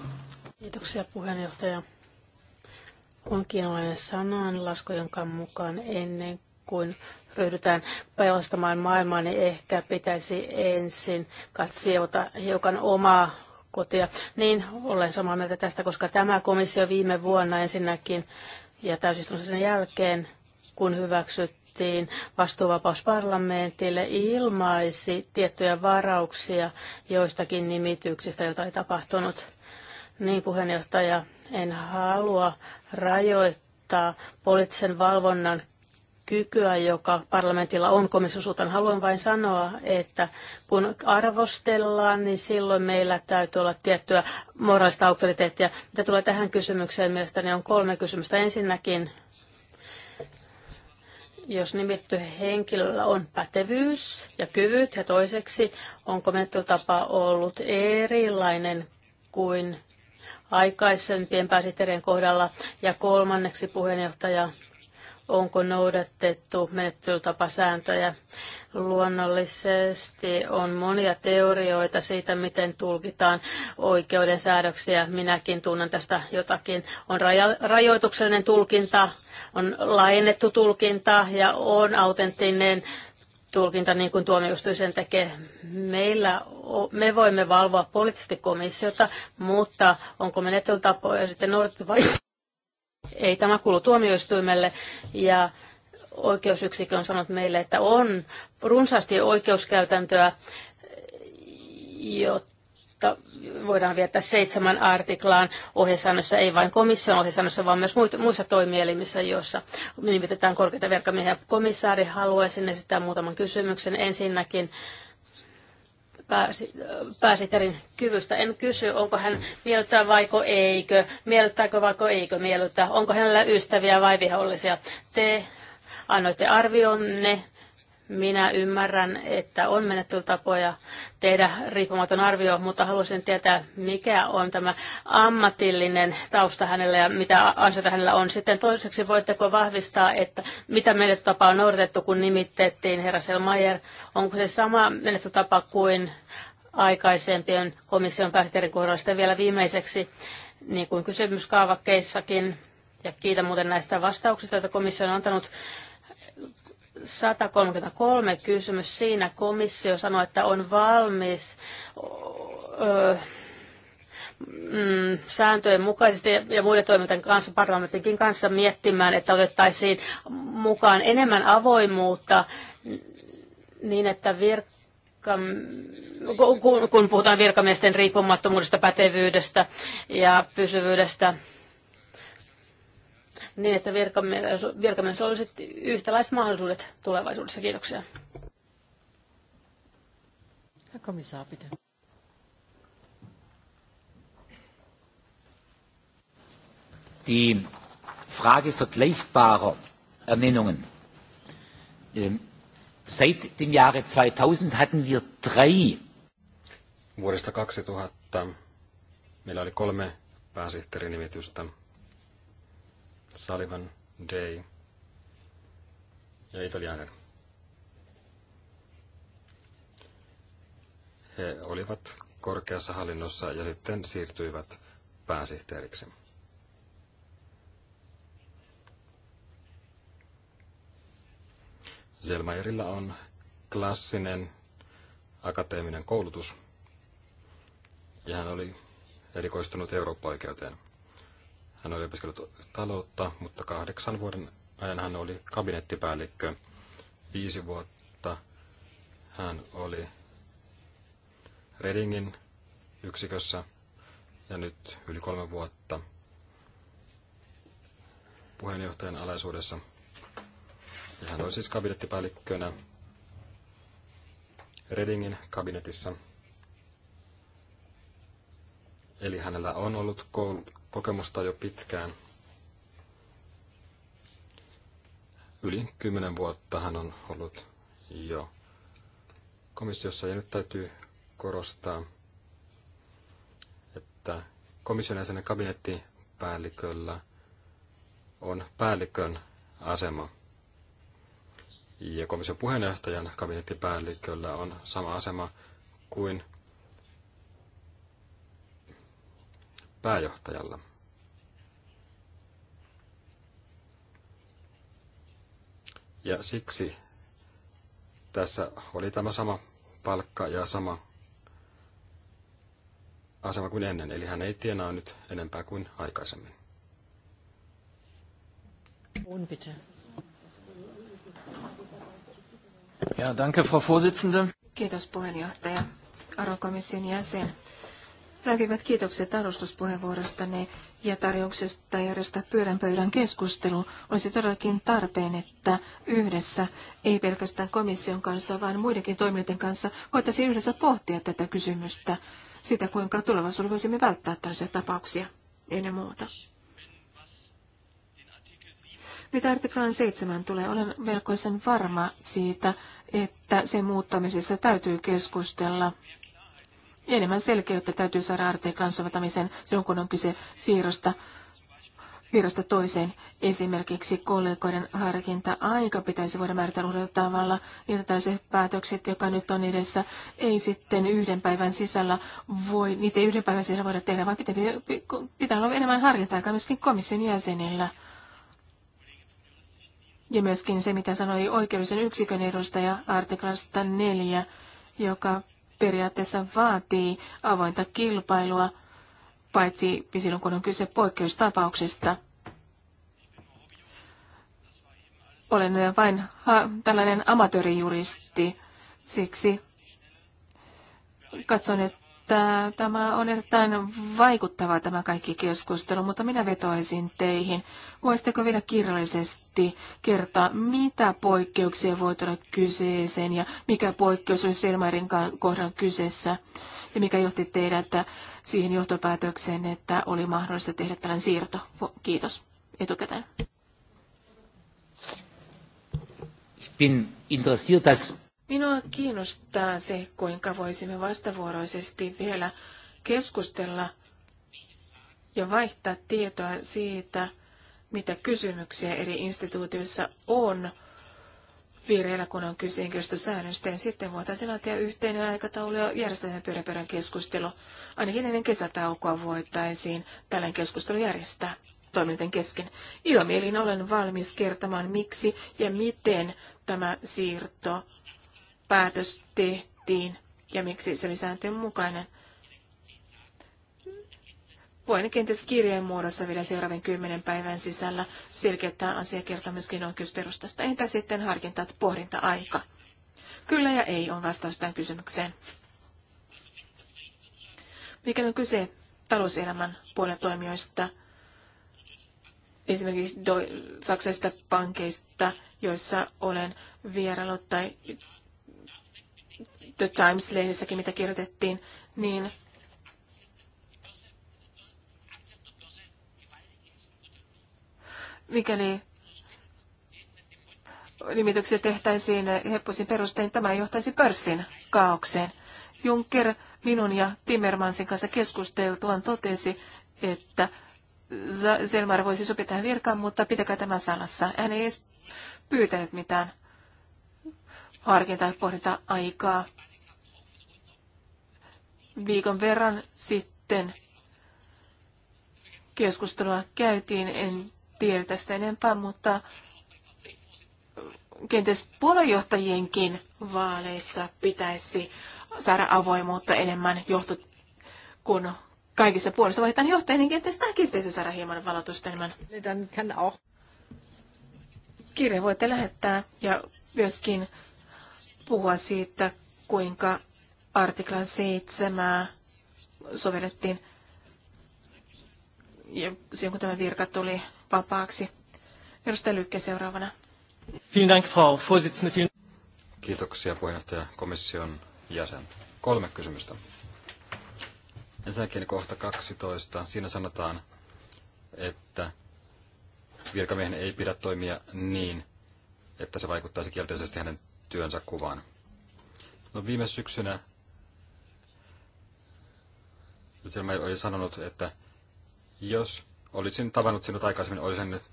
Kiitoksia puheenjohtaja. On kiinalainen lasku, jonka mukaan ennen kuin ryhdytään pelastamaan maailmaa, niin ehkä pitäisi ensin katsoa hiukan omaa kotia. Niin, olen samaa mieltä tästä, koska tämä komissio viime vuonna ensinnäkin ja täysistunnon sen jälkeen, kun hyväksyttiin vastuuvapaus parlamentille, ilmaisi tiettyjä varauksia joistakin nimityksistä, joita ei tapahtunut. Niin puheenjohtaja, en halua rajoittaa poliittisen valvonnan kykyä, joka parlamentilla on komissiosuuteen. Haluan vain sanoa, että kun arvostellaan, niin silloin meillä täytyy olla tiettyä moraalista auktoriteettia. Mitä tulee tähän kysymykseen, mielestäni on kolme kysymystä. Ensinnäkin, jos nimitty henkilöllä on pätevyys ja kyvyt, ja toiseksi, onko menettelytapa ollut erilainen kuin aikaisempien pääsihteerien kohdalla, ja kolmanneksi puheenjohtaja onko noudatettu menettelytapasääntöjä. Luonnollisesti on monia teorioita siitä, miten tulkitaan oikeuden säädöksiä. Minäkin tunnen tästä jotakin. On raja- rajoituksellinen tulkinta, on laajennettu tulkinta ja on autenttinen tulkinta niin kuin tuomioistuisen tekee. Meillä, me voimme valvoa poliittisesti komissiota, mutta onko menettelytapoja sitten noudatettu vai ei tämä kuulu tuomioistuimelle ja oikeusyksikkö on sanonut meille, että on runsaasti oikeuskäytäntöä, jotta voidaan viettää seitsemän artiklaan ohjesäännössä, ei vain komission ohjesäännössä, vaan myös muissa toimielimissä, joissa nimitetään korkeita virkamiehiä. Komissaari, haluaisin esittää muutaman kysymyksen. Ensinnäkin, pääsi, pääsihteerin kyvystä. En kysy, onko hän miellyttää vaiko eikö, miellyttääkö vaiko eikö miellyttää, onko hänellä ystäviä vai vihollisia. Te annoitte arvionne minä ymmärrän, että on menettelytapoja tehdä riippumaton arvio, mutta haluaisin tietää, mikä on tämä ammatillinen tausta hänellä ja mitä ansiota hänellä on. Sitten toiseksi voitteko vahvistaa, että mitä menettelytapaa on noudatettu, kun nimitettiin herra Selmayer. Onko se sama menettelytapa kuin aikaisempien komission pääsihteerin kohdalla? Sitten vielä viimeiseksi, niin kuin kysymyskaavakkeissakin, ja kiitän muuten näistä vastauksista, joita komissio on antanut 133 kysymys. Siinä komissio sanoi, että on valmis mm, sääntöjen mukaisesti ja muiden toimijoiden kanssa, parlamentinkin kanssa miettimään, että otettaisiin mukaan enemmän avoimuutta niin, että virka, kun, kun puhutaan virkamiesten riippumattomuudesta, pätevyydestä ja pysyvyydestä, niin, että virkamies olisi yhtäläiset mahdollisuudet tulevaisuudessa. Kiitoksia. Herr Die Frage vergleichbarer Ernennungen. Ähm, seit dem Jahre 2000 hatten wir drei. Vuodesta 2000 meillä oli kolme pääsihteerinimitystä Sullivan, Day ja Italianer. He olivat korkeassa hallinnossa ja sitten siirtyivät pääsihteeriksi. Selmairilla on klassinen akateeminen koulutus ja hän oli erikoistunut Eurooppa-oikeuteen. Hän oli opiskellut taloutta, mutta kahdeksan vuoden ajan hän oli kabinettipäällikkö. Viisi vuotta hän oli Redingin yksikössä ja nyt yli kolme vuotta puheenjohtajan alaisuudessa. Ja hän oli siis kabinettipäällikkönä Redingin kabinetissa. Eli hänellä on ollut koul- kokemusta jo pitkään. Yli kymmenen vuotta hän on ollut jo komissiossa ja nyt täytyy korostaa, että komission jäsenen kabinettipäälliköllä on päällikön asema. Ja komission puheenjohtajan kabinettipäälliköllä on sama asema kuin pääjohtajalla. Ja siksi tässä oli tämä sama palkka ja sama asema kuin ennen, eli hän ei tienaa nyt enempää kuin aikaisemmin. Un bitte. Ja, danke, Frau Vorsitzende. Kiitos puheenjohtaja. Arvokomission jäsen. Lämpimät kiitokset arvostuspuheenvuorostanne ja tarjouksesta järjestää pyörän pöydän keskustelu. Olisi todellakin tarpeen, että yhdessä, ei pelkästään komission kanssa, vaan muidenkin toimijoiden kanssa, voitaisiin yhdessä pohtia tätä kysymystä, sitä kuinka tulevaisuudessa voisimme välttää tällaisia tapauksia ennen muuta. Mitä artiklaan 7 tulee, olen melkoisen varma siitä, että sen muuttamisessa täytyy keskustella Enemmän selkeyttä täytyy saada artiklan soveltamisen silloin, kun on kyse siirrosta virasta toiseen. Esimerkiksi kollegoiden harkinta-aika pitäisi voida määritellä uudella tavalla, niin tällaiset päätökset, joka nyt on edessä, ei sitten yhden päivän sisällä voi, niitä ei yhden päivän sisällä voida tehdä, vaan pitää, pitää olla enemmän harkinta-aikaa myöskin komission jäsenillä. Ja myöskin se, mitä sanoi oikeudellisen yksikön edustaja artiklasta 4, joka periaatteessa vaatii avointa kilpailua, paitsi silloin kun on kyse poikkeustapauksista. Olen vain tällainen amatöörijuristi, siksi katson, että että tämä on erittäin vaikuttava tämä kaikki keskustelu, mutta minä vetoaisin teihin. Voisitteko vielä kirjallisesti kertoa, mitä poikkeuksia voi tulla kyseeseen ja mikä poikkeus oli Selmairin kohdan kyseessä ja mikä johti teidät siihen johtopäätökseen, että oli mahdollista tehdä tällainen siirto. Kiitos etukäteen. Ich bin interessiert, dass Minua kiinnostaa se, kuinka voisimme vastavuoroisesti vielä keskustella ja vaihtaa tietoa siitä, mitä kysymyksiä eri instituutioissa on vireillä, kun on kyse henkilöstösäännöstä, ja sitten voitaisiin laatia yhteinen aikataulu ja järjestää pyöräpyörän keskustelu. Ainakin ennen kesätaukoa voitaisiin tällainen keskustelu järjestää toiminten kesken. Ilomielin olen valmis kertomaan, miksi ja miten tämä siirto päätös tehtiin ja miksi se oli sääntöjen mukainen. Voin kenties kirjeen muodossa vielä seuraavan kymmenen päivän sisällä selkeyttää asiakirta myöskin oikeusperustasta. Entä sitten harkintat pohdinta-aika? Kyllä ja ei on vastaus tähän kysymykseen. Mikä on kyse talouselämän puolen toimijoista, esimerkiksi do, saksaisista pankeista, joissa olen vieraillut tai The Times-lehdessäkin, mitä kirjoitettiin, niin mikäli nimityksiä tehtäisiin hepposin perustein, tämä johtaisi pörssin kaaukseen. Juncker minun ja Timmermansin kanssa keskusteltuaan totesi, että Selmar voisi sopia tähän virkaan, mutta pitäkää tämä salassa. Hän ei edes pyytänyt mitään harkintaa ja pohdinta aikaa viikon verran sitten keskustelua käytiin. En tiedä tästä enempää, mutta kenties puolueenjohtajienkin vaaleissa pitäisi saada avoimuutta enemmän johto, kun kaikissa puolissa valitaan johtajia, niin kenties tämäkin pitäisi saada hieman valotusta enemmän. Kirja voitte lähettää ja myöskin puhua siitä, kuinka artiklan 7 sovellettiin ja silloin, kun tämä virka tuli vapaaksi. Edustaja Lykke seuraavana. Kiitoksia puheenjohtaja komission jäsen. Kolme kysymystä. Ensinnäkin kohta 12. Siinä sanotaan, että virkamiehen ei pidä toimia niin, että se vaikuttaisi kielteisesti hänen työnsä kuvaan. No viime syksynä mä olin sanonut, että jos olisin tavannut sinut aikaisemmin, olisin nyt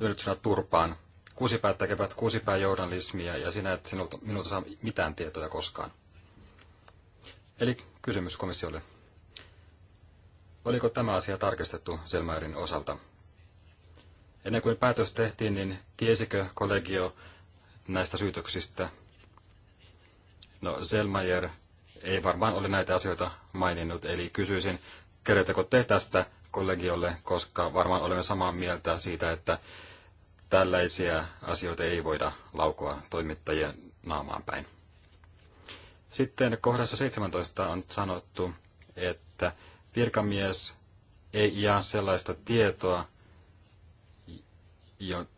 lyönyt sinut turpaan. Kuusipäät tekevät kusipää journalismia ja sinä et sinulta, minulta saa mitään tietoja koskaan. Eli kysymys komissiolle. Oliko tämä asia tarkistettu Selmäärin osalta? Ennen kuin päätös tehtiin, niin tiesikö kollegio näistä syytöksistä? No, Selmayer ei varmaan ole näitä asioita maininnut, eli kysyisin, kerrotteko te tästä kollegiolle, koska varmaan olemme samaa mieltä siitä, että tällaisia asioita ei voida laukoa toimittajien naamaan päin. Sitten kohdassa 17 on sanottu, että virkamies ei jaa sellaista tietoa,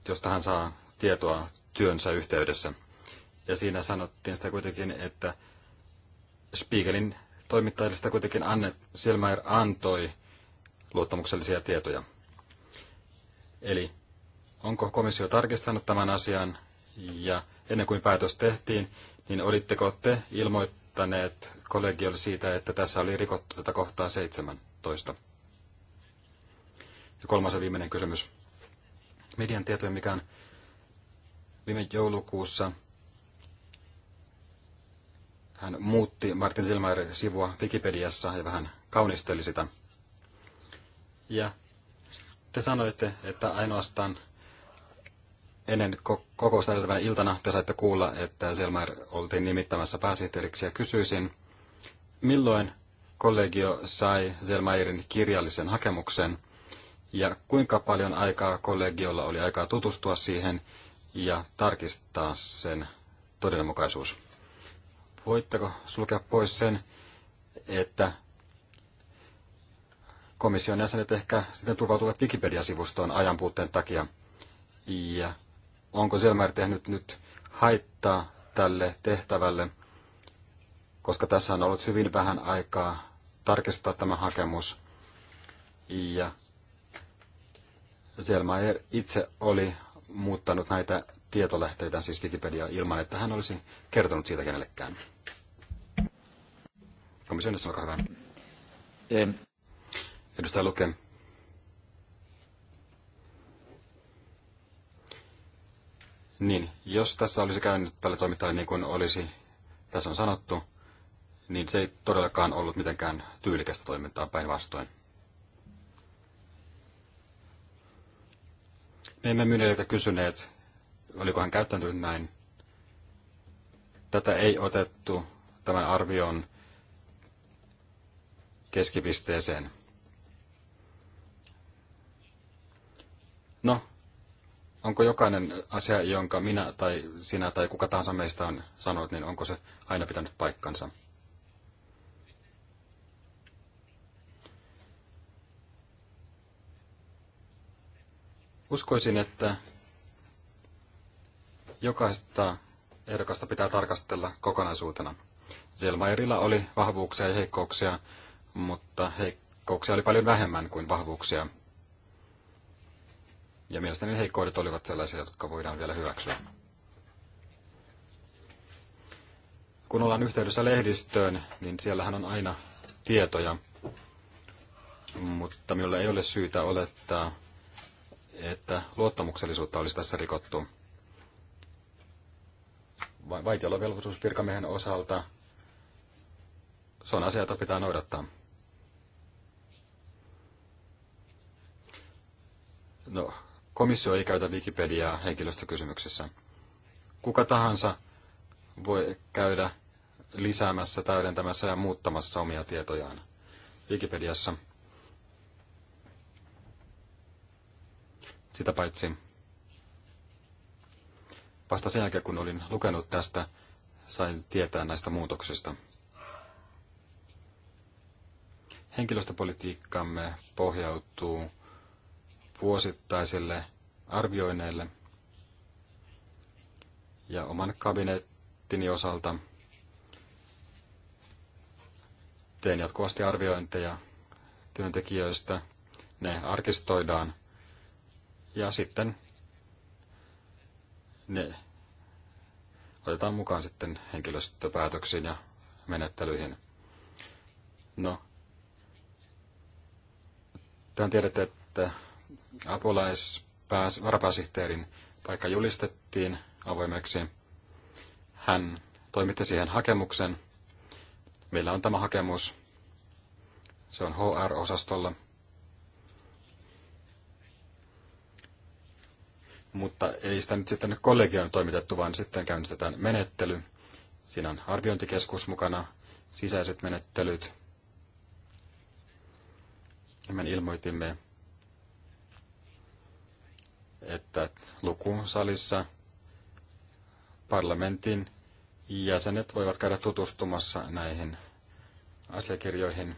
josta hän saa tietoa työnsä yhteydessä. Ja siinä sanottiin sitä kuitenkin, että Spiegelin toimittajille sitä kuitenkin Anne Selmayr antoi luottamuksellisia tietoja. Eli onko komissio tarkistanut tämän asian ja ennen kuin päätös tehtiin, niin olitteko te ilmoittaneet kollegiolle siitä, että tässä oli rikottu tätä kohtaa 17? Ja kolmas ja viimeinen kysymys. Median tietojen mikä on viime joulukuussa hän muutti Martin Silmairin sivua Wikipediassa ja vähän kaunisteli sitä. Ja te sanoitte, että ainoastaan ennen koko säilytävänä iltana te saitte kuulla, että Silmair oltiin nimittämässä pääsihteeriksi ja kysyisin, milloin kollegio sai Selmairin kirjallisen hakemuksen ja kuinka paljon aikaa kollegiolla oli aikaa tutustua siihen ja tarkistaa sen todenmukaisuus voitteko sulkea pois sen, että komission jäsenet ehkä sitten turvautuvat Wikipedia-sivustoon ajanpuutteen takia. Ja onko Selmer tehnyt nyt haittaa tälle tehtävälle, koska tässä on ollut hyvin vähän aikaa tarkistaa tämä hakemus. Ja Selmayr itse oli muuttanut näitä tietolähteitä, siis Wikipedia, ilman että hän olisi kertonut siitä kenellekään. Komissionissa, olkaa hyvä. Ei. Edustaja Luke. Niin, jos tässä olisi käynyt tälle toimittajalle niin kuin olisi tässä on sanottu, niin se ei todellakaan ollut mitenkään tyylikästä toimintaa päinvastoin. Me emme myyneiltä kysyneet, oliko hän käyttänyt näin. Tätä ei otettu tämän arvion keskipisteeseen. No, onko jokainen asia, jonka minä tai sinä tai kuka tahansa meistä on sanonut, niin onko se aina pitänyt paikkansa? Uskoisin, että jokaista ehdokasta pitää tarkastella kokonaisuutena. Selmairilla oli vahvuuksia ja heikkouksia, mutta heikkouksia oli paljon vähemmän kuin vahvuuksia. Ja mielestäni heikkoudet olivat sellaisia, jotka voidaan vielä hyväksyä. Kun ollaan yhteydessä lehdistöön, niin siellähän on aina tietoja, mutta minulla ei ole syytä olettaa, että luottamuksellisuutta olisi tässä rikottu vaitiolovelvollisuus virkamiehen osalta, se on asia, jota pitää noudattaa. No, komissio ei käytä Wikipediaa henkilöstökysymyksissä. Kuka tahansa voi käydä lisäämässä, täydentämässä ja muuttamassa omia tietojaan Wikipediassa. Sitä paitsi Vasta sen jälkeen, kun olin lukenut tästä, sain tietää näistä muutoksista. Henkilöstöpolitiikkamme pohjautuu vuosittaisille arvioineille ja oman kabinettini osalta teen jatkuvasti arviointeja työntekijöistä. Ne arkistoidaan ja sitten ne otetaan mukaan sitten henkilöstöpäätöksiin ja menettelyihin. No, tämän tiedätte, että apulaisvarapääsihteerin paikka julistettiin avoimeksi. Hän toimitti siihen hakemuksen. Meillä on tämä hakemus. Se on HR-osastolla – mutta ei sitä nyt sitten kollegioon toimitettu, vaan sitten käynnistetään menettely. Siinä on arviointikeskus mukana, sisäiset menettelyt. Ja me ilmoitimme, että lukusalissa parlamentin jäsenet voivat käydä tutustumassa näihin asiakirjoihin.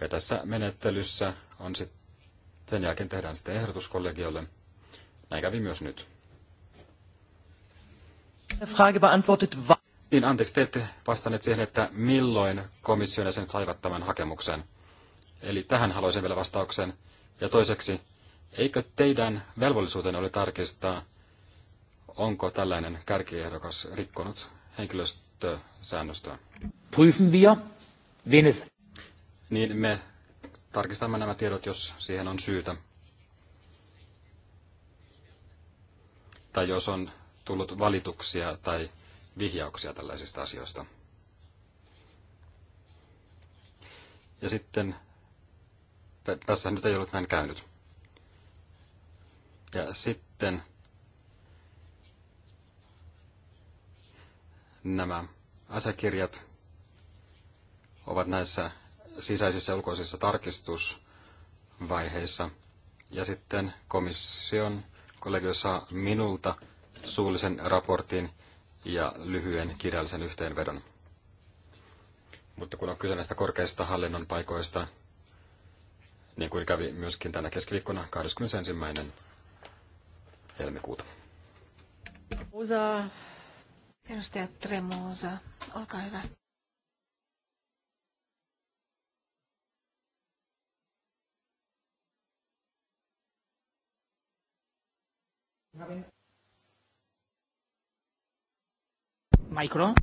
Ja tässä menettelyssä on sitten, sen jälkeen tehdään sitten ehdotus kollegiolle. Näin kävi myös nyt. Niin, anteeksi, te ette vastanneet siihen, että milloin komission jäsenet saivat tämän hakemuksen. Eli tähän haluaisin vielä vastauksen. Ja toiseksi, eikö teidän velvollisuuteen oli tarkistaa, onko tällainen kärkiehdokas rikkonut henkilöstösäännöstöä? Prüfen wir, wen Niin me tarkistamme nämä tiedot, jos siihen on syytä. tai jos on tullut valituksia tai vihjauksia tällaisista asioista. Ja sitten, tässä nyt ei ollut näin käynyt. Ja sitten nämä asiakirjat ovat näissä sisäisissä ja ulkoisissa tarkistusvaiheissa. Ja sitten komission kollegio saa minulta suullisen raportin ja lyhyen kirjallisen yhteenvedon. Mutta kun on kyse näistä korkeista hallinnon paikoista, niin kuin kävi myöskin tänä keskiviikkona 21. helmikuuta. Osa. Edustaja Tremosa, olkaa hyvä. micro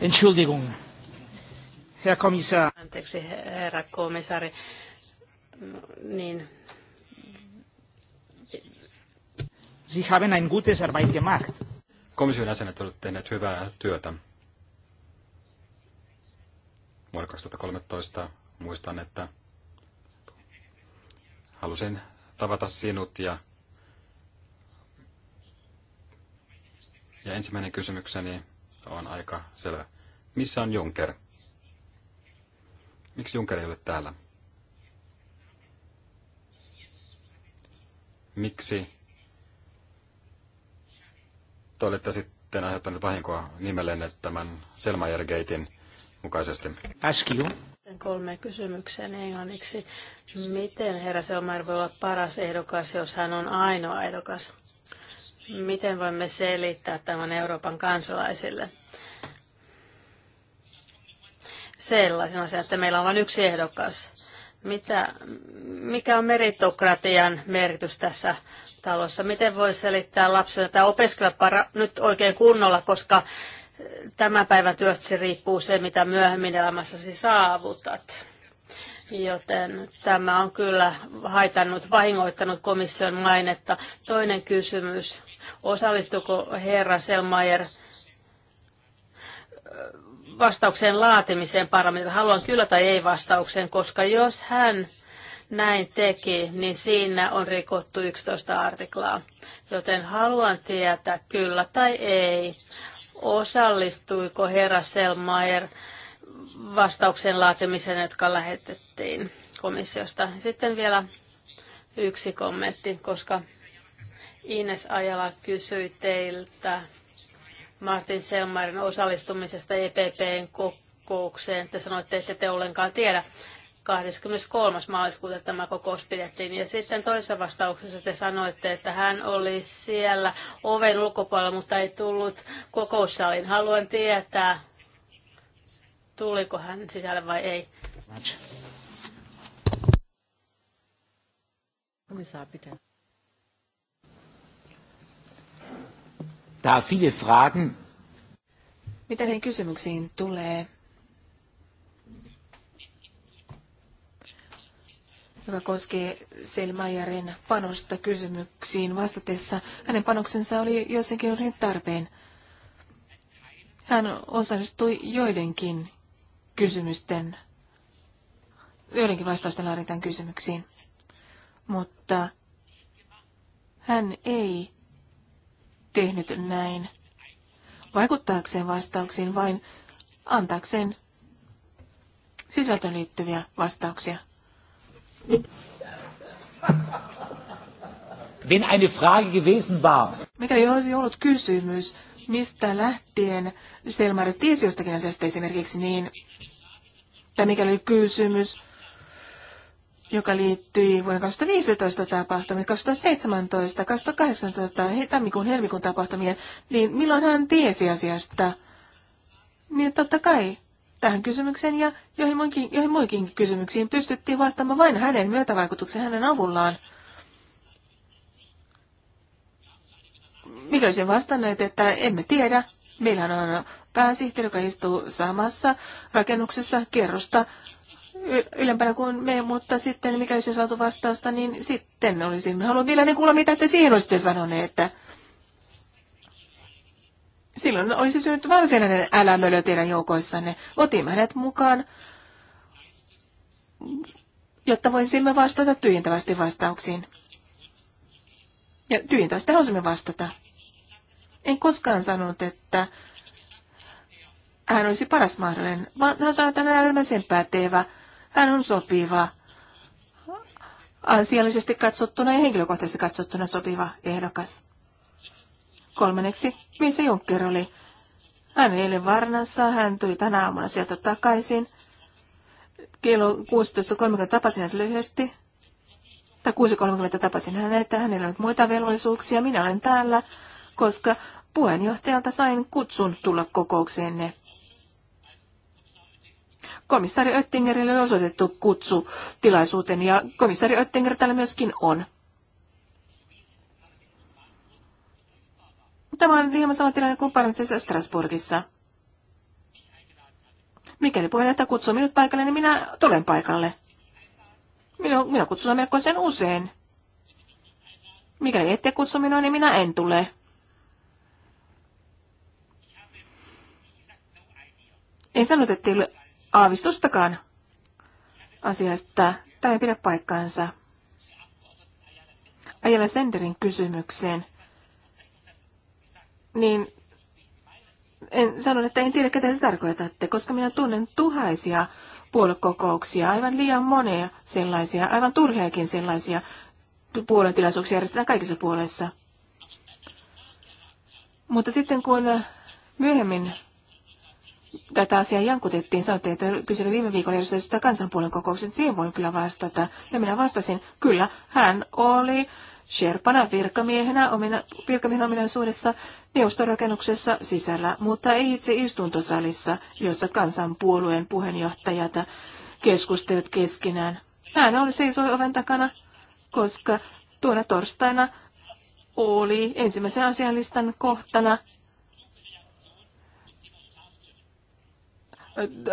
Entschuldigung. Herr Kommissar. Anteeksi, herra komissaari. Niin. Sie haben ein gutes Arbeit gemacht. Komission jäsenet ovat tehneet hyvää työtä. Vuonna 2013 muistan, että halusin tavata sinut ja, ja ensimmäinen kysymykseni on aika selvä. Missä on Juncker? Miksi Juncker ei ole täällä? Miksi te olette sitten aiheuttaneet vahinkoa nimellenne tämän Selma Jergeitin mukaisesti? Ask you kolme kysymykseen englanniksi. Miten herra Selmair voi olla paras ehdokas, jos hän on ainoa ehdokas? Miten voimme selittää tämän Euroopan kansalaisille? sellaisena, että meillä on vain yksi ehdokas. Mitä, mikä on meritokratian merkitys tässä talossa? Miten voi selittää lapsille että opiskella para, nyt oikein kunnolla, koska tämän päivän työstä riippuu se, mitä myöhemmin elämässäsi saavutat. Joten tämä on kyllä haitannut, vahingoittanut komission mainetta. Toinen kysymys. Osallistuko herra Selmayr vastauksen laatimiseen parlamentille. Haluan kyllä tai ei vastauksen, koska jos hän näin teki, niin siinä on rikottu 11 artiklaa. Joten haluan tietää kyllä tai ei, osallistuiko herra Selmaer vastauksen laatimiseen, jotka lähetettiin komissiosta. Sitten vielä yksi kommentti, koska Ines Ajala kysyi teiltä Martin Selmarin osallistumisesta EPPn kokoukseen. Te sanoitte, että te ollenkaan tiedä. 23. maaliskuuta tämä kokous pidettiin. Ja sitten toisessa vastauksessa te sanoitte, että hän oli siellä oven ulkopuolella, mutta ei tullut kokoussaliin. Haluan tietää, tuliko hän sisälle vai ei. Komissaari pitää. Da viele Fragen. Mitä näihin kysymyksiin tulee, joka koskee Selmayerin panosta kysymyksiin vastatessa. Hänen panoksensa oli jossakin osin tarpeen. Hän osallistui joidenkin kysymysten, joidenkin vastausten laaditaan kysymyksiin, mutta hän ei tehnyt näin vaikuttaakseen vastauksiin vain antaakseen sisältöön liittyviä vastauksia. Wenn eine Frage gewesen war. Mikä ei olisi ollut kysymys, mistä lähtien Selmar tiesi jostakin asiasta esimerkiksi niin, tai mikä oli kysymys joka liittyi vuonna 2015 tapahtumiin, 2017, 2018 tammikuun helmikuun tapahtumien, niin milloin hän tiesi asiasta? Niin totta kai tähän kysymykseen ja joihin muinkin, joihin muinkin kysymyksiin pystyttiin vastaamaan vain hänen myötävaikutuksen hänen avullaan. Mikä olisin vastannut, että emme tiedä. Meillähän on pääsihteeri, joka istuu samassa rakennuksessa kerrosta ylempänä kuin me, mutta sitten mikäli olisi saatu vastausta, niin sitten olisin. halunnut vielä niin kuulla, mitä te siihen olisitte sanoneet, että silloin olisi syntynyt varsinainen älämölö teidän joukoissanne. Otimme hänet mukaan, jotta voisimme vastata tyhjentävästi vastauksiin. Ja tyhjentävästi halusimme vastata. En koskaan sanonut, että hän olisi paras mahdollinen, vaan hän sanoi, että hän on äärimmäisen pätevä hän on sopiva, asiallisesti katsottuna ja henkilökohtaisesti katsottuna sopiva ehdokas. Kolmanneksi, missä Junker oli? Hän ei ole Varnassa, hän tuli tänä aamuna sieltä takaisin. Kello 16.30 tapasin hänet lyhyesti, tai 6.30 tapasin hänet, että hänellä on muita velvollisuuksia. Minä olen täällä, koska puheenjohtajalta sain kutsun tulla kokoukseenne komissaari Oettingerille on osoitettu kutsu tilaisuuteen ja komissaari Oettinger täällä myöskin on. Tämä on hieman sama tilanne kuin parlamentissa Strasbourgissa. Mikäli puheenjohtaja kutsuu minut paikalle, niin minä tulen paikalle. Minä minua kutsutaan melkoisen usein. Mikäli ette kutsu minua, niin minä en tule. En sanonut, että aavistustakaan asiasta. Tämä ei pidä paikkaansa. Ajalla Senderin kysymykseen, niin en sanon, että en tiedä, ketä te tarkoitatte, koska minä tunnen tuhaisia puoluekokouksia, aivan liian monia sellaisia, aivan turhiakin sellaisia puolueen tilaisuuksia järjestetään kaikissa puolessa. Mutta sitten kun myöhemmin tätä asiaa jankutettiin, sanottiin, että kysely viime viikolla järjestetystä kansanpuolen kokouksesta, siihen voin kyllä vastata. Ja minä vastasin, kyllä, hän oli Sherpana virkamiehenä, omina, virkamiehen ominaisuudessa neuvostorakennuksessa sisällä, mutta ei itse istuntosalissa, jossa kansanpuolueen puheenjohtajat keskustelivat keskenään. Hän oli seisoi oven takana, koska tuona torstaina oli ensimmäisen asianlistan kohtana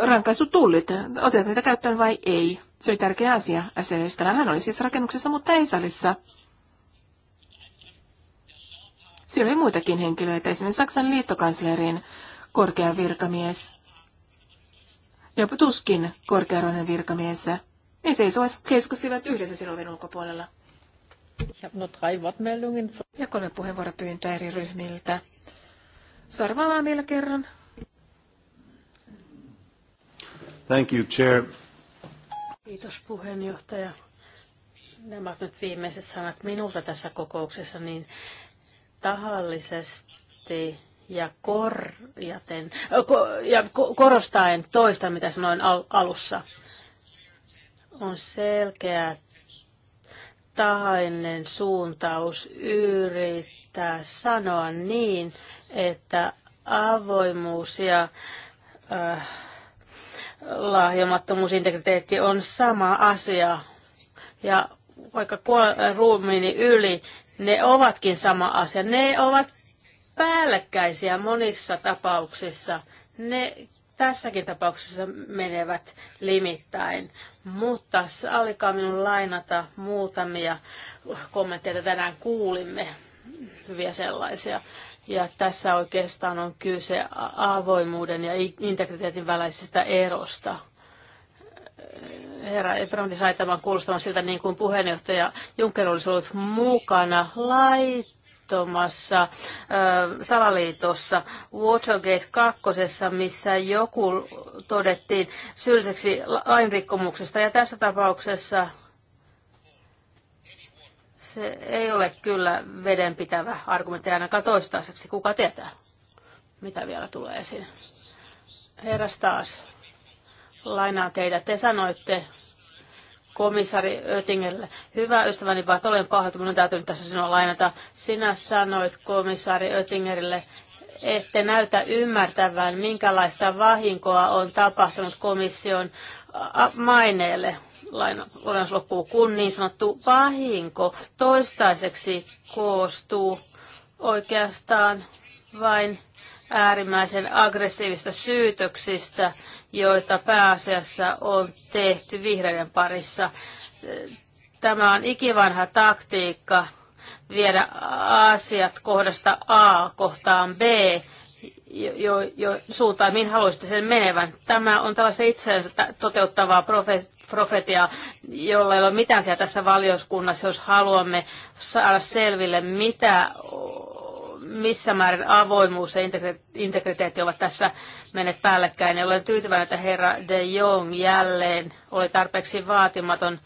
rankaisutullit, otetaan niitä käyttöön vai ei. Se oli tärkeä asia SLstä. Hän oli siis rakennuksessa, mutta ei salissa. Siellä oli muitakin henkilöitä, esimerkiksi Saksan liittokanslerin korkea virkamies ja tuskin korkearoinen virkamies. Ne seiskoisivat yhdessä silloin ulkopuolella. Ja kolme puheenvuoropyyntöä eri ryhmiltä. Sarvalaa vielä kerran. Thank you, Chair. Kiitos puheenjohtaja. Nämä ovat nyt viimeiset sanat minulta tässä kokouksessa, niin tahallisesti ja, korjaten, ja korostaen toista, mitä sanoin alussa. On selkeä tahainen suuntaus yrittää sanoa niin, että avoimuus ja äh, lahjomattomuus, integriteetti on sama asia. Ja vaikka ruumiini yli, ne ovatkin sama asia. Ne ovat päällekkäisiä monissa tapauksissa. Ne tässäkin tapauksessa menevät limittäin. Mutta alkaa minun lainata muutamia kommentteja, tänään kuulimme hyviä sellaisia. Ja tässä oikeastaan on kyse avoimuuden ja integriteetin välisestä erosta. Herra Ebrandi sai tämän kuulostamaan siltä, niin kuin puheenjohtaja Juncker olisi ollut mukana laittomassa äh, salaliitossa Watergate 2, missä joku todettiin syylliseksi lainrikkomuksesta. Ja tässä tapauksessa se ei ole kyllä vedenpitävä argumentti ainakaan toistaiseksi. Kuka tietää, mitä vielä tulee esiin. Herras taas, lainaan teitä. Te sanoitte komissari Ötingelle. Hyvä ystäväni, vaan olen pahoitu, minun täytyy nyt tässä sinua lainata. Sinä sanoit komissari Ötingerille, ette näytä ymmärtävän, minkälaista vahinkoa on tapahtunut komission maineelle lainaus loppuu, kun niin sanottu vahinko toistaiseksi koostuu oikeastaan vain äärimmäisen aggressiivista syytöksistä, joita pääasiassa on tehty vihreiden parissa. Tämä on ikivanha taktiikka viedä asiat kohdasta A kohtaan B jo, jo suuntaan, mihin haluaisitte sen menevän. Tämä on tällaista itseänsä toteuttavaa profe- profetiaa, jolla ei ole mitään siellä tässä valioskunnassa jos haluamme saada selville, mitä, missä määrin avoimuus ja integriteetti ovat tässä menet päällekkäin. Ja olen tyytyväinen, että herra de Jong jälleen oli tarpeeksi vaatimaton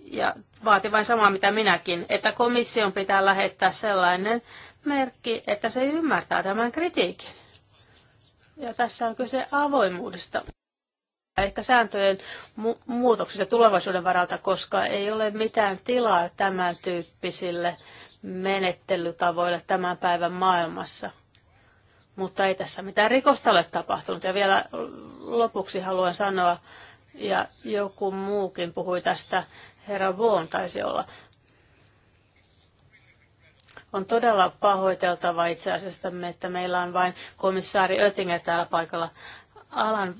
ja vaati vain samaa mitä minäkin, että komission pitää lähettää sellainen merkki, että se ymmärtää tämän kritiikin ja tässä on kyse avoimuudesta ehkä sääntöjen mu- muutoksista tulevaisuuden varalta, koska ei ole mitään tilaa tämän tyyppisille menettelytavoille tämän päivän maailmassa. Mutta ei tässä mitään rikosta ole tapahtunut. Ja vielä lopuksi haluan sanoa, ja joku muukin puhui tästä, herra Vuon taisi olla, on todella pahoiteltava itse asiassa, että meillä on vain komissaari Oettinger täällä paikalla. Alan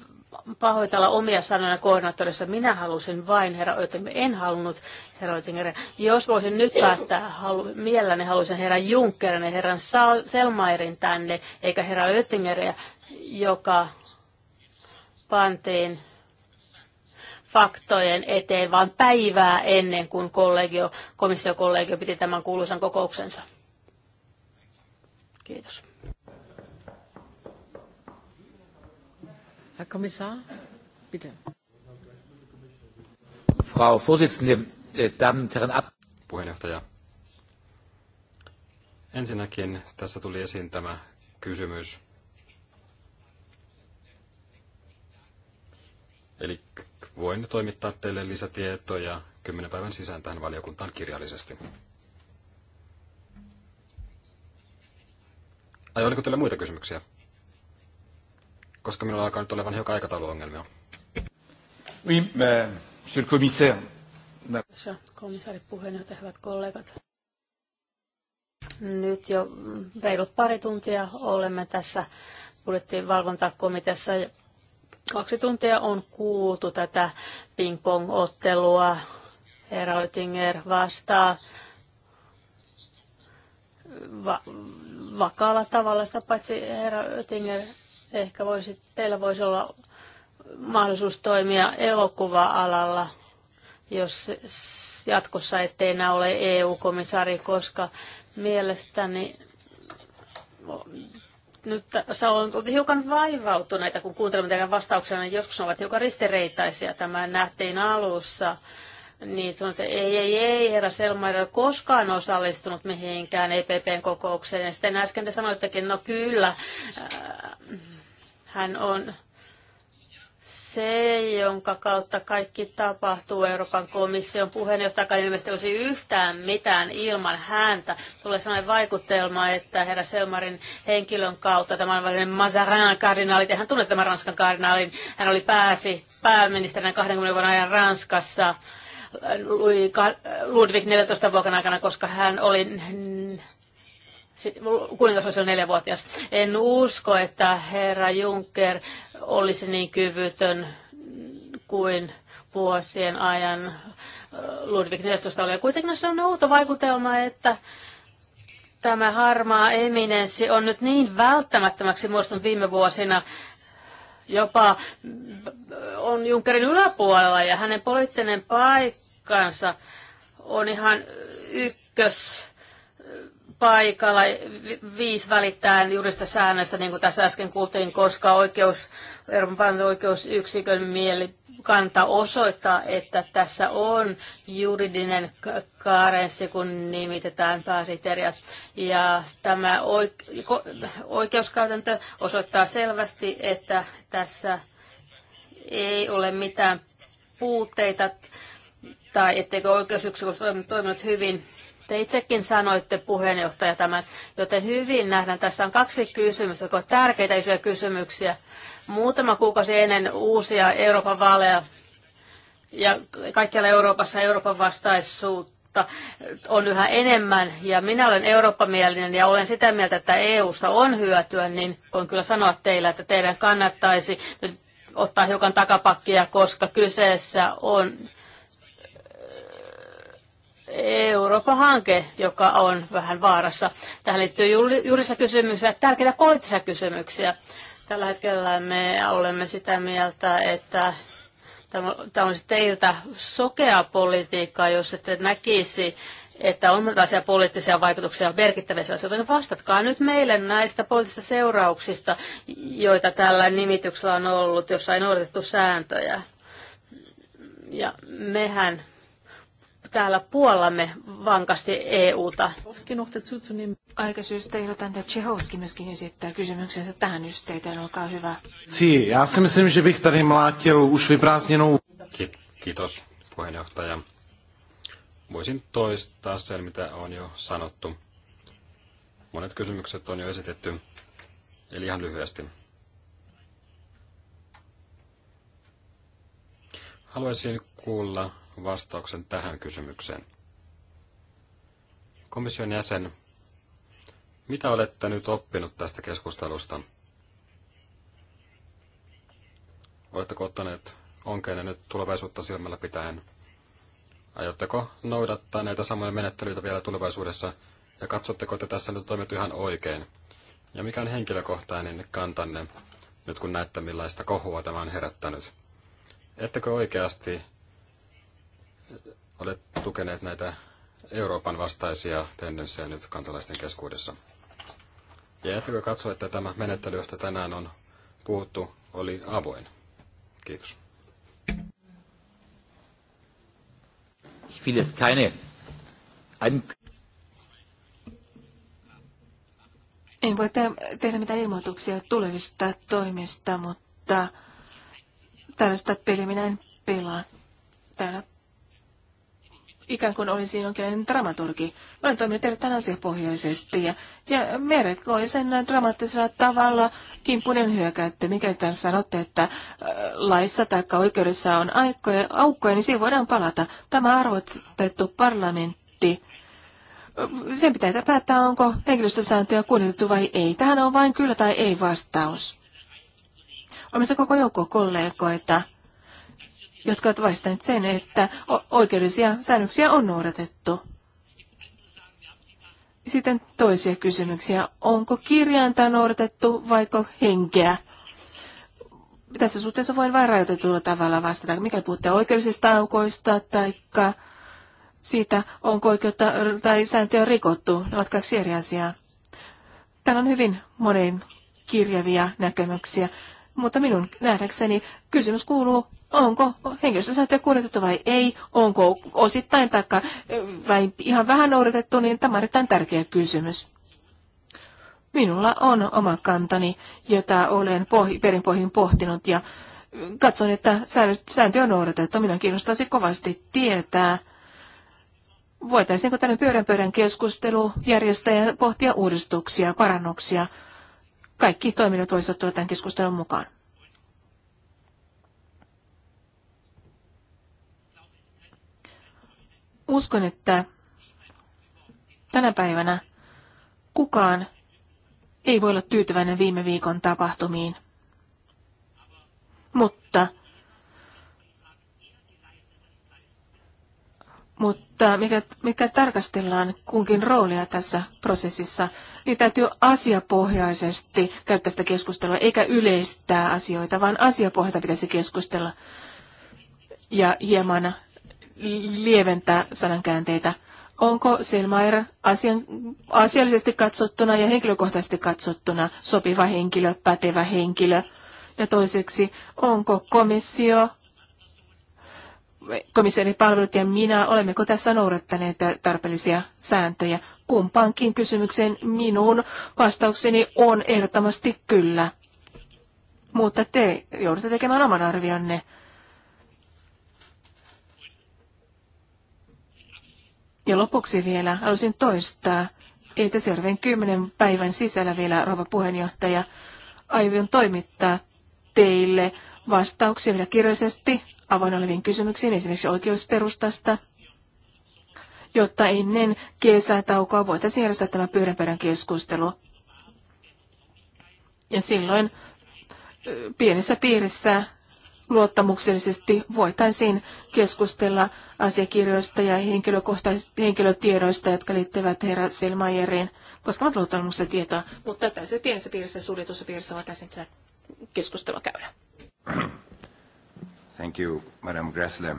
pahoitella omia sanoja koordinaattorissa. Minä halusin vain herra Oettinger. En halunnut herra Oettinger. Jos voisin nyt päättää, halu, mielelläni halusin herra Junckerin ja herran Selmairin tänne, eikä herra Oettingeria, joka pantiin faktojen eteen, vaan päivää ennen kuin kollegio, komissiokollegio piti tämän kuuluisan kokouksensa. Kiitos. Herr Kommissar, bitte. Frau Vorsitzende, äh, Damen und Herren Ab. Puheenjohtaja. Ensinnäkin tässä tuli esiin tämä kysymys. Eli voin toimittaa teille lisätietoja kymmenen päivän sisään tähän valiokuntaan kirjallisesti. Ai oliko teillä muita kysymyksiä? Koska minulla alkaa nyt olevan hiukan aikatauluongelmia. Oui, monsieur le commissaire. Komissaari puheenjohtaja, hyvät kollegat. Nyt jo reilut pari tuntia olemme tässä budjettivalvontakomiteassa. Kaksi tuntia on kuultu tätä ping-pong-ottelua. Herra Oettinger vastaa va- vakaalla tavalla. Sitä paitsi herra Oettinger, ehkä voisi, teillä voisi olla mahdollisuus toimia elokuva-alalla, jos jatkossa ettei enää ole EU-komissaari, koska mielestäni nyt tässä on tullut hiukan vaivautuneita, kun kuuntelemme teidän vastauksena, niin joskus ne ovat hiukan ristireitaisia. Tämä nähtiin alussa niin sanoi, että ei, ei, ei, herra Selma ei ole koskaan osallistunut mihinkään EPPn kokoukseen. Ja sitten äsken te sanoittekin, no kyllä, äh, hän on se, jonka kautta kaikki tapahtuu Euroopan komission joka ilmeisesti olisi yhtään mitään ilman häntä. Tulee sellainen vaikutelma, että herra Selmarin henkilön kautta tämä välinen Mazarin kardinaali, hän tunnette tämän Ranskan kardinaalin, hän oli pääsi pääministerinä 20 vuoden ajan Ranskassa Ludwig 14 vuoden aikana, koska hän oli kuningas oli neljävuotias. En usko, että herra Juncker olisi niin kyvytön kuin vuosien ajan äh, Ludwig 14 oli. Ja kuitenkin on outo vaikutelma, että tämä harmaa eminenssi on nyt niin välttämättömäksi muistunut viime vuosina, jopa on Junckerin yläpuolella ja hänen poliittinen paikkansa on ihan ykkös paikalla viisi välittäen juurista säännöstä, niin kuin tässä äsken kuultiin, koska oikeus, Euroopan oikeusyksikön mieli, kanta osoittaa, että tässä on juridinen kaarenssi, kun nimitetään pääsihteeriä. Ja tämä oikeuskäytäntö osoittaa selvästi, että tässä ei ole mitään puutteita tai etteikö oikeusyksikössä toiminut hyvin te itsekin sanoitte puheenjohtaja tämän, joten hyvin nähdään. Tässä on kaksi kysymystä, jotka ovat tärkeitä isoja kysymyksiä. Muutama kuukausi ennen uusia Euroopan vaaleja ja kaikkialla Euroopassa Euroopan vastaisuutta on yhä enemmän. Ja minä olen eurooppamielinen ja olen sitä mieltä, että EUsta on hyötyä, niin voin kyllä sanoa teillä, että teidän kannattaisi nyt ottaa hiukan takapakkia, koska kyseessä on Euroopan hanke joka on vähän vaarassa. Tähän liittyy juridisia kysymyksiä, tärkeitä poliittisia kysymyksiä. Tällä hetkellä me olemme sitä mieltä, että tämä on teiltä sokea politiikkaa, jos ette näkisi, että on tällaisia poliittisia vaikutuksia merkittäviä sellaisia. Joten vastatkaa nyt meille näistä poliittisista seurauksista, joita tällä nimityksellä on ollut, jossa ei noudatettu sääntöjä. Ja mehän täällä puolamme vankasti EUta. Aika syystä ehdotan, että Tsehovski myöskin esittää kysymyksensä tähän yhteyteen. Olkaa hyvä. Si, Kiitos, puheenjohtaja. Voisin toistaa sen, mitä on jo sanottu. Monet kysymykset on jo esitetty, eli ihan lyhyesti. Haluaisin kuulla vastauksen tähän kysymykseen. Komission jäsen, mitä olette nyt oppinut tästä keskustelusta? Oletteko ottaneet onkeina nyt tulevaisuutta silmällä pitäen? Aiotteko noudattaa näitä samoja menettelyitä vielä tulevaisuudessa ja katsotteko, että tässä nyt toimit ihan oikein? Ja mikä on henkilökohtainen kantanne, nyt kun näette millaista kohua tämä on herättänyt? Ettekö oikeasti Olet tukeneet näitä Euroopan vastaisia tendenssejä nyt kansalaisten keskuudessa. Ja etkö katso, että tämä menettely, josta tänään on puhuttu, oli avoin? Kiitos. Ich will jetzt keine en voi tehdä mitään ilmoituksia tulevista toimista, mutta tällaista peliä minä en pelaa täällä ikään kuin olisin jonkinlainen dramaturgi. Olen toiminut erittäin asiapohjaisesti ja, ja sen dramaattisella tavalla kimpunen hyökäyttö, mikä tämän sanotte, että äh, laissa tai oikeudessa on aikoja, aukkoja, niin siihen voidaan palata. Tämä arvostettu parlamentti äh, sen pitää päättää, onko henkilöstösääntöjä kunnioitettu vai ei. Tähän on vain kyllä tai ei vastaus. Olemme se koko joukko kollegoita, jotka ovat vastanneet sen, että oikeudellisia säännöksiä on noudatettu. Sitten toisia kysymyksiä. Onko kirjainta noudatettu vaiko henkeä? Tässä suhteessa voin vain rajoitetulla tavalla vastata. Mikäli puhutte oikeudellisista aukoista tai siitä, onko oikeutta tai sääntöjä rikottu, ne ovat kaksi eri asiaa. Täällä on hyvin monen kirjavia näkemyksiä, mutta minun nähdäkseni kysymys kuuluu, onko henkilöstösääntöjä kunnioitettu vai ei, onko osittain tai eh, vai ihan vähän noudatettu, niin tämä on erittäin tärkeä kysymys. Minulla on oma kantani, jota olen pohi, perinpohjin pohtinut ja katson, että sääntö on noudatettu. Minä kiinnostaisi kovasti tietää, voitaisiinko tänne pyörän pöydän keskustelu järjestää ja pohtia uudistuksia, parannuksia. Kaikki toiminnot voisivat tulla tämän keskustelun mukaan. Uskon, että tänä päivänä kukaan ei voi olla tyytyväinen viime viikon tapahtumiin. Mutta, mutta mikä, mikä tarkastellaan kunkin roolia tässä prosessissa, niin täytyy asiapohjaisesti käyttää sitä keskustelua, eikä yleistää asioita, vaan asiapohjalta pitäisi keskustella ja hieman lieventää sanankäänteitä. Onko Silmair asian, asiallisesti katsottuna ja henkilökohtaisesti katsottuna sopiva henkilö, pätevä henkilö? Ja toiseksi, onko komissio, komissionin palvelut ja minä, olemmeko tässä noudattaneet tarpeellisia sääntöjä? Kumpaankin kysymykseen minun vastaukseni on ehdottomasti kyllä. Mutta te joudutte tekemään oman arvionne Ja lopuksi vielä haluaisin toistaa, että kymmenen päivän sisällä vielä, rouva puheenjohtaja, aion toimittaa teille vastauksia vielä kirjallisesti avoin oleviin kysymyksiin, esimerkiksi oikeusperustasta, jotta ennen kesätaukoa voitaisiin järjestää tämä pyöränpöydän keskustelu. Ja silloin pienessä piirissä luottamuksellisesti voitaisiin keskustella asiakirjoista ja henkilötiedoista, jotka liittyvät herra Selmayerin koskevat luottamuksellista tietoa. Mutta tässä pienessä piirissä, suljetussa piirissä voitaisiin tätä keskustelua käydä. Thank you, Madam Gressler.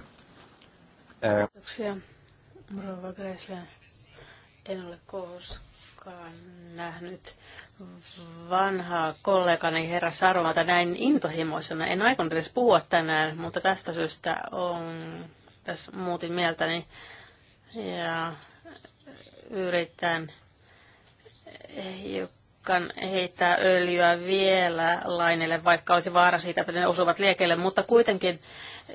Kiitoksia, Rova Gressler. En ole koskaan nähnyt vanhaa kollegani herra Saromata näin intohimoisena. En aikonut edes puhua tänään, mutta tästä syystä on, tässä muutin mieltäni ja yritän paikan heittää öljyä vielä laineille, vaikka olisi vaara siitä, että ne osuvat liekeille. Mutta kuitenkin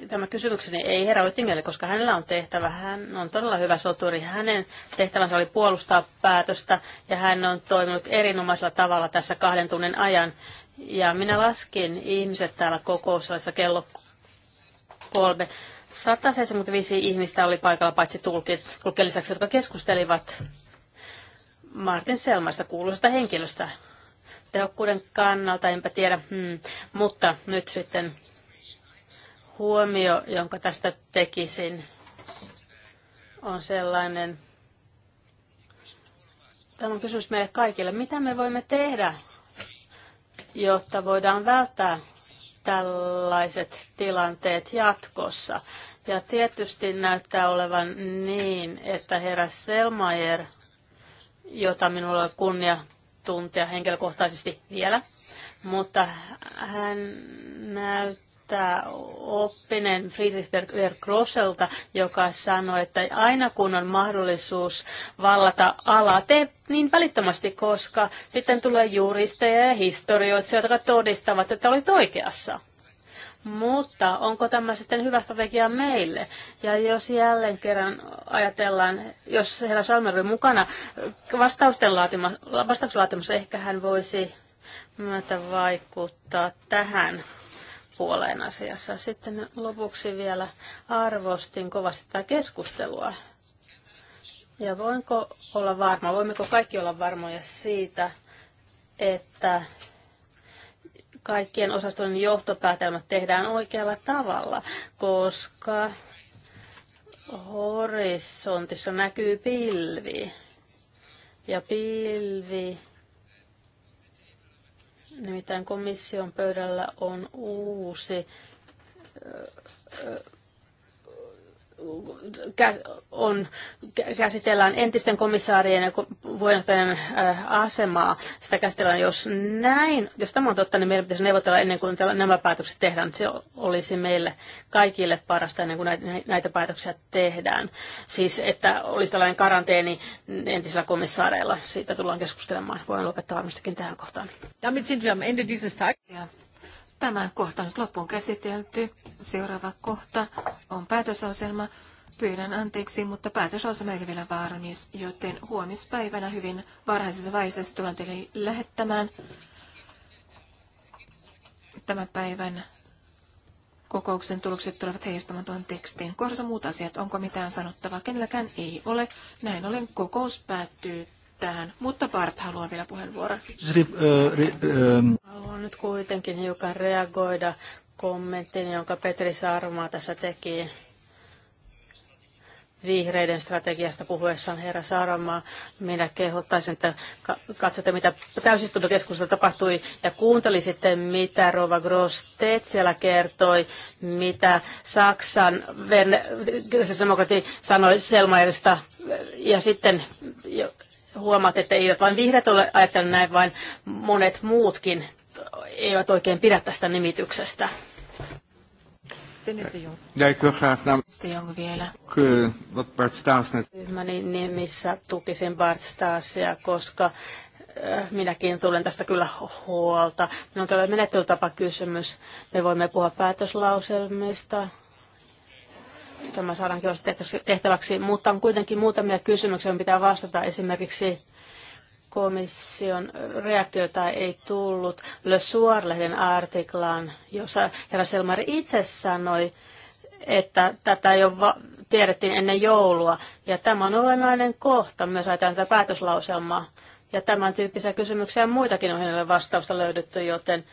tämä kysymykseni ei herra Oettingerille, koska hänellä on tehtävä. Hän on todella hyvä soturi. Hänen tehtävänsä oli puolustaa päätöstä ja hän on toiminut erinomaisella tavalla tässä kahden tunnin ajan. Ja minä laskin ihmiset täällä kokoussalissa kello kolme. 175 ihmistä oli paikalla, paitsi tulkit, tulkien lisäksi, jotka keskustelivat Martin Selmasta kuuluisesta henkilöstä. Tehokkuuden kannalta enpä tiedä, hmm. mutta nyt sitten huomio, jonka tästä tekisin, on sellainen, tämä on kysymys meille kaikille, mitä me voimme tehdä, jotta voidaan välttää tällaiset tilanteet jatkossa. Ja tietysti näyttää olevan niin, että herra Selmayer – jota minulla on kunnia tuntea henkilökohtaisesti vielä. Mutta hän näyttää oppinen Friedrich der Grosselta, joka sanoi, että aina kun on mahdollisuus vallata ala, tee niin välittömästi, koska sitten tulee juristeja ja historioitsijoita, jotka todistavat, että olit oikeassa. Mutta onko tämä sitten hyvä strategia meille? Ja jos jälleen kerran ajatellaan, jos herra Salmer oli mukana vastausten laatima, vastauksen laatimassa, ehkä hän voisi myötä vaikuttaa tähän puoleen asiassa. Sitten lopuksi vielä arvostin kovasti tätä keskustelua. Ja voinko olla varma, voimmeko kaikki olla varmoja siitä, että kaikkien osastojen johtopäätelmät tehdään oikealla tavalla, koska horisontissa näkyy pilvi. Ja pilvi, nimittäin komission pöydällä on uusi on, käsitellään entisten komissaarien ja puheenjohtajien äh, asemaa. Sitä käsitellään, jos näin, jos tämä on totta, niin meidän pitäisi neuvotella ennen kuin nämä päätökset tehdään. Se olisi meille kaikille parasta ennen kuin näitä päätöksiä tehdään. Siis, että olisi tällainen karanteeni entisillä komissaareilla. Siitä tullaan keskustelemaan. Voin lopettaa varmastikin tähän kohtaan. Damit sind wir am Ende dieses Tages. Tämä kohta on nyt loppuun käsitelty. Seuraava kohta on päätösasema Pyydän anteeksi, mutta päätösasema ei vielä varmis, joten huomispäivänä hyvin varhaisessa vaiheessa tulen teille lähettämään tämän päivän kokouksen tulokset tulevat heijastamaan tuon tekstin. Kohdassa muut asiat, onko mitään sanottavaa, kenelläkään ei ole. Näin ollen kokous päättyy tähän, mutta Bart haluaa vielä puheenvuoron. Ähm. Haluan nyt kuitenkin hiukan reagoida kommenttiin, jonka Petri Sarmaa tässä teki vihreiden strategiasta puhuessaan herra Saramaa. Minä kehottaisin, että katsotte, mitä täysistuntokeskusta tapahtui ja kuuntelisitte, mitä Rova Grosteet siellä kertoi, mitä Saksan kristillisdemokrati sanoi Selmaerista ja sitten huomaat, että ei vain vihreät ole ajatellut näin, vaan monet muutkin eivät oikein pidä tästä nimityksestä. Ja ik wil vielä. Eh, Ryhmäni nimissä tukisin Bart Stasia, koska eh, minäkin tulen tästä kyllä huolta. Minun tulee menettelytapa kysymys. Me voimme puhua päätöslauselmista, tämä saadaan kyllä tehtäväksi, mutta on kuitenkin muutamia kysymyksiä, joihin pitää vastata. Esimerkiksi komission reaktiota ei tullut Le Suor-lehden artiklaan, jossa herra Selmari itse sanoi, että tätä jo tiedettiin ennen joulua. Ja tämä on olennainen kohta myös ajatellaan tätä päätöslauselmaa. Ja tämän tyyppisiä kysymyksiä muitakin on hänelle vastausta löydetty, joten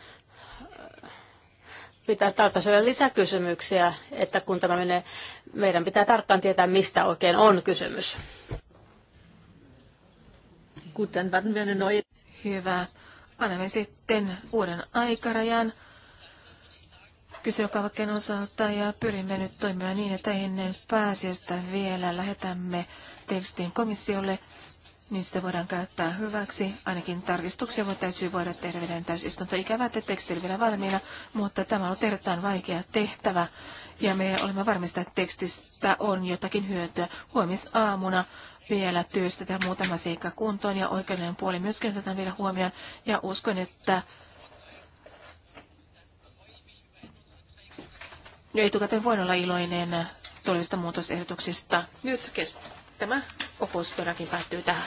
pitää tarttaa lisäkysymyksiä, että kun tämä menee, meidän pitää tarkkaan tietää, mistä oikein on kysymys. Hyvä. Annamme sitten uuden aikarajan kyselykaavakkeen osalta ja pyrimme nyt toimimaan niin, että ennen pääsiäistä vielä lähetämme tekstin komissiolle niin sitä voidaan käyttää hyväksi. Ainakin tarkistuksia voi täytyy voida tehdä vielä täysistunto. Ikävä, että teksti oli vielä valmiina, mutta tämä on ollut erittäin vaikea tehtävä. Ja me olemme varmistaa, että tekstistä on jotakin hyötyä. Huomisaamuna vielä työstetään muutama seikka kuntoon ja oikeudellinen puoli myöskin otetaan vielä huomioon. Ja uskon, että jo etukäteen voin olla iloinen tulevista muutosehdotuksista. Nyt keskustelua tämä kokous todellakin päättyy tähän.